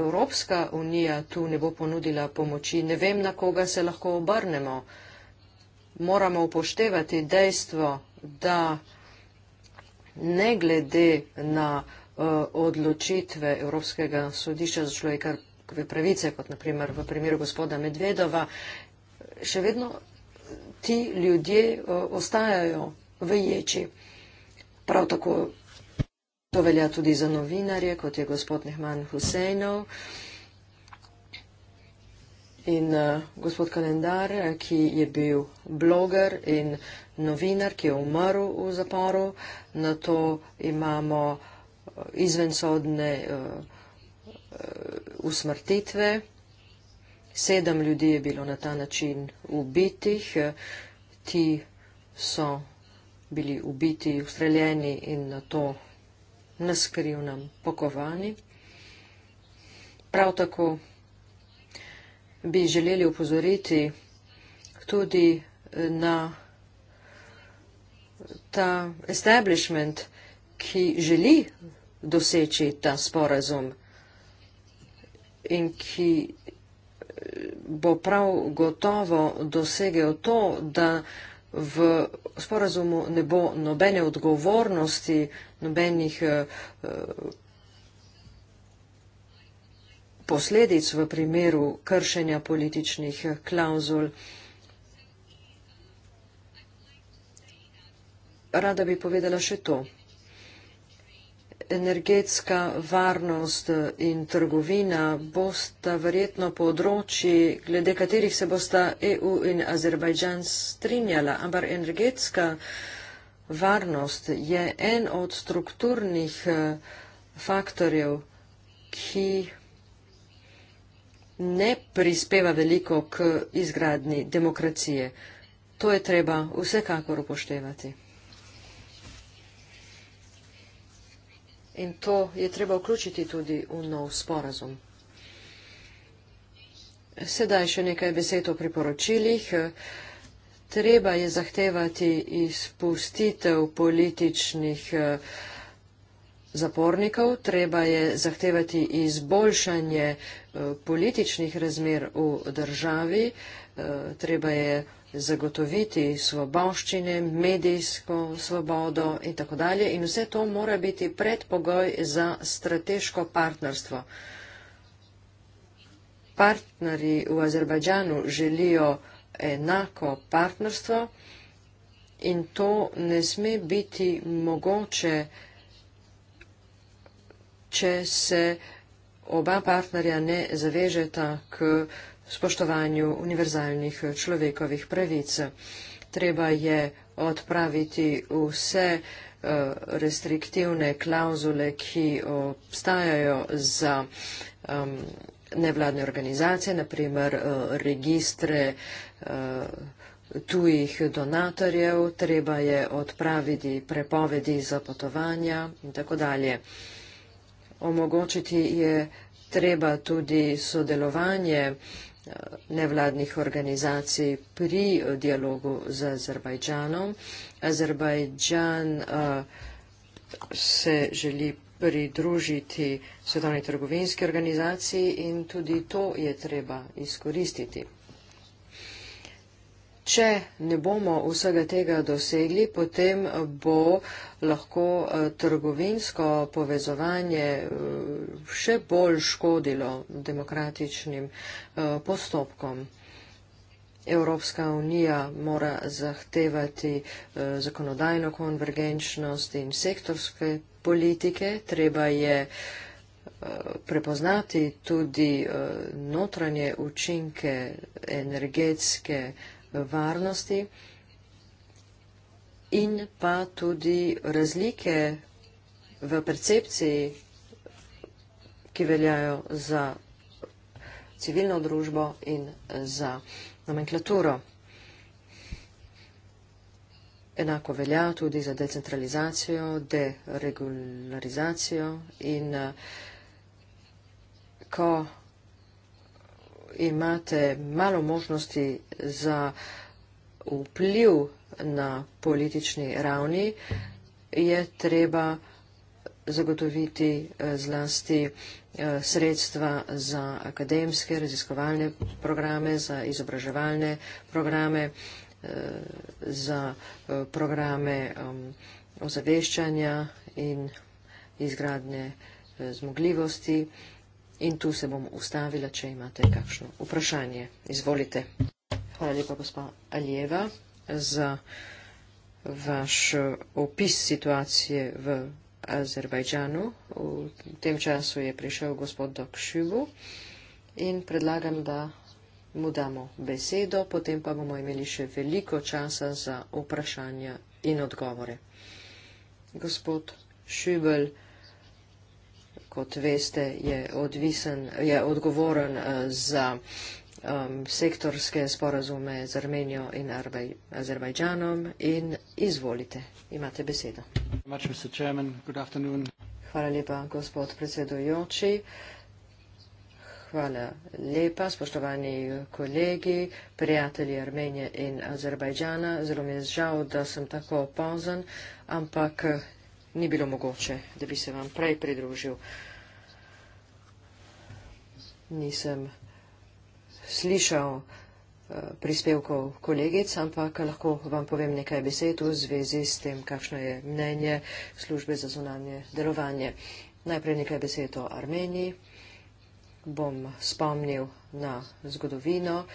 Evropska unija tu ne bo ponudila pomoči, ne vem, na koga se lahko obrnemo. Moramo upoštevati dejstvo, da ne glede na eh, odločitve Evropskega sodišča za človekove pravice, kot naprimer v primeru gospoda Medvedova, še vedno ti ljudje eh, ostajajo v ječi. Prav tako to velja tudi za novinarje, kot je gospod Nehman Husejnov in eh, gospod Kalendar, ki je bil bloger in novinar, ki je umrl v zaporu, na to imamo eh, izvensodne uh, usmrtitve. Sedem ljudi je bilo na ta način ubitih, ti so bili ubiti, ustreljeni in na to naskrivnem pokovani. Prav tako bi želeli upozoriti tudi na ta establishment, ki želi doseči ta sporazum in ki eh, bo prav gotovo dosegel to, da v sporazumu ne bo nobene odgovornosti, nobenih eh, eh, posledic v primeru kršenja političnih klauzul. Rada bi povedala še to. Energetska varnost in trgovina bosta verjetno področji, glede katerih se bosta EU in Azerbajdžan strinjala, ampak energetska varnost je en od strukturnih eh, faktorjev, ki ne prispeva veliko k izgradni demokracije. To je treba vsekakor upoštevati. in to je treba vključiti tudi v nov sporazum. Sedaj še nekaj besed o priporočilih. Treba je zahtevati izpustitev političnih eh, zapornikov, treba je zahtevati izboljšanje eh, političnih razmer v državi, eh, treba je zagotoviti svoboščine, medijsko svobodo in tako dalje. In vse to mora biti predpogoj za strateško partnerstvo. Partnerji v Azerbajdžanu želijo enako partnerstvo in to ne sme biti mogoče, če se oba partnerja ne zavežeta k spoštovanju univerzalnih človekovih pravic. Treba je odpraviti vse eh, restriktivne klauzule, ki obstajajo za nevladne organizacije, naprimer eh, registre eh, tujih donatorjev, treba je odpraviti prepovedi za potovanja in tako dalje. Omogočiti je treba tudi sodelovanje uh, nevladnih organizacij pri eh, dialogu z Azerbajdžanom. Azerbajdžan eh, se želi pridružiti svetovni trgovinski organizaciji in tudi to je treba izkoristiti. Če ne bomo vsega tega dosegli, potem bo lahko eh, trgovinsko povezovanje eh, še bolj škodilo demokratičnim eh, postopkom. Evropska unija mora zahtevati zakonodajno konvergenčnost in sektorske politike, treba je prepoznati tudi notranje učinke energetske politike varnosti in pa tudi razlike v percepciji, ki veljajo za civilno družbo in za nomenklaturo. Enako velja tudi za decentralizacijo, deregularizacijo in eh, ko imate malo možnosti za vpliv na politični ravni, je treba zagotoviti eh, zlasti eh, sredstva za akademske, raziskovalne programe, za izobraževalne programe, eh, za programe um, ozaveščanja in izgradne zmogljivosti. In tu se bom ustavila, če imate kakšno vprašanje. Izvolite. Hvala lepa, gospa Aljeva, za vaš opis situacije v Azerbajdžanu. V tem času je prišel gospod Dokšivu in predlagam, da mu damo besedo, potem pa bomo imeli še veliko časa za vprašanja in odgovore. Gospod Šivelj kot veste, je, odvisen, je odgovoren eh, za um, sektorske sporazume z Armenijo in Arbej, Azerbajdžanom. In izvolite, imate besedo. Hvala lepa, gospod predsedujoči. Hvala lepa, spoštovani kolegi, prijatelji Armenije in Azerbajdžana. Zelo mi je žal, da sem tako opozen, ampak eh, ni bilo mogoče, da bi se vam prej pridružil. Uh, nisem slišal eh, prispevkov kolegic, ampak lahko vam povem nekaj besed v zvezi s tem, kakšno je mnenje službe za zunanje delovanje. Najprej nekaj besed o Armeniji. Bom spomnil na zgodovino.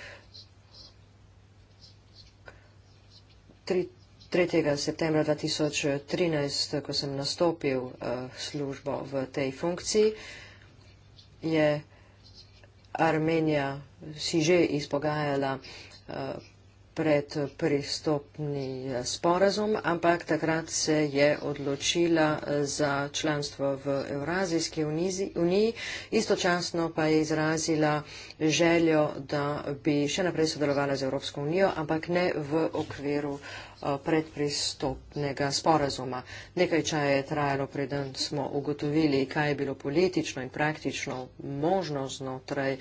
3. septembra 2013, ko sem nastopil eh, službo v tej funkciji, je Armenija si že izpogajala eh, pred pristopni eh, sporazum, ampak takrat se je odločila eh, za članstvo v Evrazijski uniji, istočasno pa je izrazila željo, da bi še naprej sodelovala z Evropsko unijo, ampak ne v okviru uh, Eh, predpristopnega sporazuma. Nekaj čaja je trajalo, preden smo ugotovili, kaj je bilo politično in praktično možno znotraj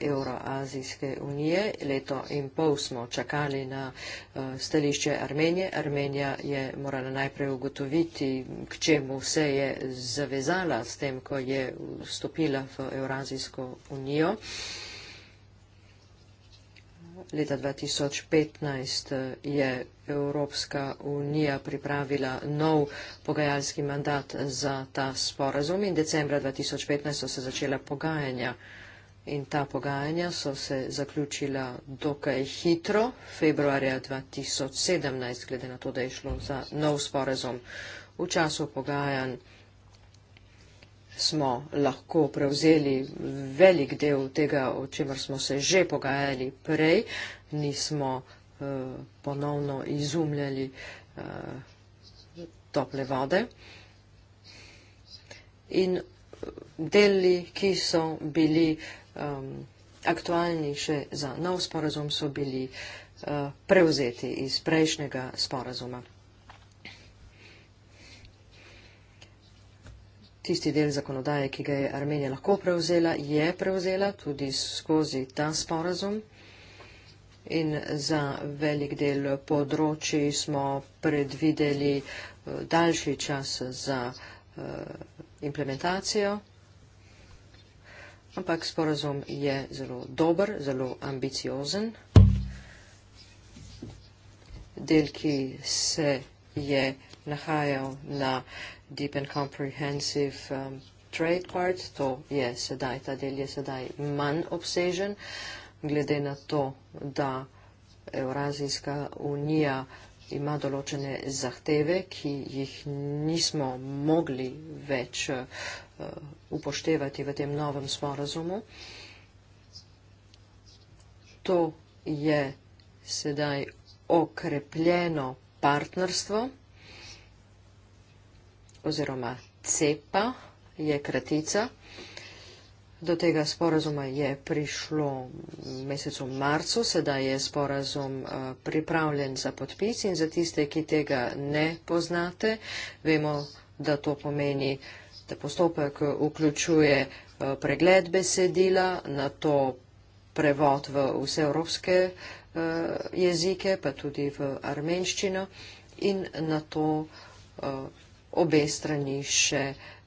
Euroazijske eh, unije. Leto in pol smo čakali na eh, stališče Armenije. Armenija je morala najprej ugotoviti, k čemu se je zavezala s tem, ko je vstopila v Euroazijsko unijo leta 2015 eh, je Evropska unija pripravila nov pogajalski mandat za ta sporazum in decembra 2015 so se začela pogajanja. In ta pogajanja so se zaključila dokaj hitro, februarja 2017, glede na to, da je šlo za nov sporazum. V času pogajanj smo lahko prevzeli velik del tega, o čemer smo se že pogajali prej, nismo uh, ponovno izumljali uh, tople vode. In eh, deli, ki so bili um, aktualni še za nov sporazum, so bili uh, prevzeti iz prejšnjega sporazuma. tisti del zakonodaje, ki ga je Armenija lahko prevzela, je prevzela tudi skozi ta sporazum. In za velik del področji smo predvideli eh, daljši čas za eh, implementacijo. Ampak sporazum je zelo dober, zelo ambiciozen. Del, ki se je nahajal na uh, deep and comprehensive um, trade part, to je sedaj, ta del je sedaj manj obsežen, glede na to, da Eurazijska unija ima določene zahteve, ki jih nismo mogli več uh, upoštevati v tem novem sporazumu. To je sedaj okrepljeno partnerstvo oziroma CEPA je kratica. Do tega sporazuma je prišlo v mesecu marcu, sedaj je sporazum eh, pripravljen za podpis in za tiste, ki tega ne poznate, vemo, da to pomeni, da postopek vključuje eh, pregled besedila, na to prevod v vse evropske eh, jezike, pa tudi v armenščino in na to obe strani še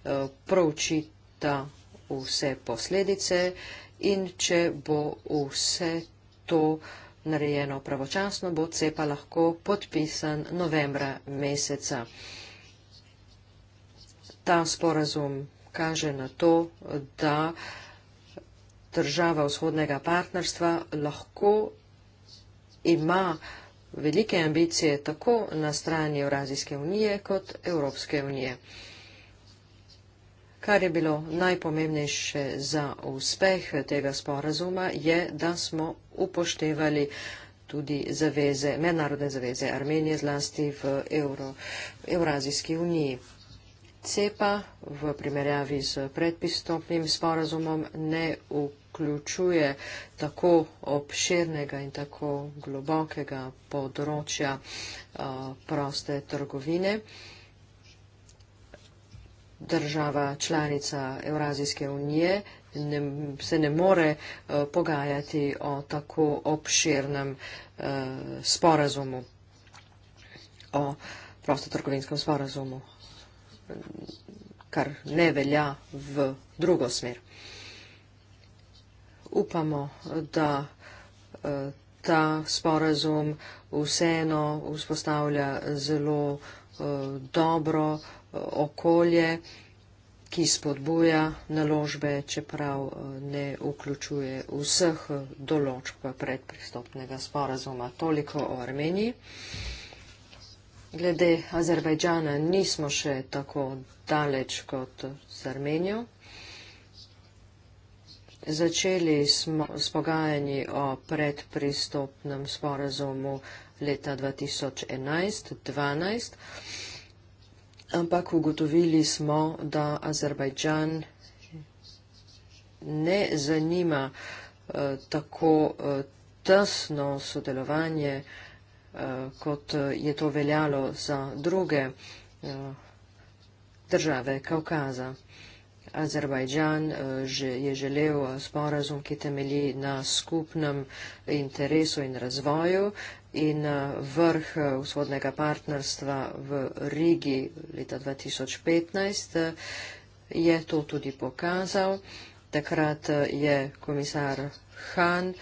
eh, proučita vse posledice in če bo vse to narejeno pravočasno, bo CEPA lahko podpisan novembra meseca. Ta sporazum kaže na to, da država vzhodnega partnerstva lahko ima vzhodnega partnerstva, velike ambicije tako na strani Eurazijske unije kot Evropske unije. Kar je bilo najpomembnejše za uspeh tega sporazuma je, da smo upoštevali tudi zaveze, mednarodne zaveze Armenije zlasti v Euro, Eurazijski uniji. CEPA v primerjavi z predpristopnim sporazumom ne vključuje tako obširnega in tako globokega področja uh, proste trgovine. Država članica Eurazijske unije ne, se ne more uh, pogajati o tako obširnem uh, sporazumu, o prostotrgovinskem sporazumu kar ne velja v drugo smer. Upamo, da eh, ta sporazum vseeno vzpostavlja zelo eh, dobro eh, okolje, ki spodbuja naložbe, čeprav ne vključuje vseh določb predpristopnega sporazuma. Toliko o Armeniji glede Azerbajdžana nismo še tako daleč kot z Armenijo. Začeli smo s pogajanji o predpristopnem sporazumu leta 2011-2012, ampak ugotovili smo, da Azerbajdžan ne zanima uh, tako uh, tesno sodelovanje uh, Eh, kot je to veljalo za druge eh, države Kaukaza. Azerbajdžan eh, je želel sporazum, ki temelji na skupnem interesu in razvoju in vrh vzhodnega partnerstva v Rigi leta 2015 je to tudi pokazal. Takrat je komisar Han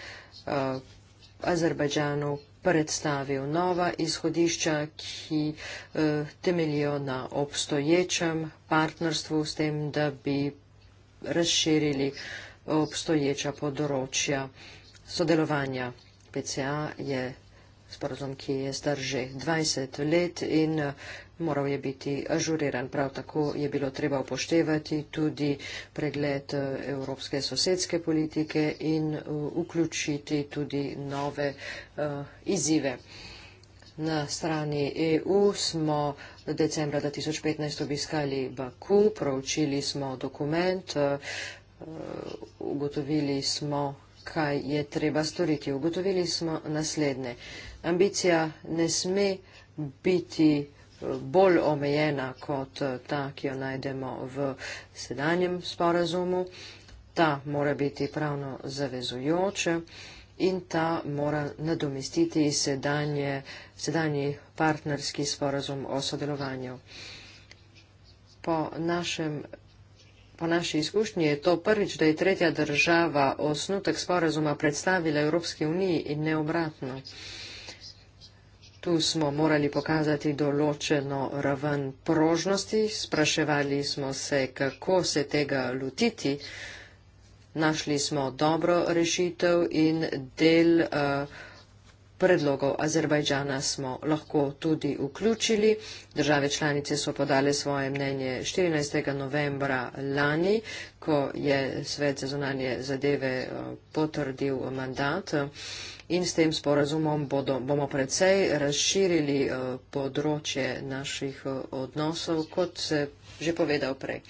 Azerbajdžanu predstavil nova izhodišča, ki eh, temelijo na obstoječem partnerstvu s tem, da bi razširili obstoječa področja sodelovanja. PCA je sporozum, ki je zdržal 20 let in eh, moral je biti ažuriran. Prav tako je bilo treba upoštevati tudi pregled eh, evropske sosedske politike in eh, vključiti tudi nove eh, izzive. Na strani EU smo decembra 2015 obiskali Baku, proučili smo dokument, ugotovili smo, kaj je treba storiti. Ugotovili smo naslednje. Ambicija ne sme biti uh, bolj omejena kot eh, ta, ki jo najdemo v sedanjem sporazumu. Ta mora biti pravno zavezujoče in ta mora nadomestiti sedanje, sedanji partnerski sporazum o sodelovanju. Po, našem, po naši izkušnji je to prvič, da je tretja država osnutek sporazuma predstavila Evropski uniji in ne obratno. Tu smo morali pokazati določeno raven prožnosti, spraševali smo se, kako se tega lotiti, našli smo dobro rešitev in del uh, predlogov Azerbajdžana smo lahko tudi vključili. Države članice so podale svoje mnenje 14. novembra lani, ko je svet za zonanje zadeve uh, potrdil mandat. Uh, in s tem sporazumom bodo, bomo predvsej razširili eh, področje naših eh, odnosov, kot se že povedal prej.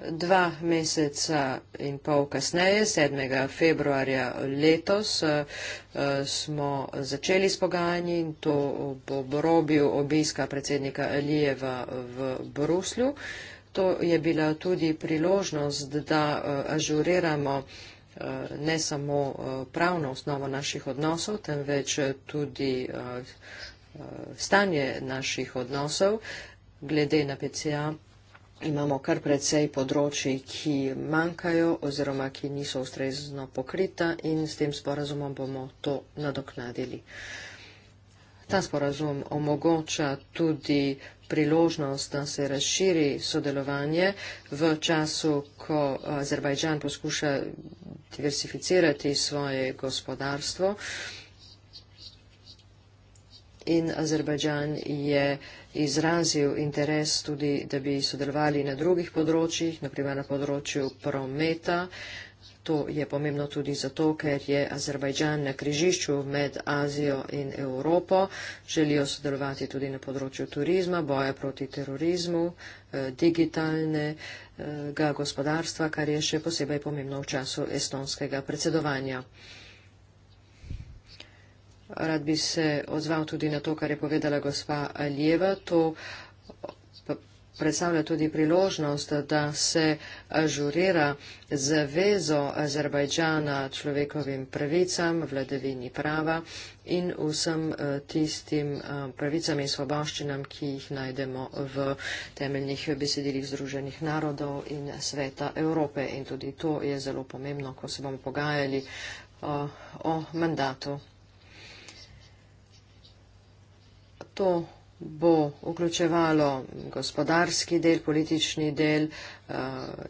Dva meseca in pol kasneje, 7. februarja letos, eh, smo začeli s pogajanji in to bo obrobil obiska predsednika Lijeva v Bruslju. To je bila tudi priložnost, da ažuriramo Eh, ne samo eh, pravno osnovo naših odnosov, temveč eh, tudi stanje naših odnosov. Glede na PCA imamo kar precej področji, ki manjkajo oziroma ki niso ustrezno pokrita in s tem sporazumom bomo to nadoknadili. Ta sporazum omogoča tudi priložnost, da se razširi sodelovanje v času, ko eh, Azerbajdžan poskuša diversificirati svoje gospodarstvo. In Azerbajdžan je izrazil interes tudi, da bi sodelovali na drugih področjih, naprimer na področju prometa, To je pomembno tudi zato, ker je Azerbajdžan na križišču med Azijo in Evropo, želijo sodelovati tudi na področju turizma, boja proti terorizmu, eh, digitalnega gospodarstva, kar je še posebej pomembno v času estonskega predsedovanja. Rad bi se odzval tudi na to, kar je povedala gospa Aljeva, to predstavlja tudi priložnost, da se ažurira zavezo Azerbajdžana človekovim pravicam, vladavini prava in vsem eh, tistim eh, pravicam in svoboščinam, ki jih najdemo v temeljnih besedilih Združenih narodov in sveta Evrope. In tudi to je zelo pomembno, ko se bomo pogajali o, eh, o mandatu. To bo vključevalo gospodarski del, politični del eh,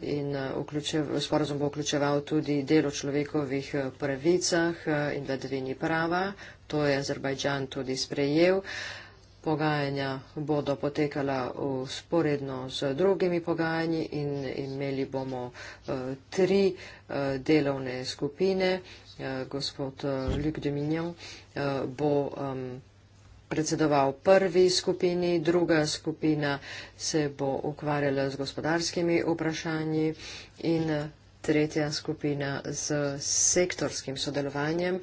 in eh, sporozum bo vključeval tudi delo človekovih eh, pravicah in vladavini prava. To je Azerbajdžan tudi sprejel. Pogajanja bodo potekala usporedno z drugimi pogajanji in imeli bomo tri delovne skupine. Gospod Luc de Mignon bo predsedoval prvi skupini, druga skupina se bo ukvarjala z gospodarskimi vprašanji in tretja skupina z sektorskim sodelovanjem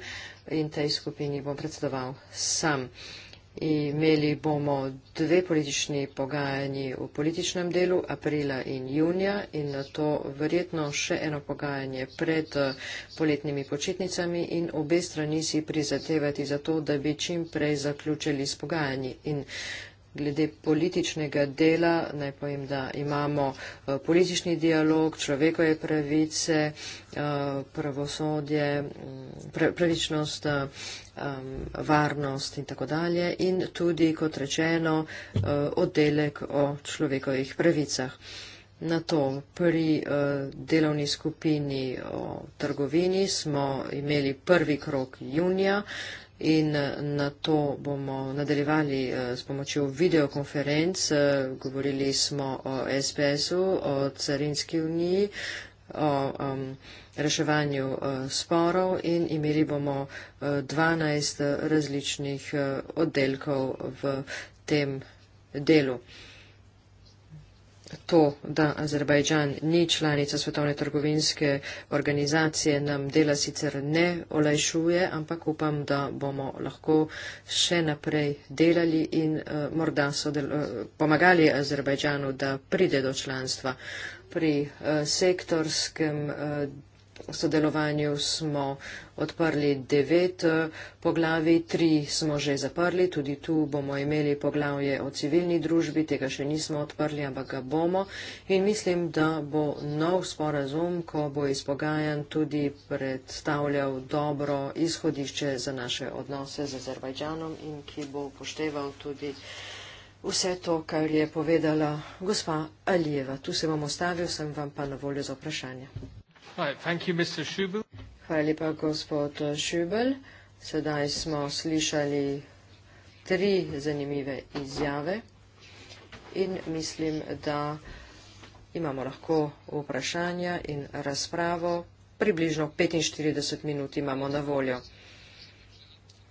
in tej skupini bom predsedoval sam. Imeli bomo dve politični pogajanji v političnem delu, aprila in junija, in na to verjetno še eno pogajanje pred eh, poletnimi počitnicami in obe strani si prizadevati za to, da bi čim prej zaključili s pogajanji. In Glede političnega dela, naj povem, da imamo eh, politični dialog, človekove pravice, eh, pravosodje, mm, pravičnost, eh, varnost in tako dalje in tudi, kot rečeno, oddelek o človekovih pravicah. Na to pri delovni skupini o trgovini smo imeli prvi krok junija, in eh, na to bomo nadaljevali eh, s pomočjo videokonferenc. Eh, govorili smo o SBS-u, o Carinski uniji, o um, reševanju uh, sporov in imeli bomo uh, 12 različnih uh, oddelkov v tem delu to, da Azerbajdžan ni članica Svetovne trgovinske organizacije, nam dela sicer ne olajšuje, ampak upam, da bomo lahko še naprej delali in uh, morda sodel, uh, pomagali Azerbajdžanu, da pride do članstva pri uh, sektorskem uh, sodelovanju smo odprli devet eh, poglavi, tri smo že zaprli, tudi tu bomo imeli poglavje o civilni družbi, tega še nismo odprli, ampak ga bomo in mislim, da bo nov sporazum, ko bo izpogajan, tudi predstavljal dobro izhodišče za naše odnose z Azerbajdžanom in ki bo upošteval tudi. Vse to, kar je povedala gospa Alijeva. Tu se bom ostavil, sem vam pa na voljo za vprašanje. Hvala lepa, gospod Šubel. Sedaj smo slišali tri zanimive izjave in mislim, da imamo lahko vprašanja in razpravo. Približno 45 minut imamo na voljo.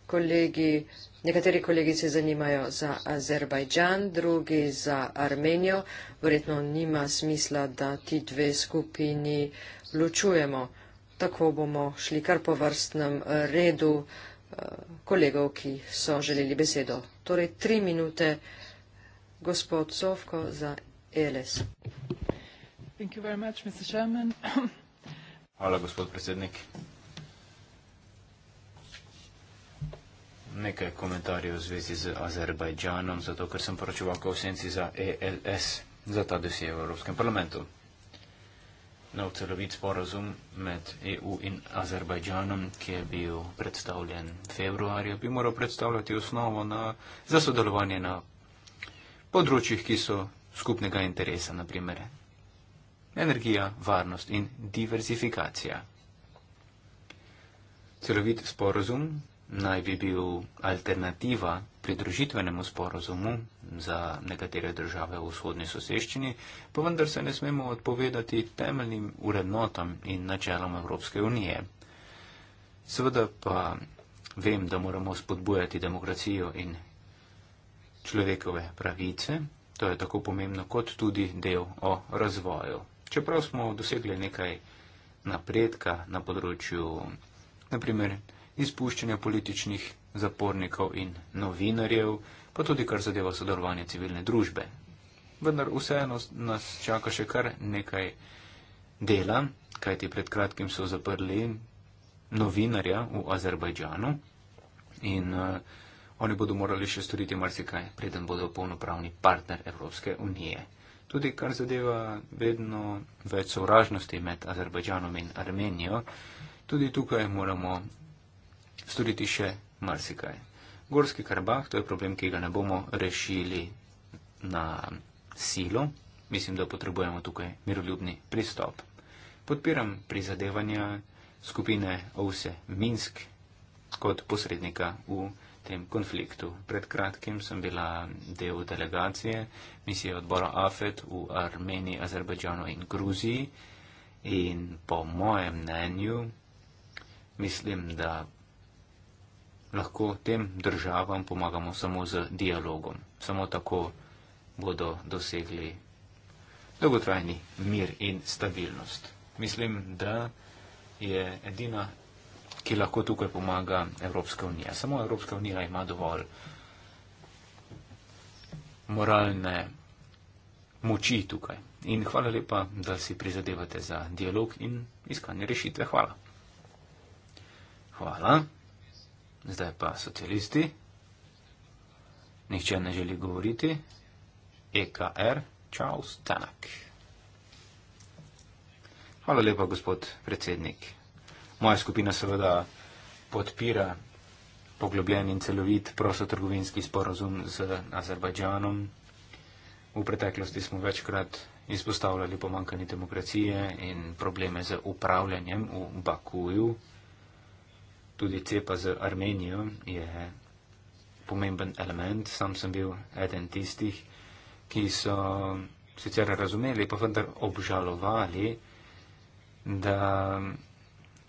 Kolegi, nekateri kolegi se zanimajo za Azerbajdžan, drugi za Armenijo. Verjetno nima smisla, da ti dve skupini uh, ločujemo. Tako bomo šli kar po vrstnem eh, redu eh, kolegov, ki so želeli besedo. Torej, tri minute, gospod Sovko, za ELS. Hvala, gospod predsednik. Nekaj komentarjev v zvezi z Azerbajdžanom, zato ker sem poročeval kao senci za ELS, za ta dosje v Evropskem parlamentu nov celovit sporozum med EU in Azerbajdžanom, ki je bil predstavljen februarja, bi moral predstavljati osnovo na, za sodelovanje na področjih, ki so skupnega interesa, naprimer energija, varnost in diverzifikacija. Celovit sporozum naj bi bil alternativa pridružitvenemu sporozumu za nekatere države v vzhodni soseščini, pa vendar se ne smemo odpovedati temeljnim urednotam in načelom Evropske unije. Seveda pa vem, da moramo spodbujati demokracijo in človekove pravice, to je tako pomembno kot tudi del o razvoju. Čeprav smo dosegli nekaj napredka na področju, naprimer, izpuščanja političnih zapornikov in novinarjev, pa tudi kar zadeva sodelovanje civilne družbe. Vendar vseeno nas čaka še kar nekaj dela, kajti pred kratkim so zaprli novinarja v Azerbajdžanu in uh, oni bodo morali še storiti marsikaj, preden bodo polnopravni partner Evropske unije. Tudi kar zadeva vedno več sovražnosti med Azerbajdžanom in Armenijo, tudi tukaj moramo storiti še marsikaj. Gorski Karabah, to je problem, ki ga ne bomo rešili na silo. Mislim, da potrebujemo tukaj miroljubni pristop. Podpiram prizadevanja skupine OVSE Minsk kot posrednika v tem konfliktu. Pred kratkim sem bila del delegacije misije odbora AFET v Armeniji, Azerbajdžanu in Gruziji in po mojem mnenju mislim, da lahko tem državam pomagamo samo z dialogom. Samo tako bodo dosegli dolgotrajni mir in stabilnost. Mislim, da je edina, ki lahko tukaj pomaga Evropska unija. Samo Evropska unija ima dovolj moralne moči tukaj. In hvala lepa, da si prizadevate za dialog in iskanje rešitve. Hvala. Hvala. Zdaj pa socialisti, nihče ne želi govoriti, EKR, er, čau, stanak. Hvala lepa, gospod predsednik. Moja skupina seveda podpira poglobljen in celovit prostotrgovinski sporozum z Azerbajdžanom. V preteklosti smo večkrat izpostavljali pomankanje demokracije in probleme z upravljanjem v Bakuju tudi cepa z Armenijo je pomemben element. Sam sem bil eden tistih, ki so sicer razumeli, pa vendar obžalovali, da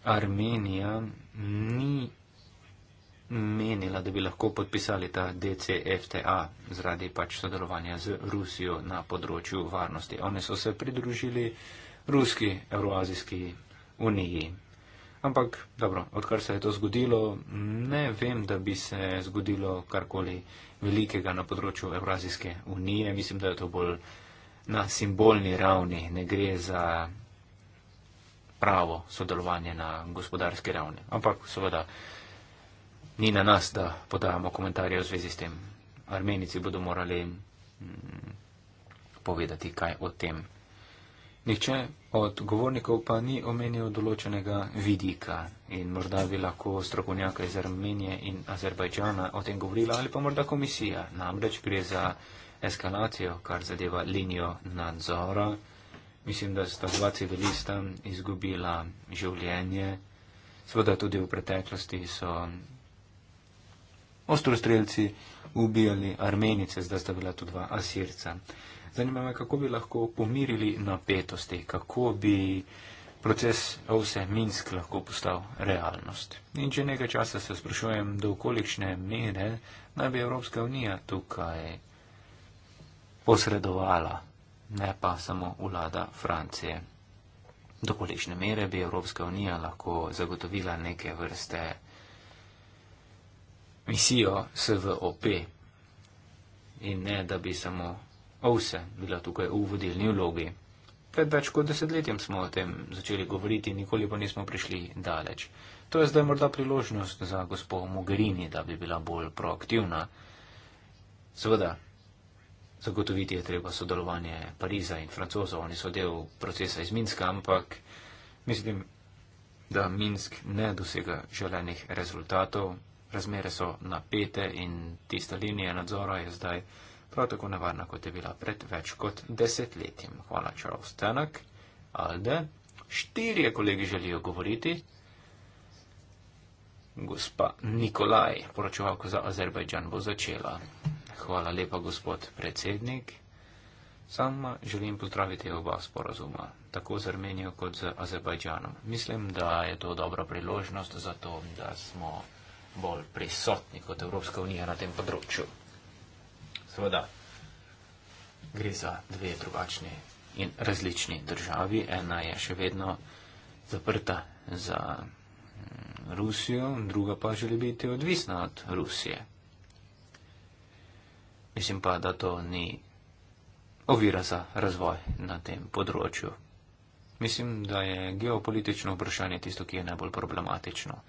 Armenija ni menila, da bi lahko podpisali ta DCFTA zaradi pač sodelovanja z Rusijo na področju varnosti. Oni so se pridružili Ruski Euroazijski uniji. Ampak, dobro, odkar se je to zgodilo, ne vem, da bi se zgodilo karkoli velikega na področju Evrazijske unije. Mislim, da je to bolj na simbolni ravni, ne gre za pravo sodelovanje na gospodarski ravni. Ampak, seveda, ni na nas, da podajamo komentarje v zvezi s tem. Armenici bodo morali m, mm, povedati, kaj o tem. Nihče od govornikov pa ni omenil določenega vidika in morda bi lahko strokovnjaka iz Armenije in Azerbajdžana o tem govorila ali pa morda komisija. Namreč gre za eskalacijo, kar zadeva linijo nadzora. Mislim, da sta dva civilista izgubila življenje. Sveda tudi v preteklosti so ostrostrelci ubijali Armenice, zdaj sta bila tudi dva Asirca. Zanima me, kako bi lahko pomirili napetosti, kako bi proces Ose Minsk lahko postal realnost. In že nekaj časa se sprašujem, do kolikšne mere naj bi Evropska unija tukaj posredovala, ne pa samo vlada Francije. Do kolikšne mere bi Evropska unija lahko zagotovila neke vrste misijo SVOP in ne, da bi samo Ovse bila tukaj v vodilni vlogi. Pred več kot desetletjem smo o tem začeli govoriti, nikoli pa nismo prišli daleč. To je zdaj morda priložnost za gospo Mogherini, da bi bila bolj proaktivna. Seveda, zagotoviti je treba sodelovanje Pariza in Francozov, oni so del procesa iz Minska, ampak mislim, da Minsk ne dosega želenih rezultatov, razmere so napete in tista linija nadzora je zdaj prav tako nevarna, kot je bila pred več kot desetletjem. Hvala, Charles Tenak, Alde. Štirje kolegi želijo govoriti. Gospa Nikolaj, poročevalko za Azerbajdžan, bo začela. Hvala lepa, gospod predsednik. Sama želim pozdraviti oba sporazuma, tako z Armenijo kot z Azerbajdžanom. Mislim, da je to dobra priložnost za to, da smo bolj prisotni kot Evropska unija na tem področju. Seveda, gre za dve drugačni in različni državi. Ena je še vedno zaprta za mm, Rusijo, druga pa želi biti odvisna od Rusije. Mislim pa, da to ni ovira za razvoj na tem področju. Mislim, da je geopolitično vprašanje tisto, ki je najbolj problematično.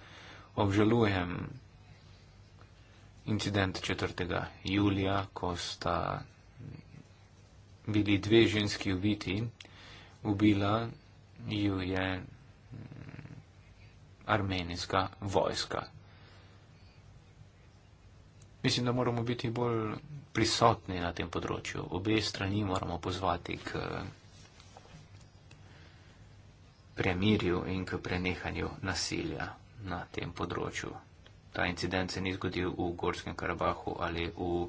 Obžalujem incident 4. julija, ko sta bili dve ženski ubiti, ubila ju je mm, armenijska vojska. Mislim, da moramo biti bolj prisotni na tem področju. Obe strani moramo pozvati k premirju in k prenehanju nasilja na tem področju ta incident se ni zgodil v Gorskem Karabahu ali v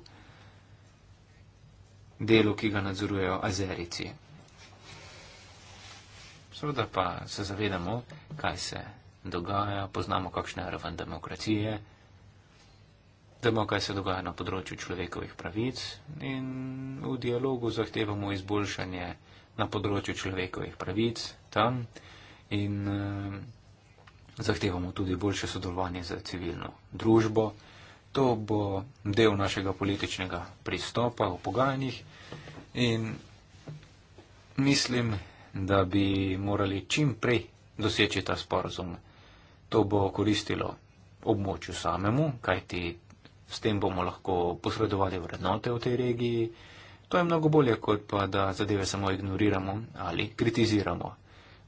delu, ki ga nadzorujejo Azerici. Seveda pa se zavedamo, kaj se dogaja, poznamo, kakšna je raven demokracije, vemo, kaj se dogaja na področju človekovih pravic in v dialogu zahtevamo izboljšanje na področju človekovih pravic tam in uh, zahtevamo tudi boljše sodelovanje z civilno družbo. To bo del našega političnega pristopa v pogajanjih in mislim, da bi morali čim prej doseči ta sporozum. To bo koristilo območju samemu, kajti s tem bomo lahko posredovali vrednote v tej regiji. To je mnogo bolje, kot pa da zadeve samo ignoriramo ali kritiziramo.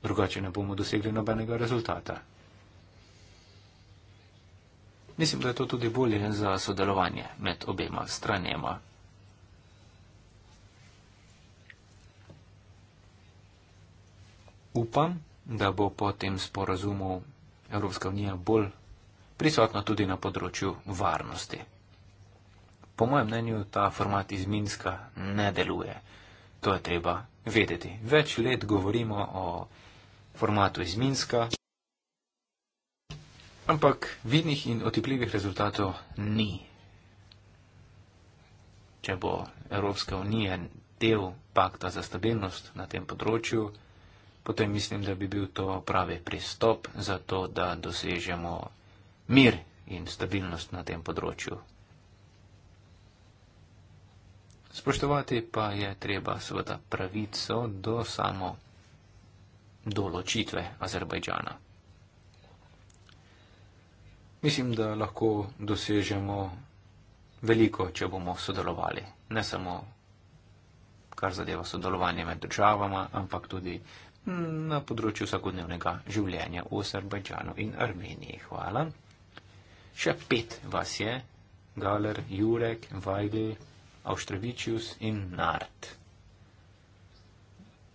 Drugače ne bomo dosegli nobenega rezultata. Mislim, da je to tudi bolje za sodelovanje med obema stranjema. Upam, da bo po tem sporazumu Evropska unija bolj prisotna tudi na področju varnosti. Po mojem mnenju ta format iz Minska ne deluje. To je treba vedeti. Več let govorimo o formatu iz Minska. Ampak vidnih in otipljivih rezultatov ni. Če bo Evropska unija del pakta za stabilnost na tem področju, potem mislim, da bi bil to pravi pristop za to, da dosežemo mir in stabilnost na tem področju. Spoštovati pa je treba seveda pravico do samo določitve Azerbajdžana. Mislim, da lahko dosežemo veliko, če bomo sodelovali. Ne samo, kar zadeva sodelovanje med državama, ampak tudi na področju vsakodnevnega življenja v Azerbajdžanu in Armeniji. Hvala. Še pet vas je, Galer, Jurek, Vajgl, Avštrevičius in Nart.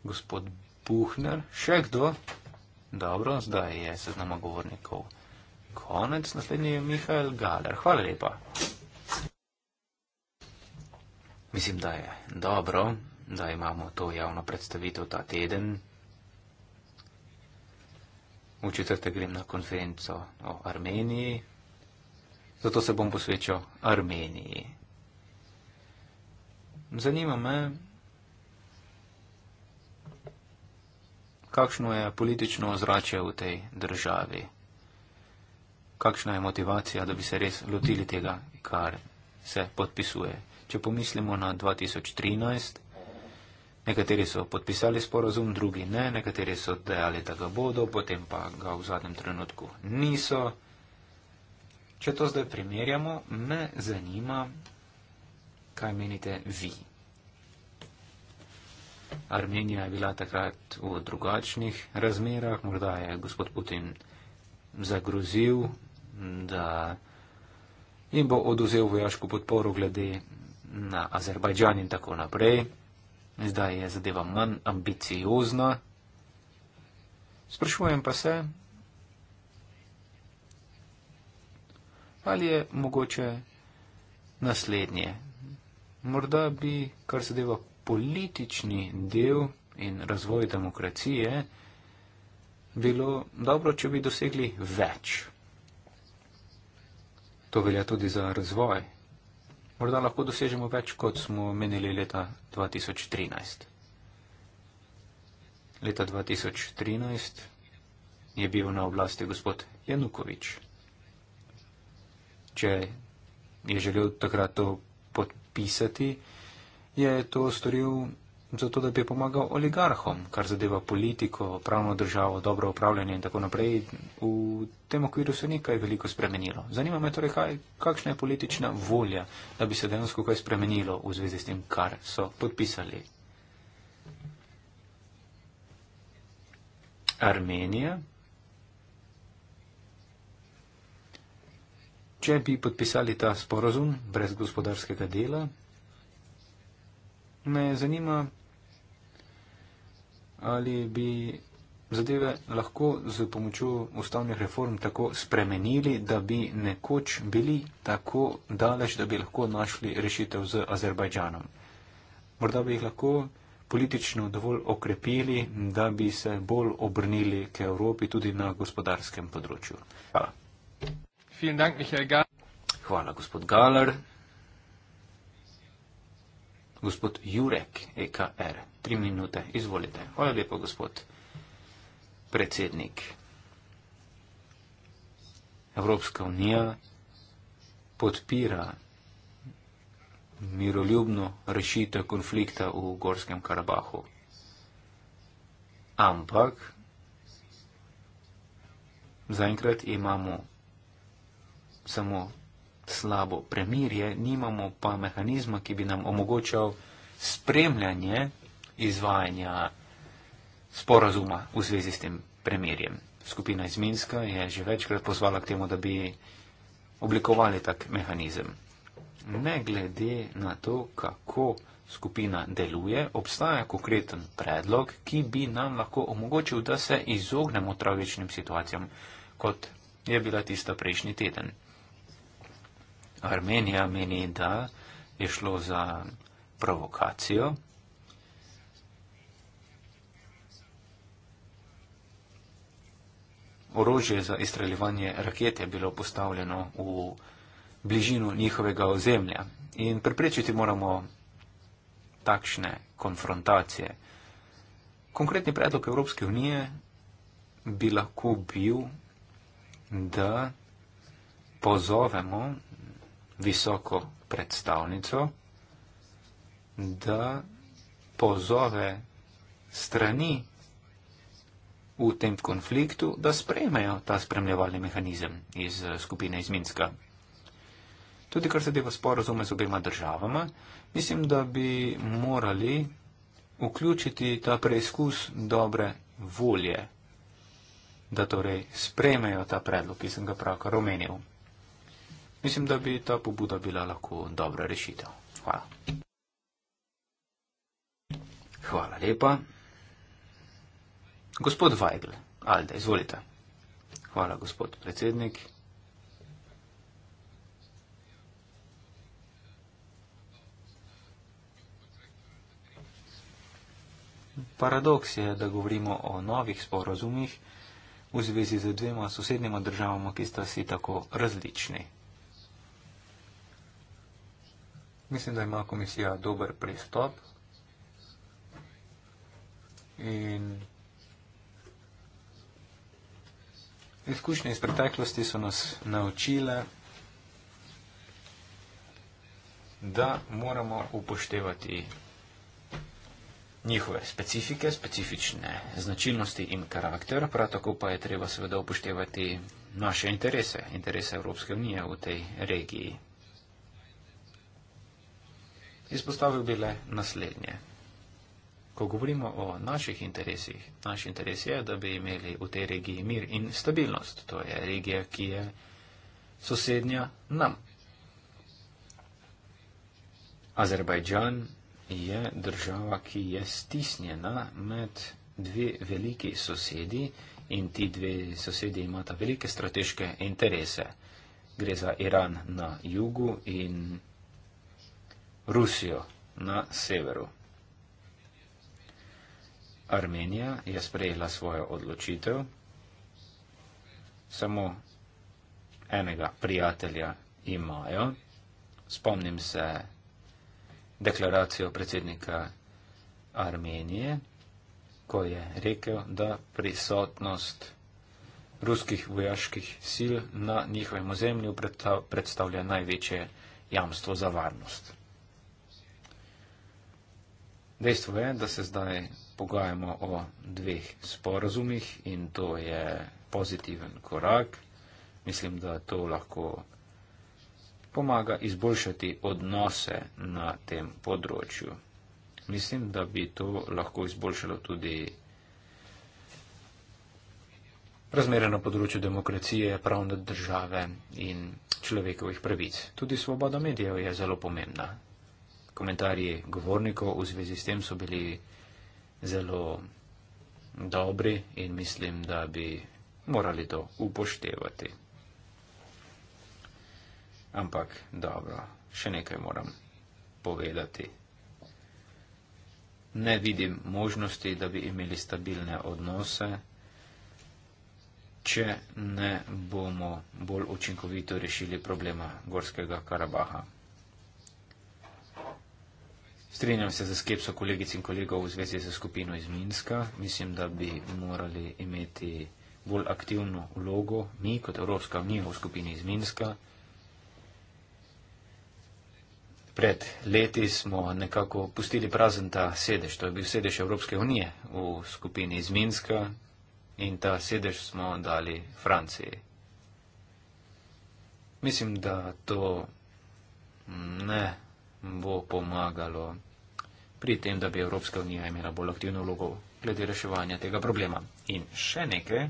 Gospod Buhner, še kdo? Dobro, zdaj je seznama govornikov konec, naslednji je Mihajl Galer. Hvala lepa. Mislim, da je dobro, da imamo to javno predstavitev ta teden. V četrte grem na konferenco o Armeniji, zato se bom posvečal Armeniji. Zanima me, kakšno je politično ozračje v tej državi kakšna je motivacija, da bi se res lotili tega, kar se podpisuje. Če pomislimo na 2013, nekateri so podpisali sporozum, drugi ne, nekateri so dejali, da ga bodo, potem pa ga v zadnjem trenutku niso. Če to zdaj primerjamo, me zanima, kaj menite vi. Armenija je bila takrat v drugačnih razmerah, morda je gospod Putin zagrozil, da jim bo oduzel vojaško podporo glede na Azerbajdžan in tako naprej. Zdaj je zadeva manj ambiciozna. Sprašujem pa se, ali je mogoče naslednje. Morda bi, kar zadeva politični del in razvoj demokracije, bilo dobro, če bi dosegli več. To velja tudi za razvoj. Morda lahko dosežemo več, kot smo menili leta 2013. Leta 2013 je bil na oblasti gospod Janukovič. Če je želel takrat to podpisati, je to storil zato da bi pomagal oligarhom, kar zadeva politiko, pravno državo, dobro upravljanje in tako naprej. V tem okviru se nekaj veliko spremenilo. Zanima me torej, kaj, kakšna je politična volja, da bi se dejansko kaj spremenilo v zvezi s tem, kar so podpisali. Armenija. Če bi podpisali ta sporozum brez gospodarskega dela, me zanima, ali bi zadeve lahko z pomočjo ustavnih reform tako spremenili, da bi nekoč bili tako daleč, da bi lahko našli rešitev z Azerbajdžanom. Morda bi jih lahko politično dovolj okrepili, da bi se bolj obrnili k Evropi tudi na gospodarskem področju. Hvala. Hvala, gospod Galar. Gospod Jurek, EKR, tri minute, izvolite. Hvala lepo, gospod predsednik. Evropska unija podpira miroljubno rešitev konflikta v Gorskem Karabahu. Ampak zaenkrat imamo samo slabo premirje, nimamo pa mehanizma, ki bi nam omogočal spremljanje izvajanja sporazuma v zvezi s tem premirjem. Skupina iz Minska je že večkrat pozvala k temu, da bi oblikovali tak mehanizem. Ne glede na to, kako skupina deluje, obstaja konkreten predlog, ki bi nam lahko omogočil, da se izognemo tragičnim situacijam, kot je bila tista prejšnji teden. Armenija meni, da je šlo za provokacijo. Orožje za izstreljevanje rakete je bilo postavljeno v bližino njihovega ozemlja in preprečiti moramo takšne konfrontacije. Konkretni predlog Evropske unije bi lahko bil, da pozovemo visoko predstavnico, da pozove strani v tem konfliktu, da sprejmejo ta spremljevalni mehanizem iz eh, skupine iz Minska. Tudi kar zadeva sporozume z obema državama, mislim, da bi morali vključiti ta preizkus dobre volje, da torej sprejmejo ta predlog, ki sem ga pravkar omenil. Mislim, da bi ta pobuda bila lahko dobra rešitev. Hvala. Hvala lepa. Gospod Vajgl, Alde, izvolite. Hvala, gospod predsednik. Paradoks je, da govorimo o novih sporozumih v zvezi z dvema sosednjima državama, ki sta si tako različni. Mislim, da ima komisija dober pristop in izkušnje iz preteklosti so nas naučile, da moramo upoštevati njihove specifike, specifične značilnosti in karakter, prav tako pa je treba seveda upoštevati naše interese, interese Evropske unije v tej regiji. Izpostavil bi le naslednje. Ko govorimo o naših interesih, naš interes je, da bi imeli v tej regiji mir in stabilnost. To je regija, ki je sosednja nam. Azerbajdžan je država, ki je stisnjena med dve veliki sosedi in ti dve sosedi imata velike strateške interese. Gre za Iran na jugu in Rusijo na severu. Armenija je sprejela svojo odločitev, samo enega prijatelja imajo. Spomnim se deklaracijo predsednika Armenije, ko je rekel, da prisotnost ruskih vojaških sil na njihovem ozemlju predstavlja največje jamstvo za varnost. Dejstvo je, da se zdaj pogajamo o dveh sporazumih in to je pozitiven korak. Mislim, da to lahko pomaga izboljšati odnose na tem področju. Mislim, da bi to lahko izboljšalo tudi razmere na področju demokracije, pravne države in človekovih pravic. Tudi svoboda medijev je zelo pomembna komentarji govornikov v zvezi s tem so bili zelo dobri in mislim, da bi morali to upoštevati. Ampak dobro, še nekaj moram povedati. Ne vidim možnosti, da bi imeli stabilne odnose, če ne bomo bolj učinkovito rešili problema Gorskega Karabaha. Strenjam se za skepso kolegic in kolegov v zvezi za skupino iz Minska. Mislim, da bi morali imeti bolj aktivno vlogo mi kot Evropska unija v skupini iz Minska. Pred leti smo nekako pustili prazen ta sedež, to je bil sedež Evropske unije v skupini iz Minska in ta sedež smo dali Franciji. Mislim, da to ne bo pomagalo pri tem, da bi Evropska unija imela bolj aktivno vlogo glede reševanja tega problema. In še nekaj,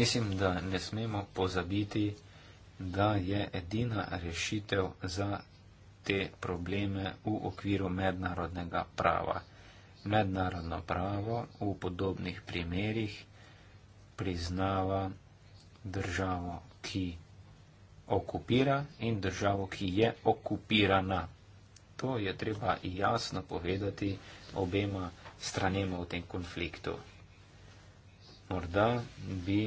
mislim, da ne smemo pozabiti, da je edina rešitev za te probleme v okviru mednarodnega prava. Mednarodno pravo v podobnih primerjih priznava državo, ki okupira in državo, ki je okupirana. To je treba jasno povedati obema stranema v tem konfliktu. Morda bi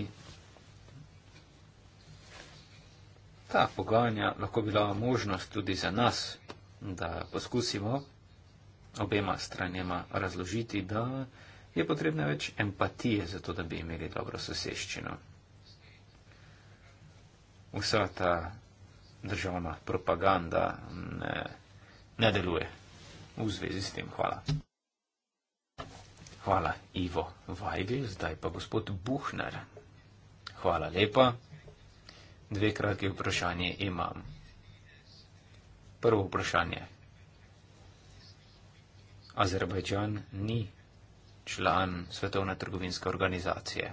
ta pogajanja lahko bila možnost tudi za nas, da poskusimo obema stranema razložiti, da je potrebna več empatije za to, da bi imeli dobro soseščino vsa ta državna propaganda ne, ne deluje v zvezi s tem. Hvala. Hvala, Ivo Vajgl, zdaj pa gospod Buhner. Hvala lepa. Dve kratke vprašanje imam. Prvo vprašanje. Azerbajdžan ni član Svetovne trgovinske organizacije.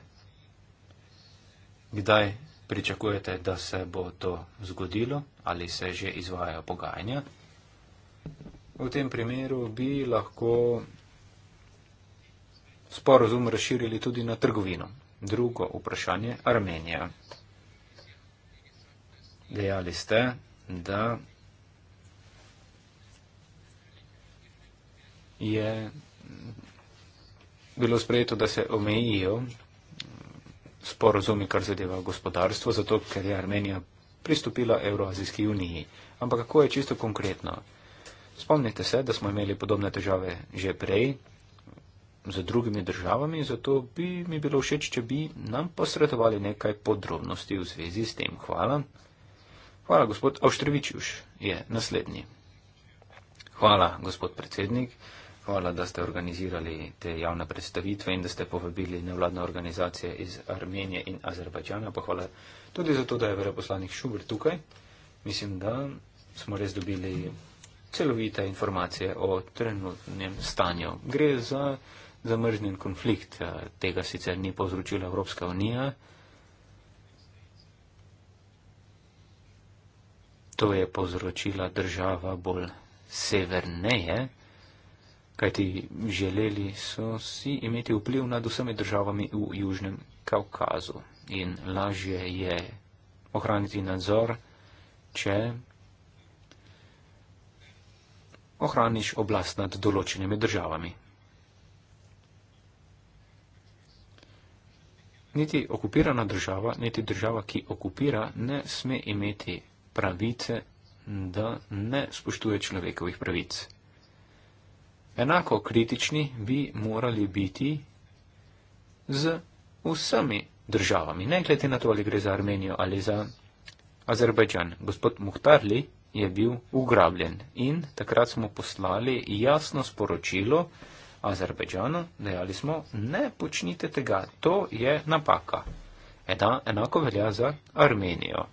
Kdaj pričakujete, da se bo to zgodilo ali se že izvajajo pogajanja. V tem primeru bi lahko sporozum razširili tudi na trgovino. Drugo vprašanje Armenija. Dejali ste, da je bilo sprejeto, da se omejijo sporozumi, kar zadeva gospodarstvo, zato ker je Armenija pristopila Evroazijski uniji. Ampak kako je čisto konkretno? Spomnite se, da smo imeli podobne težave že prej z drugimi državami, zato bi mi bilo všeč, če bi nam posredovali nekaj podrobnosti v zvezi s tem. Hvala. Hvala, gospod Avštrevičuš, je naslednji. Hvala, gospod predsednik. Hvala, da ste organizirali te javne predstavitve in da ste povabili nevladne organizacije iz Armenije in Azerbajdžana. Pa hvala tudi za to, da je veleposlanik Šubr tukaj. Mislim, da smo res dobili celovite informacije o trenutnem stanju. Gre za zamrznjen konflikt. Eh, tega sicer ni povzročila Evropska unija. To je povzročila država bolj severneje kajti želeli so si imeti vpliv nad vsemi državami v Južnem Kaukazu in lažje je ohraniti nadzor, če ohraniš oblast nad določenimi državami. Niti okupirana država, niti država, ki okupira, ne sme imeti pravice, da ne spoštuje človekovih pravic. Enako kritični bi morali biti z vsemi državami, ne glede na to, ali gre za Armenijo ali za Azerbajdžan. Gospod Muhtarli je bil ugrabljen in takrat smo poslali jasno sporočilo Azerbajdžanu, dejali smo, ne počnite tega, to je napaka. Eda, enako velja za Armenijo.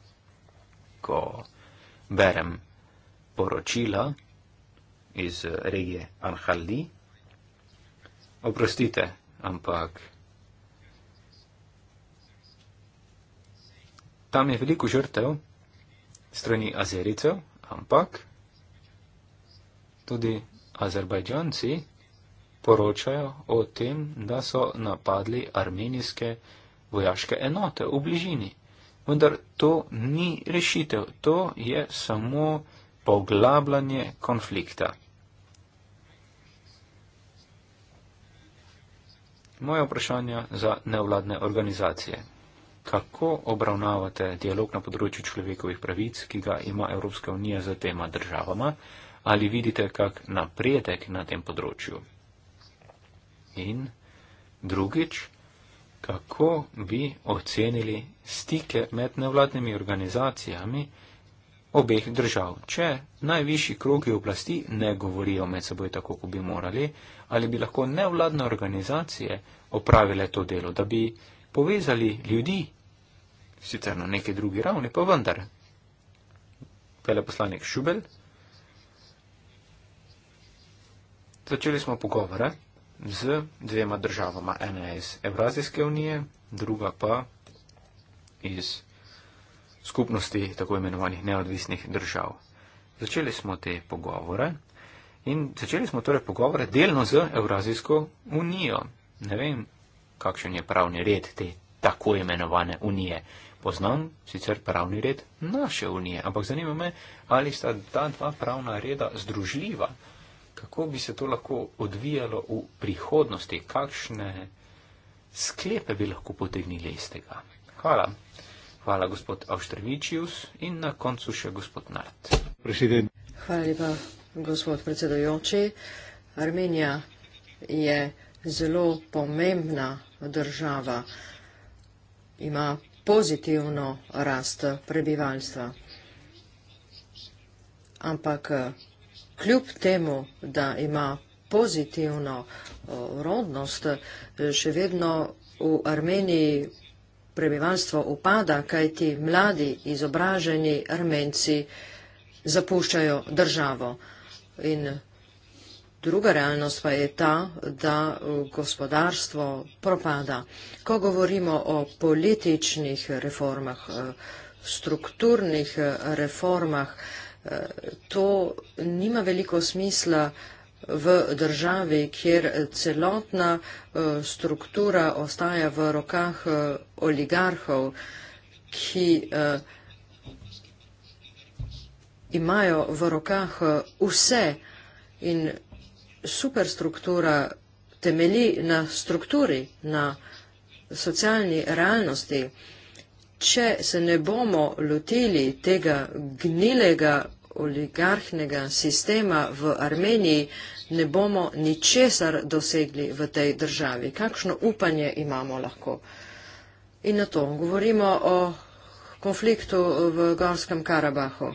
Ko berem poročila, iz eh, regije Anhaldi. Oprostite, ampak tam je veliko žrtev strani Azericev, ampak tudi Azerbajdžanci poročajo o tem, da so napadli armenijske vojaške enote v bližini. Vendar to ni rešitev, to je samo poglabljanje konflikta. Moje vprašanje za nevladne organizacije. Kako obravnavate dialog na področju človekovih pravic, ki ga ima Evropska unija za tema državama? Ali vidite kak napredek na tem področju? In drugič, kako bi ocenili stike med nevladnimi organizacijami? obeh držav. Če najvišji krogi oblasti ne govorijo med seboj tako, kot bi morali, ali bi lahko nevladne organizacije opravile to delo, da bi povezali ljudi, sicer na neki drugi ravni, pa vendar. Veleposlanik Šubel. Začeli smo pogovore z dvema državama, ena iz Evrazijske unije, druga pa iz skupnosti tako imenovanih neodvisnih držav. Začeli smo te pogovore in začeli smo torej pogovore delno z Eurazijsko unijo. Ne vem, kakšen je pravni red te tako imenovane unije. Poznam sicer pravni red naše unije, ampak zanima me, ali sta ta dva pravna reda združljiva. Kako bi se to lahko odvijalo v prihodnosti? Kakšne sklepe bi lahko potegnili iz tega? Hvala. Hvala, gospod Avštrvičius in na koncu še gospod Nart. Hvala lepa, gospod predsedojoči. Armenija je zelo pomembna država. Ima pozitivno rast prebivalstva. Ampak eh, kljub temu, da ima pozitivno eh, rodnost, eh, še vedno v Armeniji prebivalstvo upada, kajti mladi izobraženi armenci zapuščajo državo. In druga realnost pa je ta, da gospodarstvo propada. Ko govorimo o političnih reformah, eh, strukturnih eh, reformah, eh, to nima veliko smisla, v državi, kjer celotna eh, struktura ostaja v rokah eh, oligarhov, ki eh, imajo v rokah vse in superstruktura temeli na strukturi, na socialni realnosti. Če se ne bomo lotili tega gnilega oligarhnega sistema v Armeniji, ne bomo ničesar dosegli v tej državi. Kakšno upanje imamo lahko? In na to govorimo o konfliktu v Gorskem Karabahu.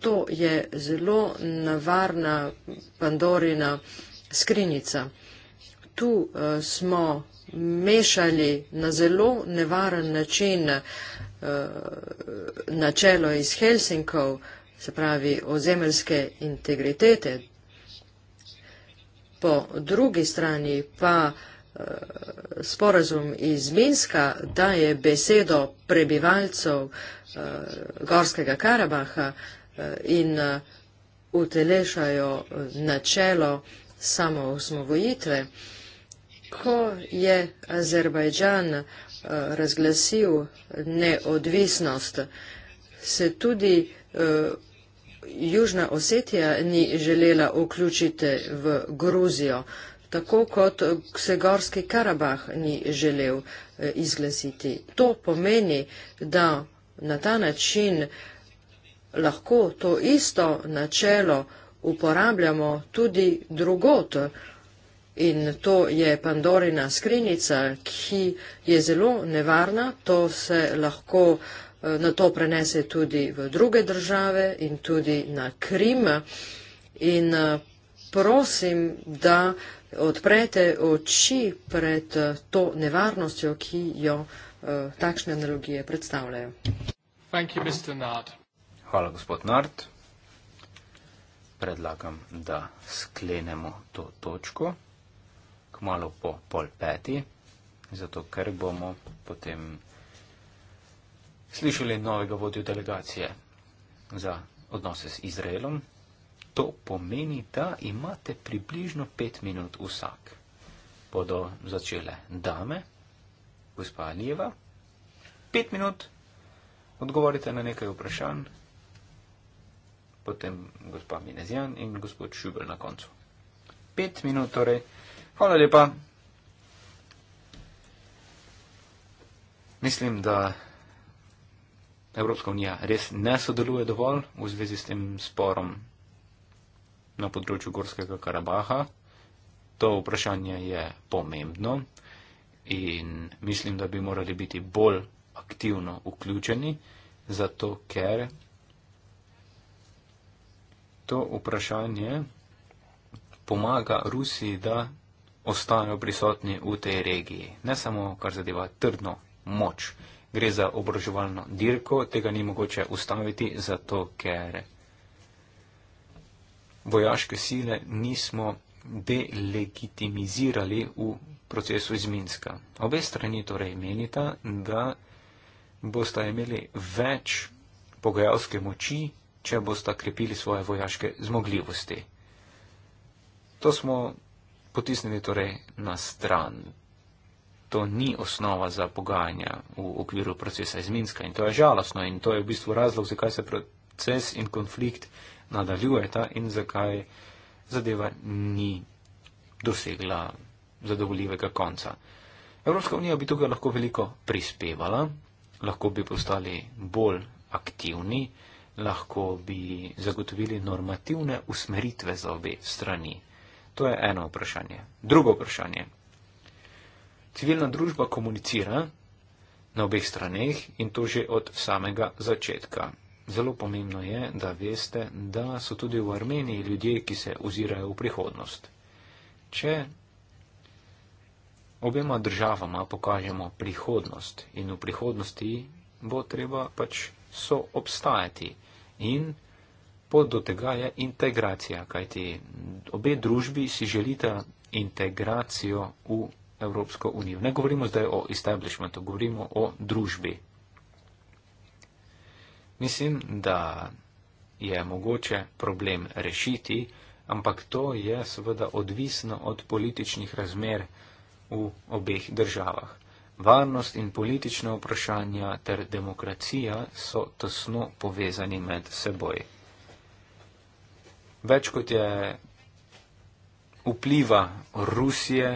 To je zelo navarna pandorina skrinjica. Tu uh, smo mešali na zelo nevaren način uh, načelo iz Helsinkov, se pravi ozemeljske integritete, po drugi strani pa eh, sporazum iz Minska daje besedo prebivalcev eh, Gorskega Karabaha eh, in utelešajo načelo samozmogojitve. Ko je Azerbajdžan razglasil neodvisnost, se tudi Južna Osetija ni želela vključiti v Gruzijo, tako kot se Gorski Karabah ni želel eh, izglasiti. To pomeni, da na ta način lahko to isto načelo uporabljamo tudi drugot. In to je Pandorina skrinica, ki je zelo nevarna, to se lahko uh, Eh, na to prenese tudi v druge države in tudi na Krim. In eh, prosim, da odprete oči pred eh, to nevarnostjo, ki jo takšne analogije predstavljajo. Thank you, Mr. Nard. Hvala, gospod Nard. Predlagam, da sklenemo to točko kmalo po pol peti, zato ker bomo potem slišali novega vodjo delegacije za odnose z Izraelom, to pomeni, da imate približno pet minut vsak. Bodo začele dame, gospa Alijeva, pet minut, odgovorite na nekaj vprašanj, potem gospa Minezjan in gospod Šubel na koncu. Pet minut torej. Hvala lepa. Mislim, da Evropska unija res ne sodeluje dovolj v zvezi s tem sporom na področju Gorskega Karabaha. To vprašanje je pomembno in mislim, da bi morali biti bolj aktivno vključeni, zato ker to vprašanje pomaga Rusiji, da ostanejo prisotni v tej regiji. Ne samo, kar zadeva trdno moč, gre za obroževalno dirko, tega ni mogoče ustaviti, zato ker vojaške sile nismo delegitimizirali v procesu iz Minska. Obe strani torej menita, da bosta imeli več pogajalske moči, če bosta krepili svoje vojaške zmogljivosti. To smo potisnili torej na stran to ni osnova za pogajanja v okviru procesa iz Minska in to je žalostno in to je v bistvu razlog, zakaj se proces in konflikt nadaljujeta in zakaj zadeva ni dosegla zadovoljivega konca. Evropska unija bi tukaj lahko veliko prispevala, lahko bi postali bolj aktivni, lahko bi zagotovili normativne usmeritve za obe strani. To je eno vprašanje. Drugo vprašanje civilna družba komunicira na obeh straneh in to že od samega začetka. Zelo pomembno je, da veste, da so tudi v Armeniji ljudje, ki se ozirajo v prihodnost. Če obema državama pokažemo prihodnost in v prihodnosti bo treba pač so obstajati in pot do tega je integracija, kajti obe družbi si želita integracijo v Evropsko unijo. Ne govorimo zdaj o establishmentu, govorimo o družbi. Mislim, da je mogoče problem rešiti, ampak to je seveda odvisno od političnih razmer v obeh državah. Varnost in politične vprašanja ter demokracija so tesno povezani med seboj. Več kot je vpliva Rusije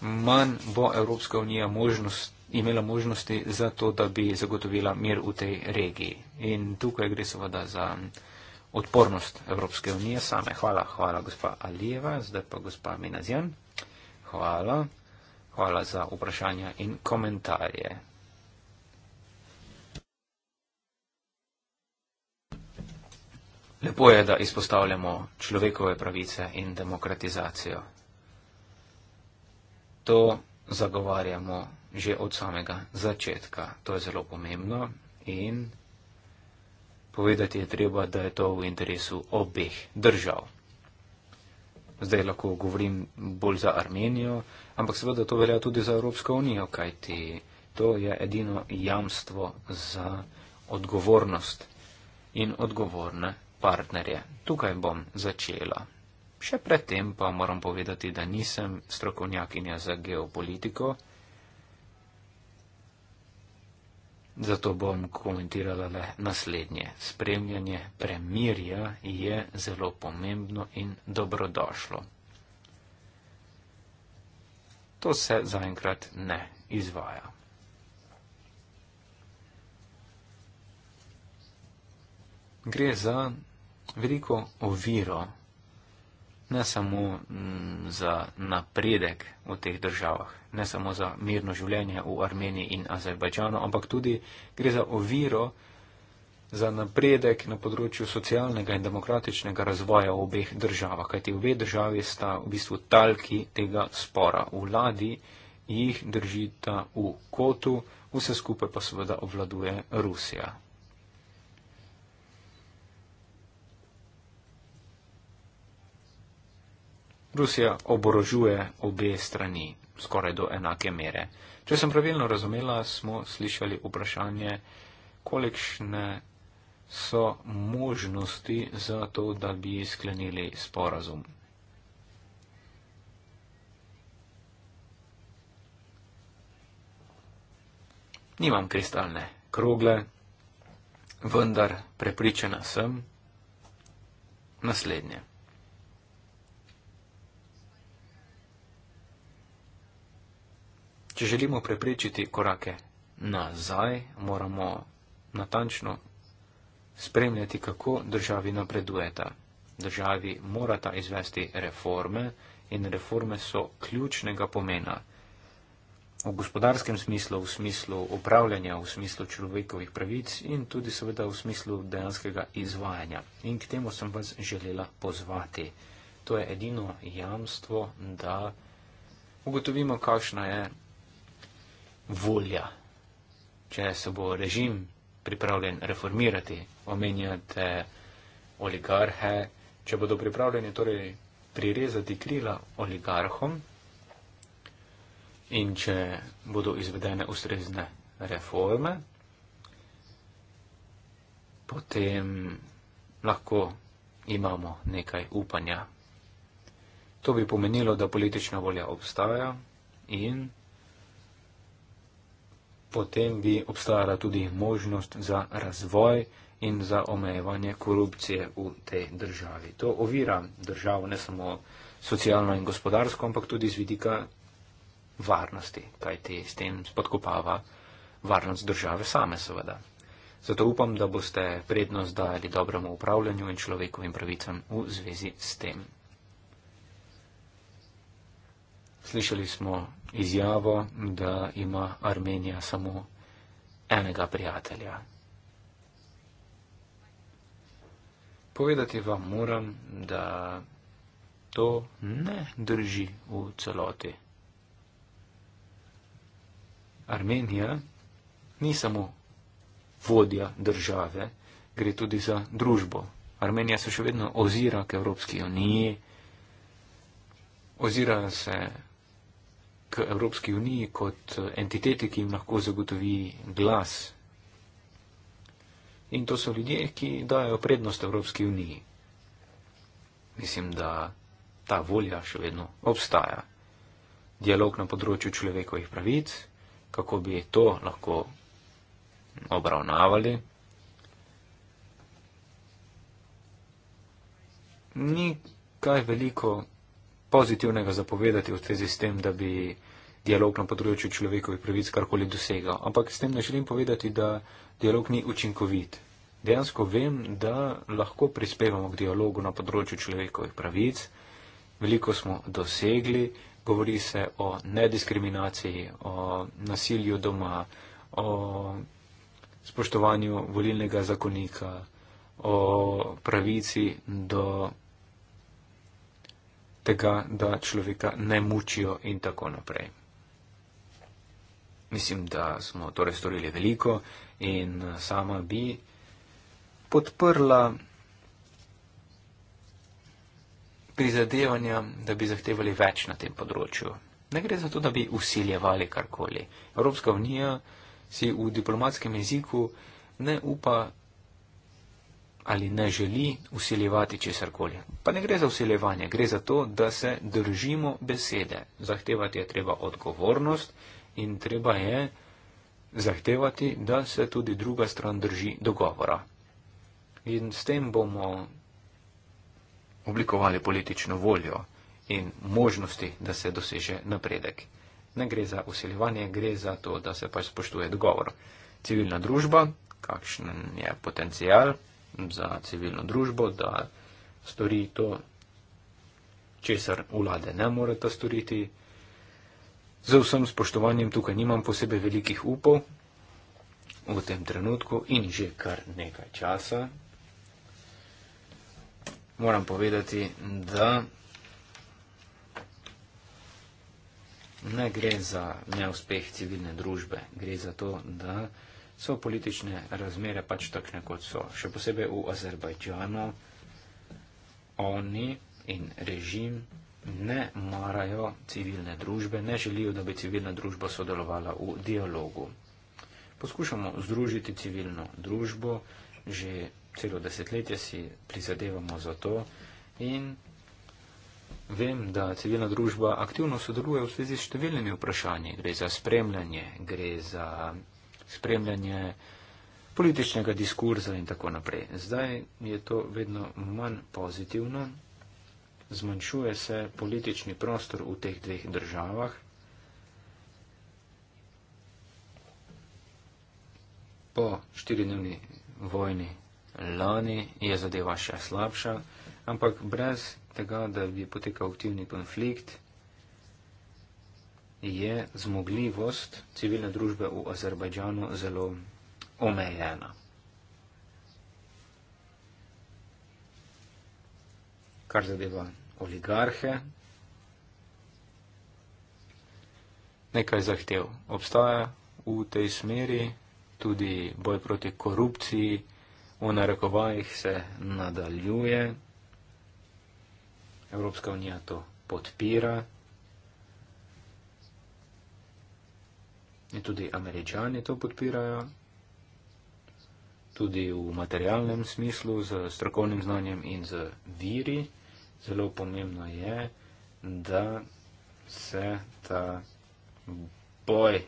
manj bo Evropska unija možnost, imela možnosti za to, da bi zagotovila mir v tej regiji. In tukaj gre seveda za odpornost Evropske unije same. Hvala, hvala gospa Alijeva, zdaj pa gospa Minazjan. Hvala, hvala za vprašanja in komentarje. Lepo je, da izpostavljamo človekove pravice in demokratizacijo. To zagovarjamo že od samega začetka. To je zelo pomembno in povedati je treba, da je to v interesu obeh držav. Zdaj lahko govorim bolj za Armenijo, ampak seveda to velja tudi za Evropsko unijo, kajti to je edino jamstvo za odgovornost in odgovorne partnerje. Tukaj bom začela. Še predtem pa moram povedati, da nisem strokovnjakinja za geopolitiko, zato bom komentirala le naslednje. Spremljanje premirja je zelo pomembno in dobrodošlo. To se zaenkrat ne izvaja. Gre za veliko oviro ne samo mm, za napredek v teh državah, ne samo za mirno življenje v Armeniji in Azerbajdžanu, ampak tudi gre za oviro za napredek na področju socialnega in demokratičnega razvoja v obeh državah, kajti obe državi sta v bistvu talki tega spora. Vladi jih držita v kotu, vse skupaj pa seveda obvladuje Rusija. Rusija oborožuje obe strani skoraj do enake mere. Če sem pravilno razumela, smo slišali vprašanje, kolikšne so možnosti za to, da bi sklenili sporazum. Nimam kristalne krogle, vendar prepričana sem naslednje. Če želimo preprečiti korake nazaj, moramo natančno spremljati, kako državi napredujeta. Državi morata izvesti reforme in reforme so ključnega pomena. V gospodarskem smislu, v smislu upravljanja, v smislu človekovih pravic in tudi seveda v smislu dejanskega izvajanja. In k temu sem vas želela pozvati. To je edino jamstvo, da ugotovimo, kakšna je volja, če se bo režim pripravljen reformirati, omenjate oligarhe, če bodo pripravljeni torej prirezati krila oligarhom in če bodo izvedene ustrezne reforme, potem lahko imamo nekaj upanja. To bi pomenilo, da politična volja obstaja in potem bi obstajala tudi možnost za razvoj in za omejevanje korupcije v tej državi. To ovira državo ne samo socialno in gospodarsko, ampak tudi z vidika varnosti, kajti s tem spodkopava varnost države same seveda. Zato upam, da boste prednost dajali dobremu upravljanju in človekovim pravicam v zvezi s tem. Slišali smo izjavo, da ima Armenija samo enega prijatelja. Povedati vam moram, da to ne drži v celoti. Armenija ni samo vodja države, gre tudi za družbo. Armenija se še vedno ozira k Evropski uniji, ozira se k Evropski uniji kot entiteti, ki jim lahko zagotovi glas. In to so ljudje, ki dajo prednost Evropski uniji. Mislim, da ta volja še vedno obstaja. Dialog na področju človekovih pravic, kako bi to lahko obravnavali. Ni kaj veliko pozitivnega zapovedati v tezi s tem, da bi dialog na področju človekovih pravic karkoli dosegal. Ampak s tem ne želim povedati, da dialog ni učinkovit. Dejansko vem, da lahko prispevamo k dialogu na področju človekovih pravic. Veliko smo dosegli, govori se o nediskriminaciji, o nasilju doma, o spoštovanju volilnega zakonika, o pravici do tega, da človeka ne mučijo in tako naprej. Mislim, da smo torej storili veliko in eh, sama bi podprla prizadevanja, da bi zahtevali več na tem področju. Ne gre za to, da bi usiljevali karkoli. Evropska unija si v diplomatskem jeziku ne upa ali ne želi usiljevati česarkoli. Pa ne gre za usiljevanje, gre za to, da se držimo besede. Zahtevati je treba odgovornost in treba je zahtevati, da se tudi druga stran drži dogovora. In s tem bomo oblikovali politično voljo in možnosti, da se doseže napredek. Ne gre za usiljevanje, gre za to, da se pač spoštuje dogovor. Civilna družba, kakšen je potencial, za civilno družbo, da stori to, česar vlade ne morete storiti. Z vsem spoštovanjem tukaj nimam posebej velikih upov v tem trenutku in že kar nekaj časa. Moram povedati, da ne gre za neuspeh civilne družbe, gre za to, da so politične razmere pač takšne, kot so. Še posebej v Azerbajdžanu oni in režim ne marajo civilne družbe, ne želijo, da bi civilna družba sodelovala v dialogu. Poskušamo združiti civilno družbo, že celo desetletje si prizadevamo za to in vem, da civilna družba aktivno sodeluje v zvezi s številnimi vprašanji. Gre za spremljanje, gre za spremljanje političnega diskurza in tako naprej. Zdaj je to vedno manj pozitivno, zmanjšuje se politični prostor v teh dveh državah. Po štiridnevni vojni lani je zadeva še slabša, ampak brez tega, da bi potekal aktivni konflikt, je zmogljivost civilne družbe v Azerbajdžanu zelo omejena. Kar zadeva oligarhe, nekaj zahtev obstaja v tej smeri, tudi boj proti korupciji v narekovajih se nadaljuje. Evropska unija to podpira. in tudi američani to podpirajo, tudi v materialnem smislu, z strokovnim znanjem in z viri. Zelo pomembno je, da se ta boj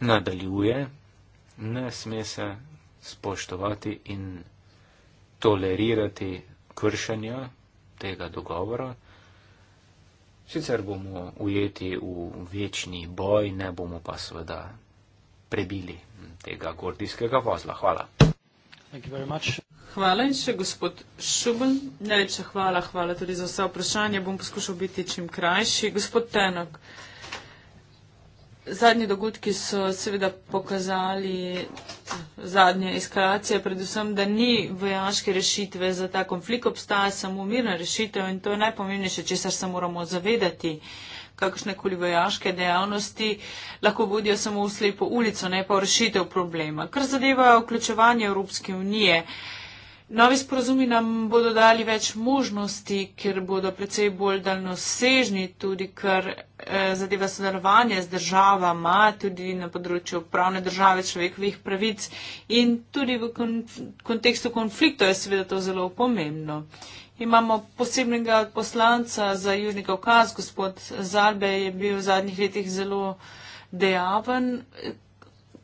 nadaljuje, ne sme se spoštovati in tolerirati kršenja tega dogovora. Sicer bomo ujeti v večni boj, ne bomo pa seveda prebili tega gordijskega vozla. Hvala. Hvala in še gospod Šubel. Najlepša hvala, hvala tudi za vse vprašanje. Bom poskušal biti čim krajši. Gospod Tenok, zadnji dogodki so seveda pokazali zadnje eskalacije, predvsem, da ni vojaške rešitve za ta konflikt, obstaja samo mirna rešitev in to je najpomembnejše, česar se moramo zavedati. Kakršnekoli vojaške dejavnosti lahko vodijo samo v slepo ulico, ne pa v rešitev problema. Kar zadeva vključevanje Evropske unije, Novi sporozumi nam bodo dali več možnosti, ker bodo precej bolj daljnosežni, tudi kar eh, zadeva sodelovanje z državama, tudi na področju pravne države, človekovih pravic in tudi v kon kontekstu konfliktov je seveda to zelo pomembno. Imamo posebnega poslanca za Južni Kaukaz, gospod Zalbe je bil v zadnjih letih zelo dejaven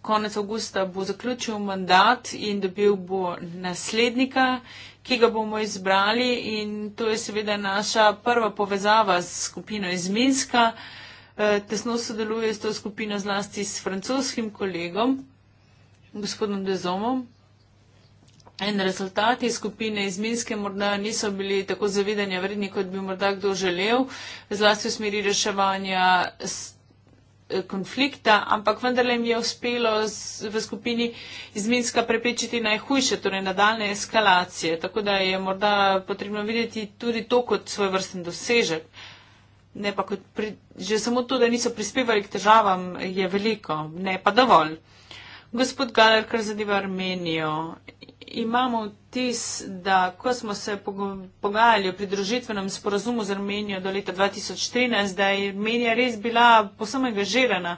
konec avgusta bo zaključil mandat in dobil bo naslednika, ki ga bomo izbrali in to je seveda naša prva povezava s skupino iz Minska. Eh, tesno sodeluje s to skupino zlasti s francoskim kolegom, gospodom Dezomom. In rezultati skupine iz Minske morda niso bili tako zavedanja vredni, kot bi morda kdo želel, zlasti v smeri reševanja Eh, konflikta, ampak vendarle jim je uspelo z, v skupini iz Minska prepečiti najhujše, torej nadaljne eskalacije. Tako da je morda potrebno videti tudi to kot svoj vrsten dosežek. Pri, že samo to, da niso prispevali k težavam, je veliko, ne pa dovolj. Gospod Galer, kar zadeva Armenijo, imamo vtis, da ko smo se pogajali o pridružitvenem sporazumu z Armenijo do leta 2013, da je Armenija res bila posamega žirana.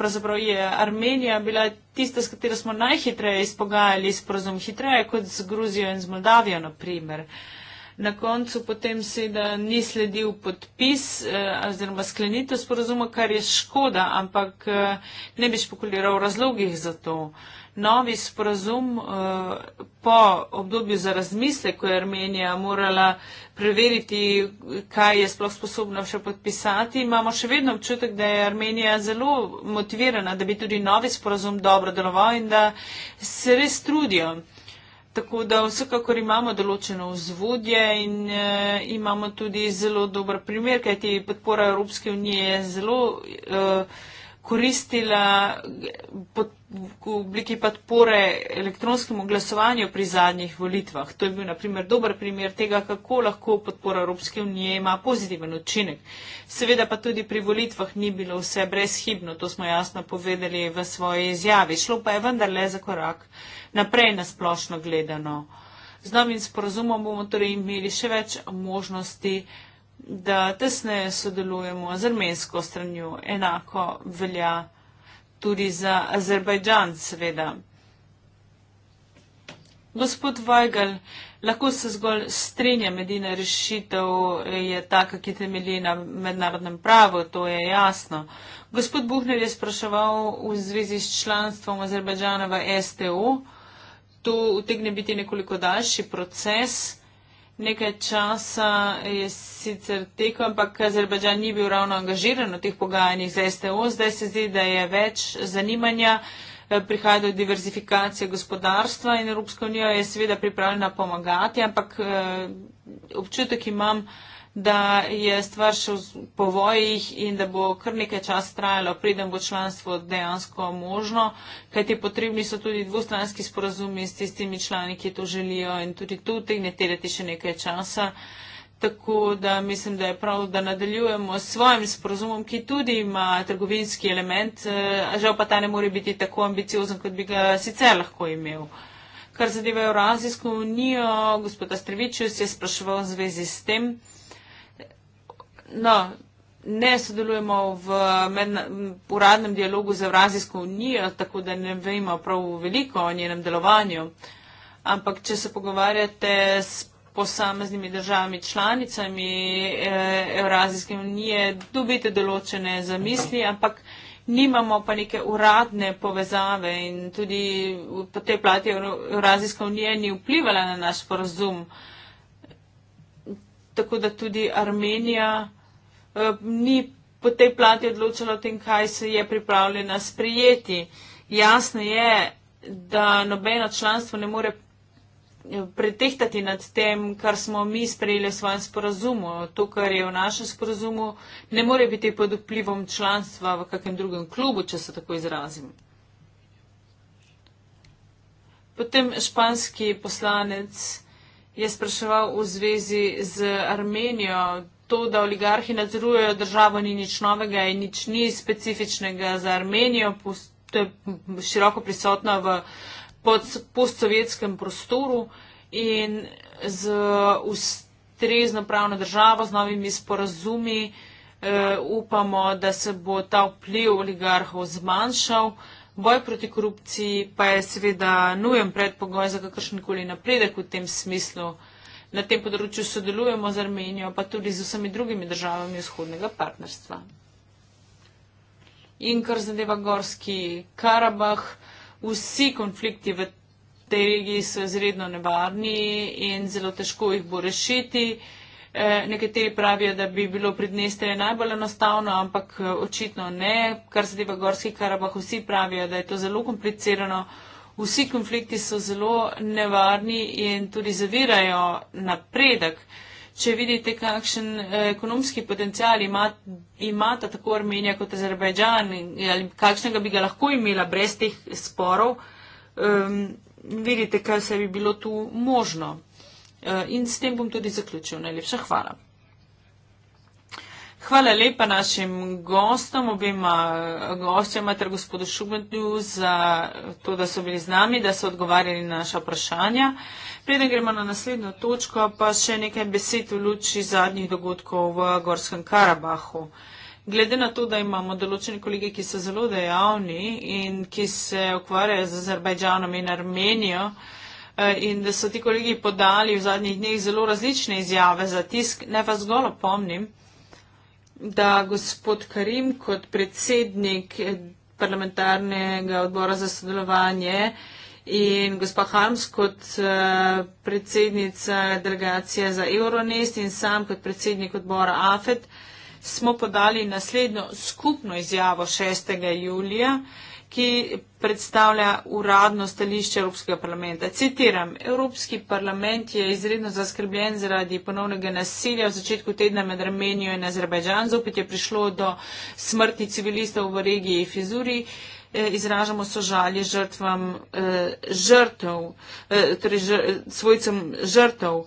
Pravzaprav je Armenija bila tista, s katero smo najhitreje izpogajali sporazum, hitreje kot z Gruzijo in z Moldavijo, na primer. Uh, na koncu potem seveda ni sledil podpis eh, oziroma sklenitev sporozuma, kar je škoda, ampak eh, ne bi špekuliral razlogih za to. Novi sporazum eh, po obdobju za razmisle, ko je Armenija morala preveriti, kaj je sploh sposobna še podpisati, imamo še vedno občutek, da je Armenija zelo motivirana, da bi tudi novi sporazum dobro deloval in da se res trudijo. Tako da vsekakor imamo določeno vzvodje in e, imamo tudi zelo dober primer, kaj ti podpora Evropske unije je zelo e, koristila, pod, v obliki podpore elektronskemu glasovanju pri zadnjih volitvah. To je bil, na primer, dober primer tega, kako lahko podpora Evropske unije ima pozitiven učinek. Seveda pa tudi pri volitvah ni bilo vse brezhibno, to smo jasno povedali v svoji izjavi. Šlo pa je vendarle za korak naprej na splošno gledano. Z novim sporozumom bomo torej imeli še več možnosti, da tesneje sodelujemo z armensko stranjo. Enako velja tudi za Azerbajdžan, seveda. Gospod Vajgal, lahko se zgolj strinjam, edina rešitev je taka, ki temelji na mednarodnem pravu, to je jasno. Gospod Buhner je spraševal v zvezi s članstvom Azerbajdžana v STO, to utegne biti nekoliko daljši proces nekaj časa je sicer tekel, ampak Azerbajdžan ni bil ravno angažiran v teh pogajanjih za STO. Zdaj se zdi, da je več zanimanja, eh, prihaja do diverzifikacije gospodarstva in Evropska unija je seveda pripravljena pomagati, ampak eh, občutek imam, da je stvar še v povojih in da bo kar nekaj čas trajalo, preden bo članstvo dejansko možno, kajti potrebni so tudi dvostranski sporazumi s tistimi člani, ki to želijo in tudi tu tegne terjati še nekaj časa. Tako da mislim, da je prav, da nadaljujemo s svojim sporozumom, ki tudi ima trgovinski element, eh, žal pa ta ne more biti tako ambiciozen, kot bi ga sicer lahko imel. Kar zadeva Eurazijsko unijo, gospod Astrevičus je spraševal v zvezi s tem no, ne sodelujemo v uradnem dialogu z Evrazijsko unijo, tako da ne vemo prav veliko o njenem delovanju. Ampak, če se pogovarjate s posameznimi državami članicami eh, Evrazijske unije, dobite določene zamisli, ampak nimamo pa neke uradne povezave in tudi po tej plati Evrazijska unija ni vplivala na naš porazum. Tako da tudi Armenija. Eh, ni po tej plati odločala o tem, kaj se je pripravljena sprijeti. Jasno je, da nobeno članstvo ne more eh, pretehtati nad tem, kar smo mi sprejeli v svojem sporazumu. To, kar je v našem sporazumu, ne more biti pod vplivom članstva v kakem drugem klubu, če se tako izrazim. Potem španski poslanec je spraševal v zvezi z Armenijo, to, da oligarhi nadzorujejo državo, ni nič novega in nič ni specifičnega za Armenijo. To je široko prisotno v postsovjetskem prostoru in z ustrezno pravno državo, z novimi sporazumi eh, upamo, da se bo ta vpliv oligarhov zmanjšal. Boj proti korupciji pa je seveda nujen predpogoj za kakršenkoli napredek v tem smislu na tem področju sodelujemo z Armenijo, pa tudi z vsemi drugimi državami vzhodnega partnerstva. In kar zadeva Gorski Karabah, vsi konflikti v tej regiji so izredno nevarni in zelo težko jih bo rešiti. Eh, nekateri pravijo, da bi bilo predneste najbolj enostavno, ampak eh, očitno ne. Kar zadeva Gorski Karabah, vsi pravijo, da je to zelo komplicirano vsi konflikti so zelo nevarni in tudi zavirajo napredek. Če vidite, kakšen eh, ekonomski potencial imata ima tako Armenija kot Azerbajdžan ali kakšnega bi ga lahko imela brez teh sporov, um, vidite, kaj se bi bilo tu možno. Uh, in s tem bom tudi zaključil. Najlepša hvala. Hvala lepa našim gostom, obema gostjama ter gospodu Šubendu za to, da so bili z nami, da so odgovarjali na naša vprašanja. Preden gremo na naslednjo točko, pa še nekaj besed v luči zadnjih dogodkov v Gorskem Karabahu. Glede na to, da imamo določene kolege, ki so zelo dejavni in ki se ukvarjajo z Azerbajdžanom in Armenijo, eh, in da so ti kolegi podali v zadnjih dneh zelo različne izjave za tisk, ne pa zgolj opomnim, da gospod Karim kot predsednik parlamentarnega odbora za sodelovanje in gospa Harms kot eh, predsednica delegacije za Euronest in sam kot predsednik odbora AFED smo podali naslednjo skupno izjavo 6. julija, ki predstavlja uradno stališče Evropskega parlamenta. Citiram, Evropski parlament je izredno zaskrbljen zaradi ponovnega nasilja v začetku tedna med Armenijo in Azerbajdžan. Zopet je prišlo do smrti civilistov v regiji Fizuri. Eh, izražamo sožalje žrtvam eh, žrtov, eh, torej svojcem žrtov.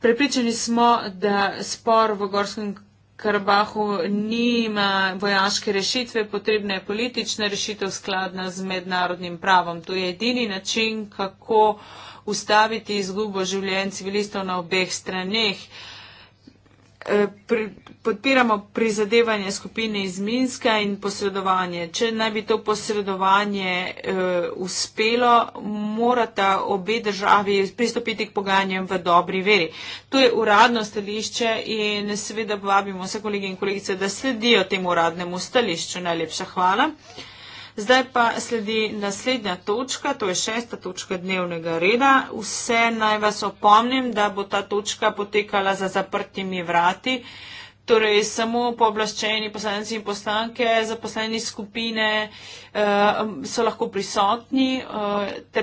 Prepričani smo, da spor v Gorskem Karabahu nima vojaške rešitve, potrebna je politična rešitev skladna z mednarodnim pravom. To je edini način, kako ustaviti izgubo življenj civilistov na obeh straneh. Uh, Eh, pri, podpiramo prizadevanje skupine iz Minska in posredovanje. Če naj bi to posredovanje eh, uspelo, morata obe državi pristopiti k pogajanjem v dobri veri. To je uradno stališče in seveda povabimo vse kolege in kolegice, da sledijo temu uradnemu stališču. Najlepša hvala. Eh, Zdaj pa sledi naslednja točka, to je šesta točka dnevnega reda. Vse naj vas opomnim, da bo ta točka potekala za zaprtimi vrati. Torej samo pooblaščeni poslanci in poslanke, zaposleni skupine uh, so lahko prisotni. Uh,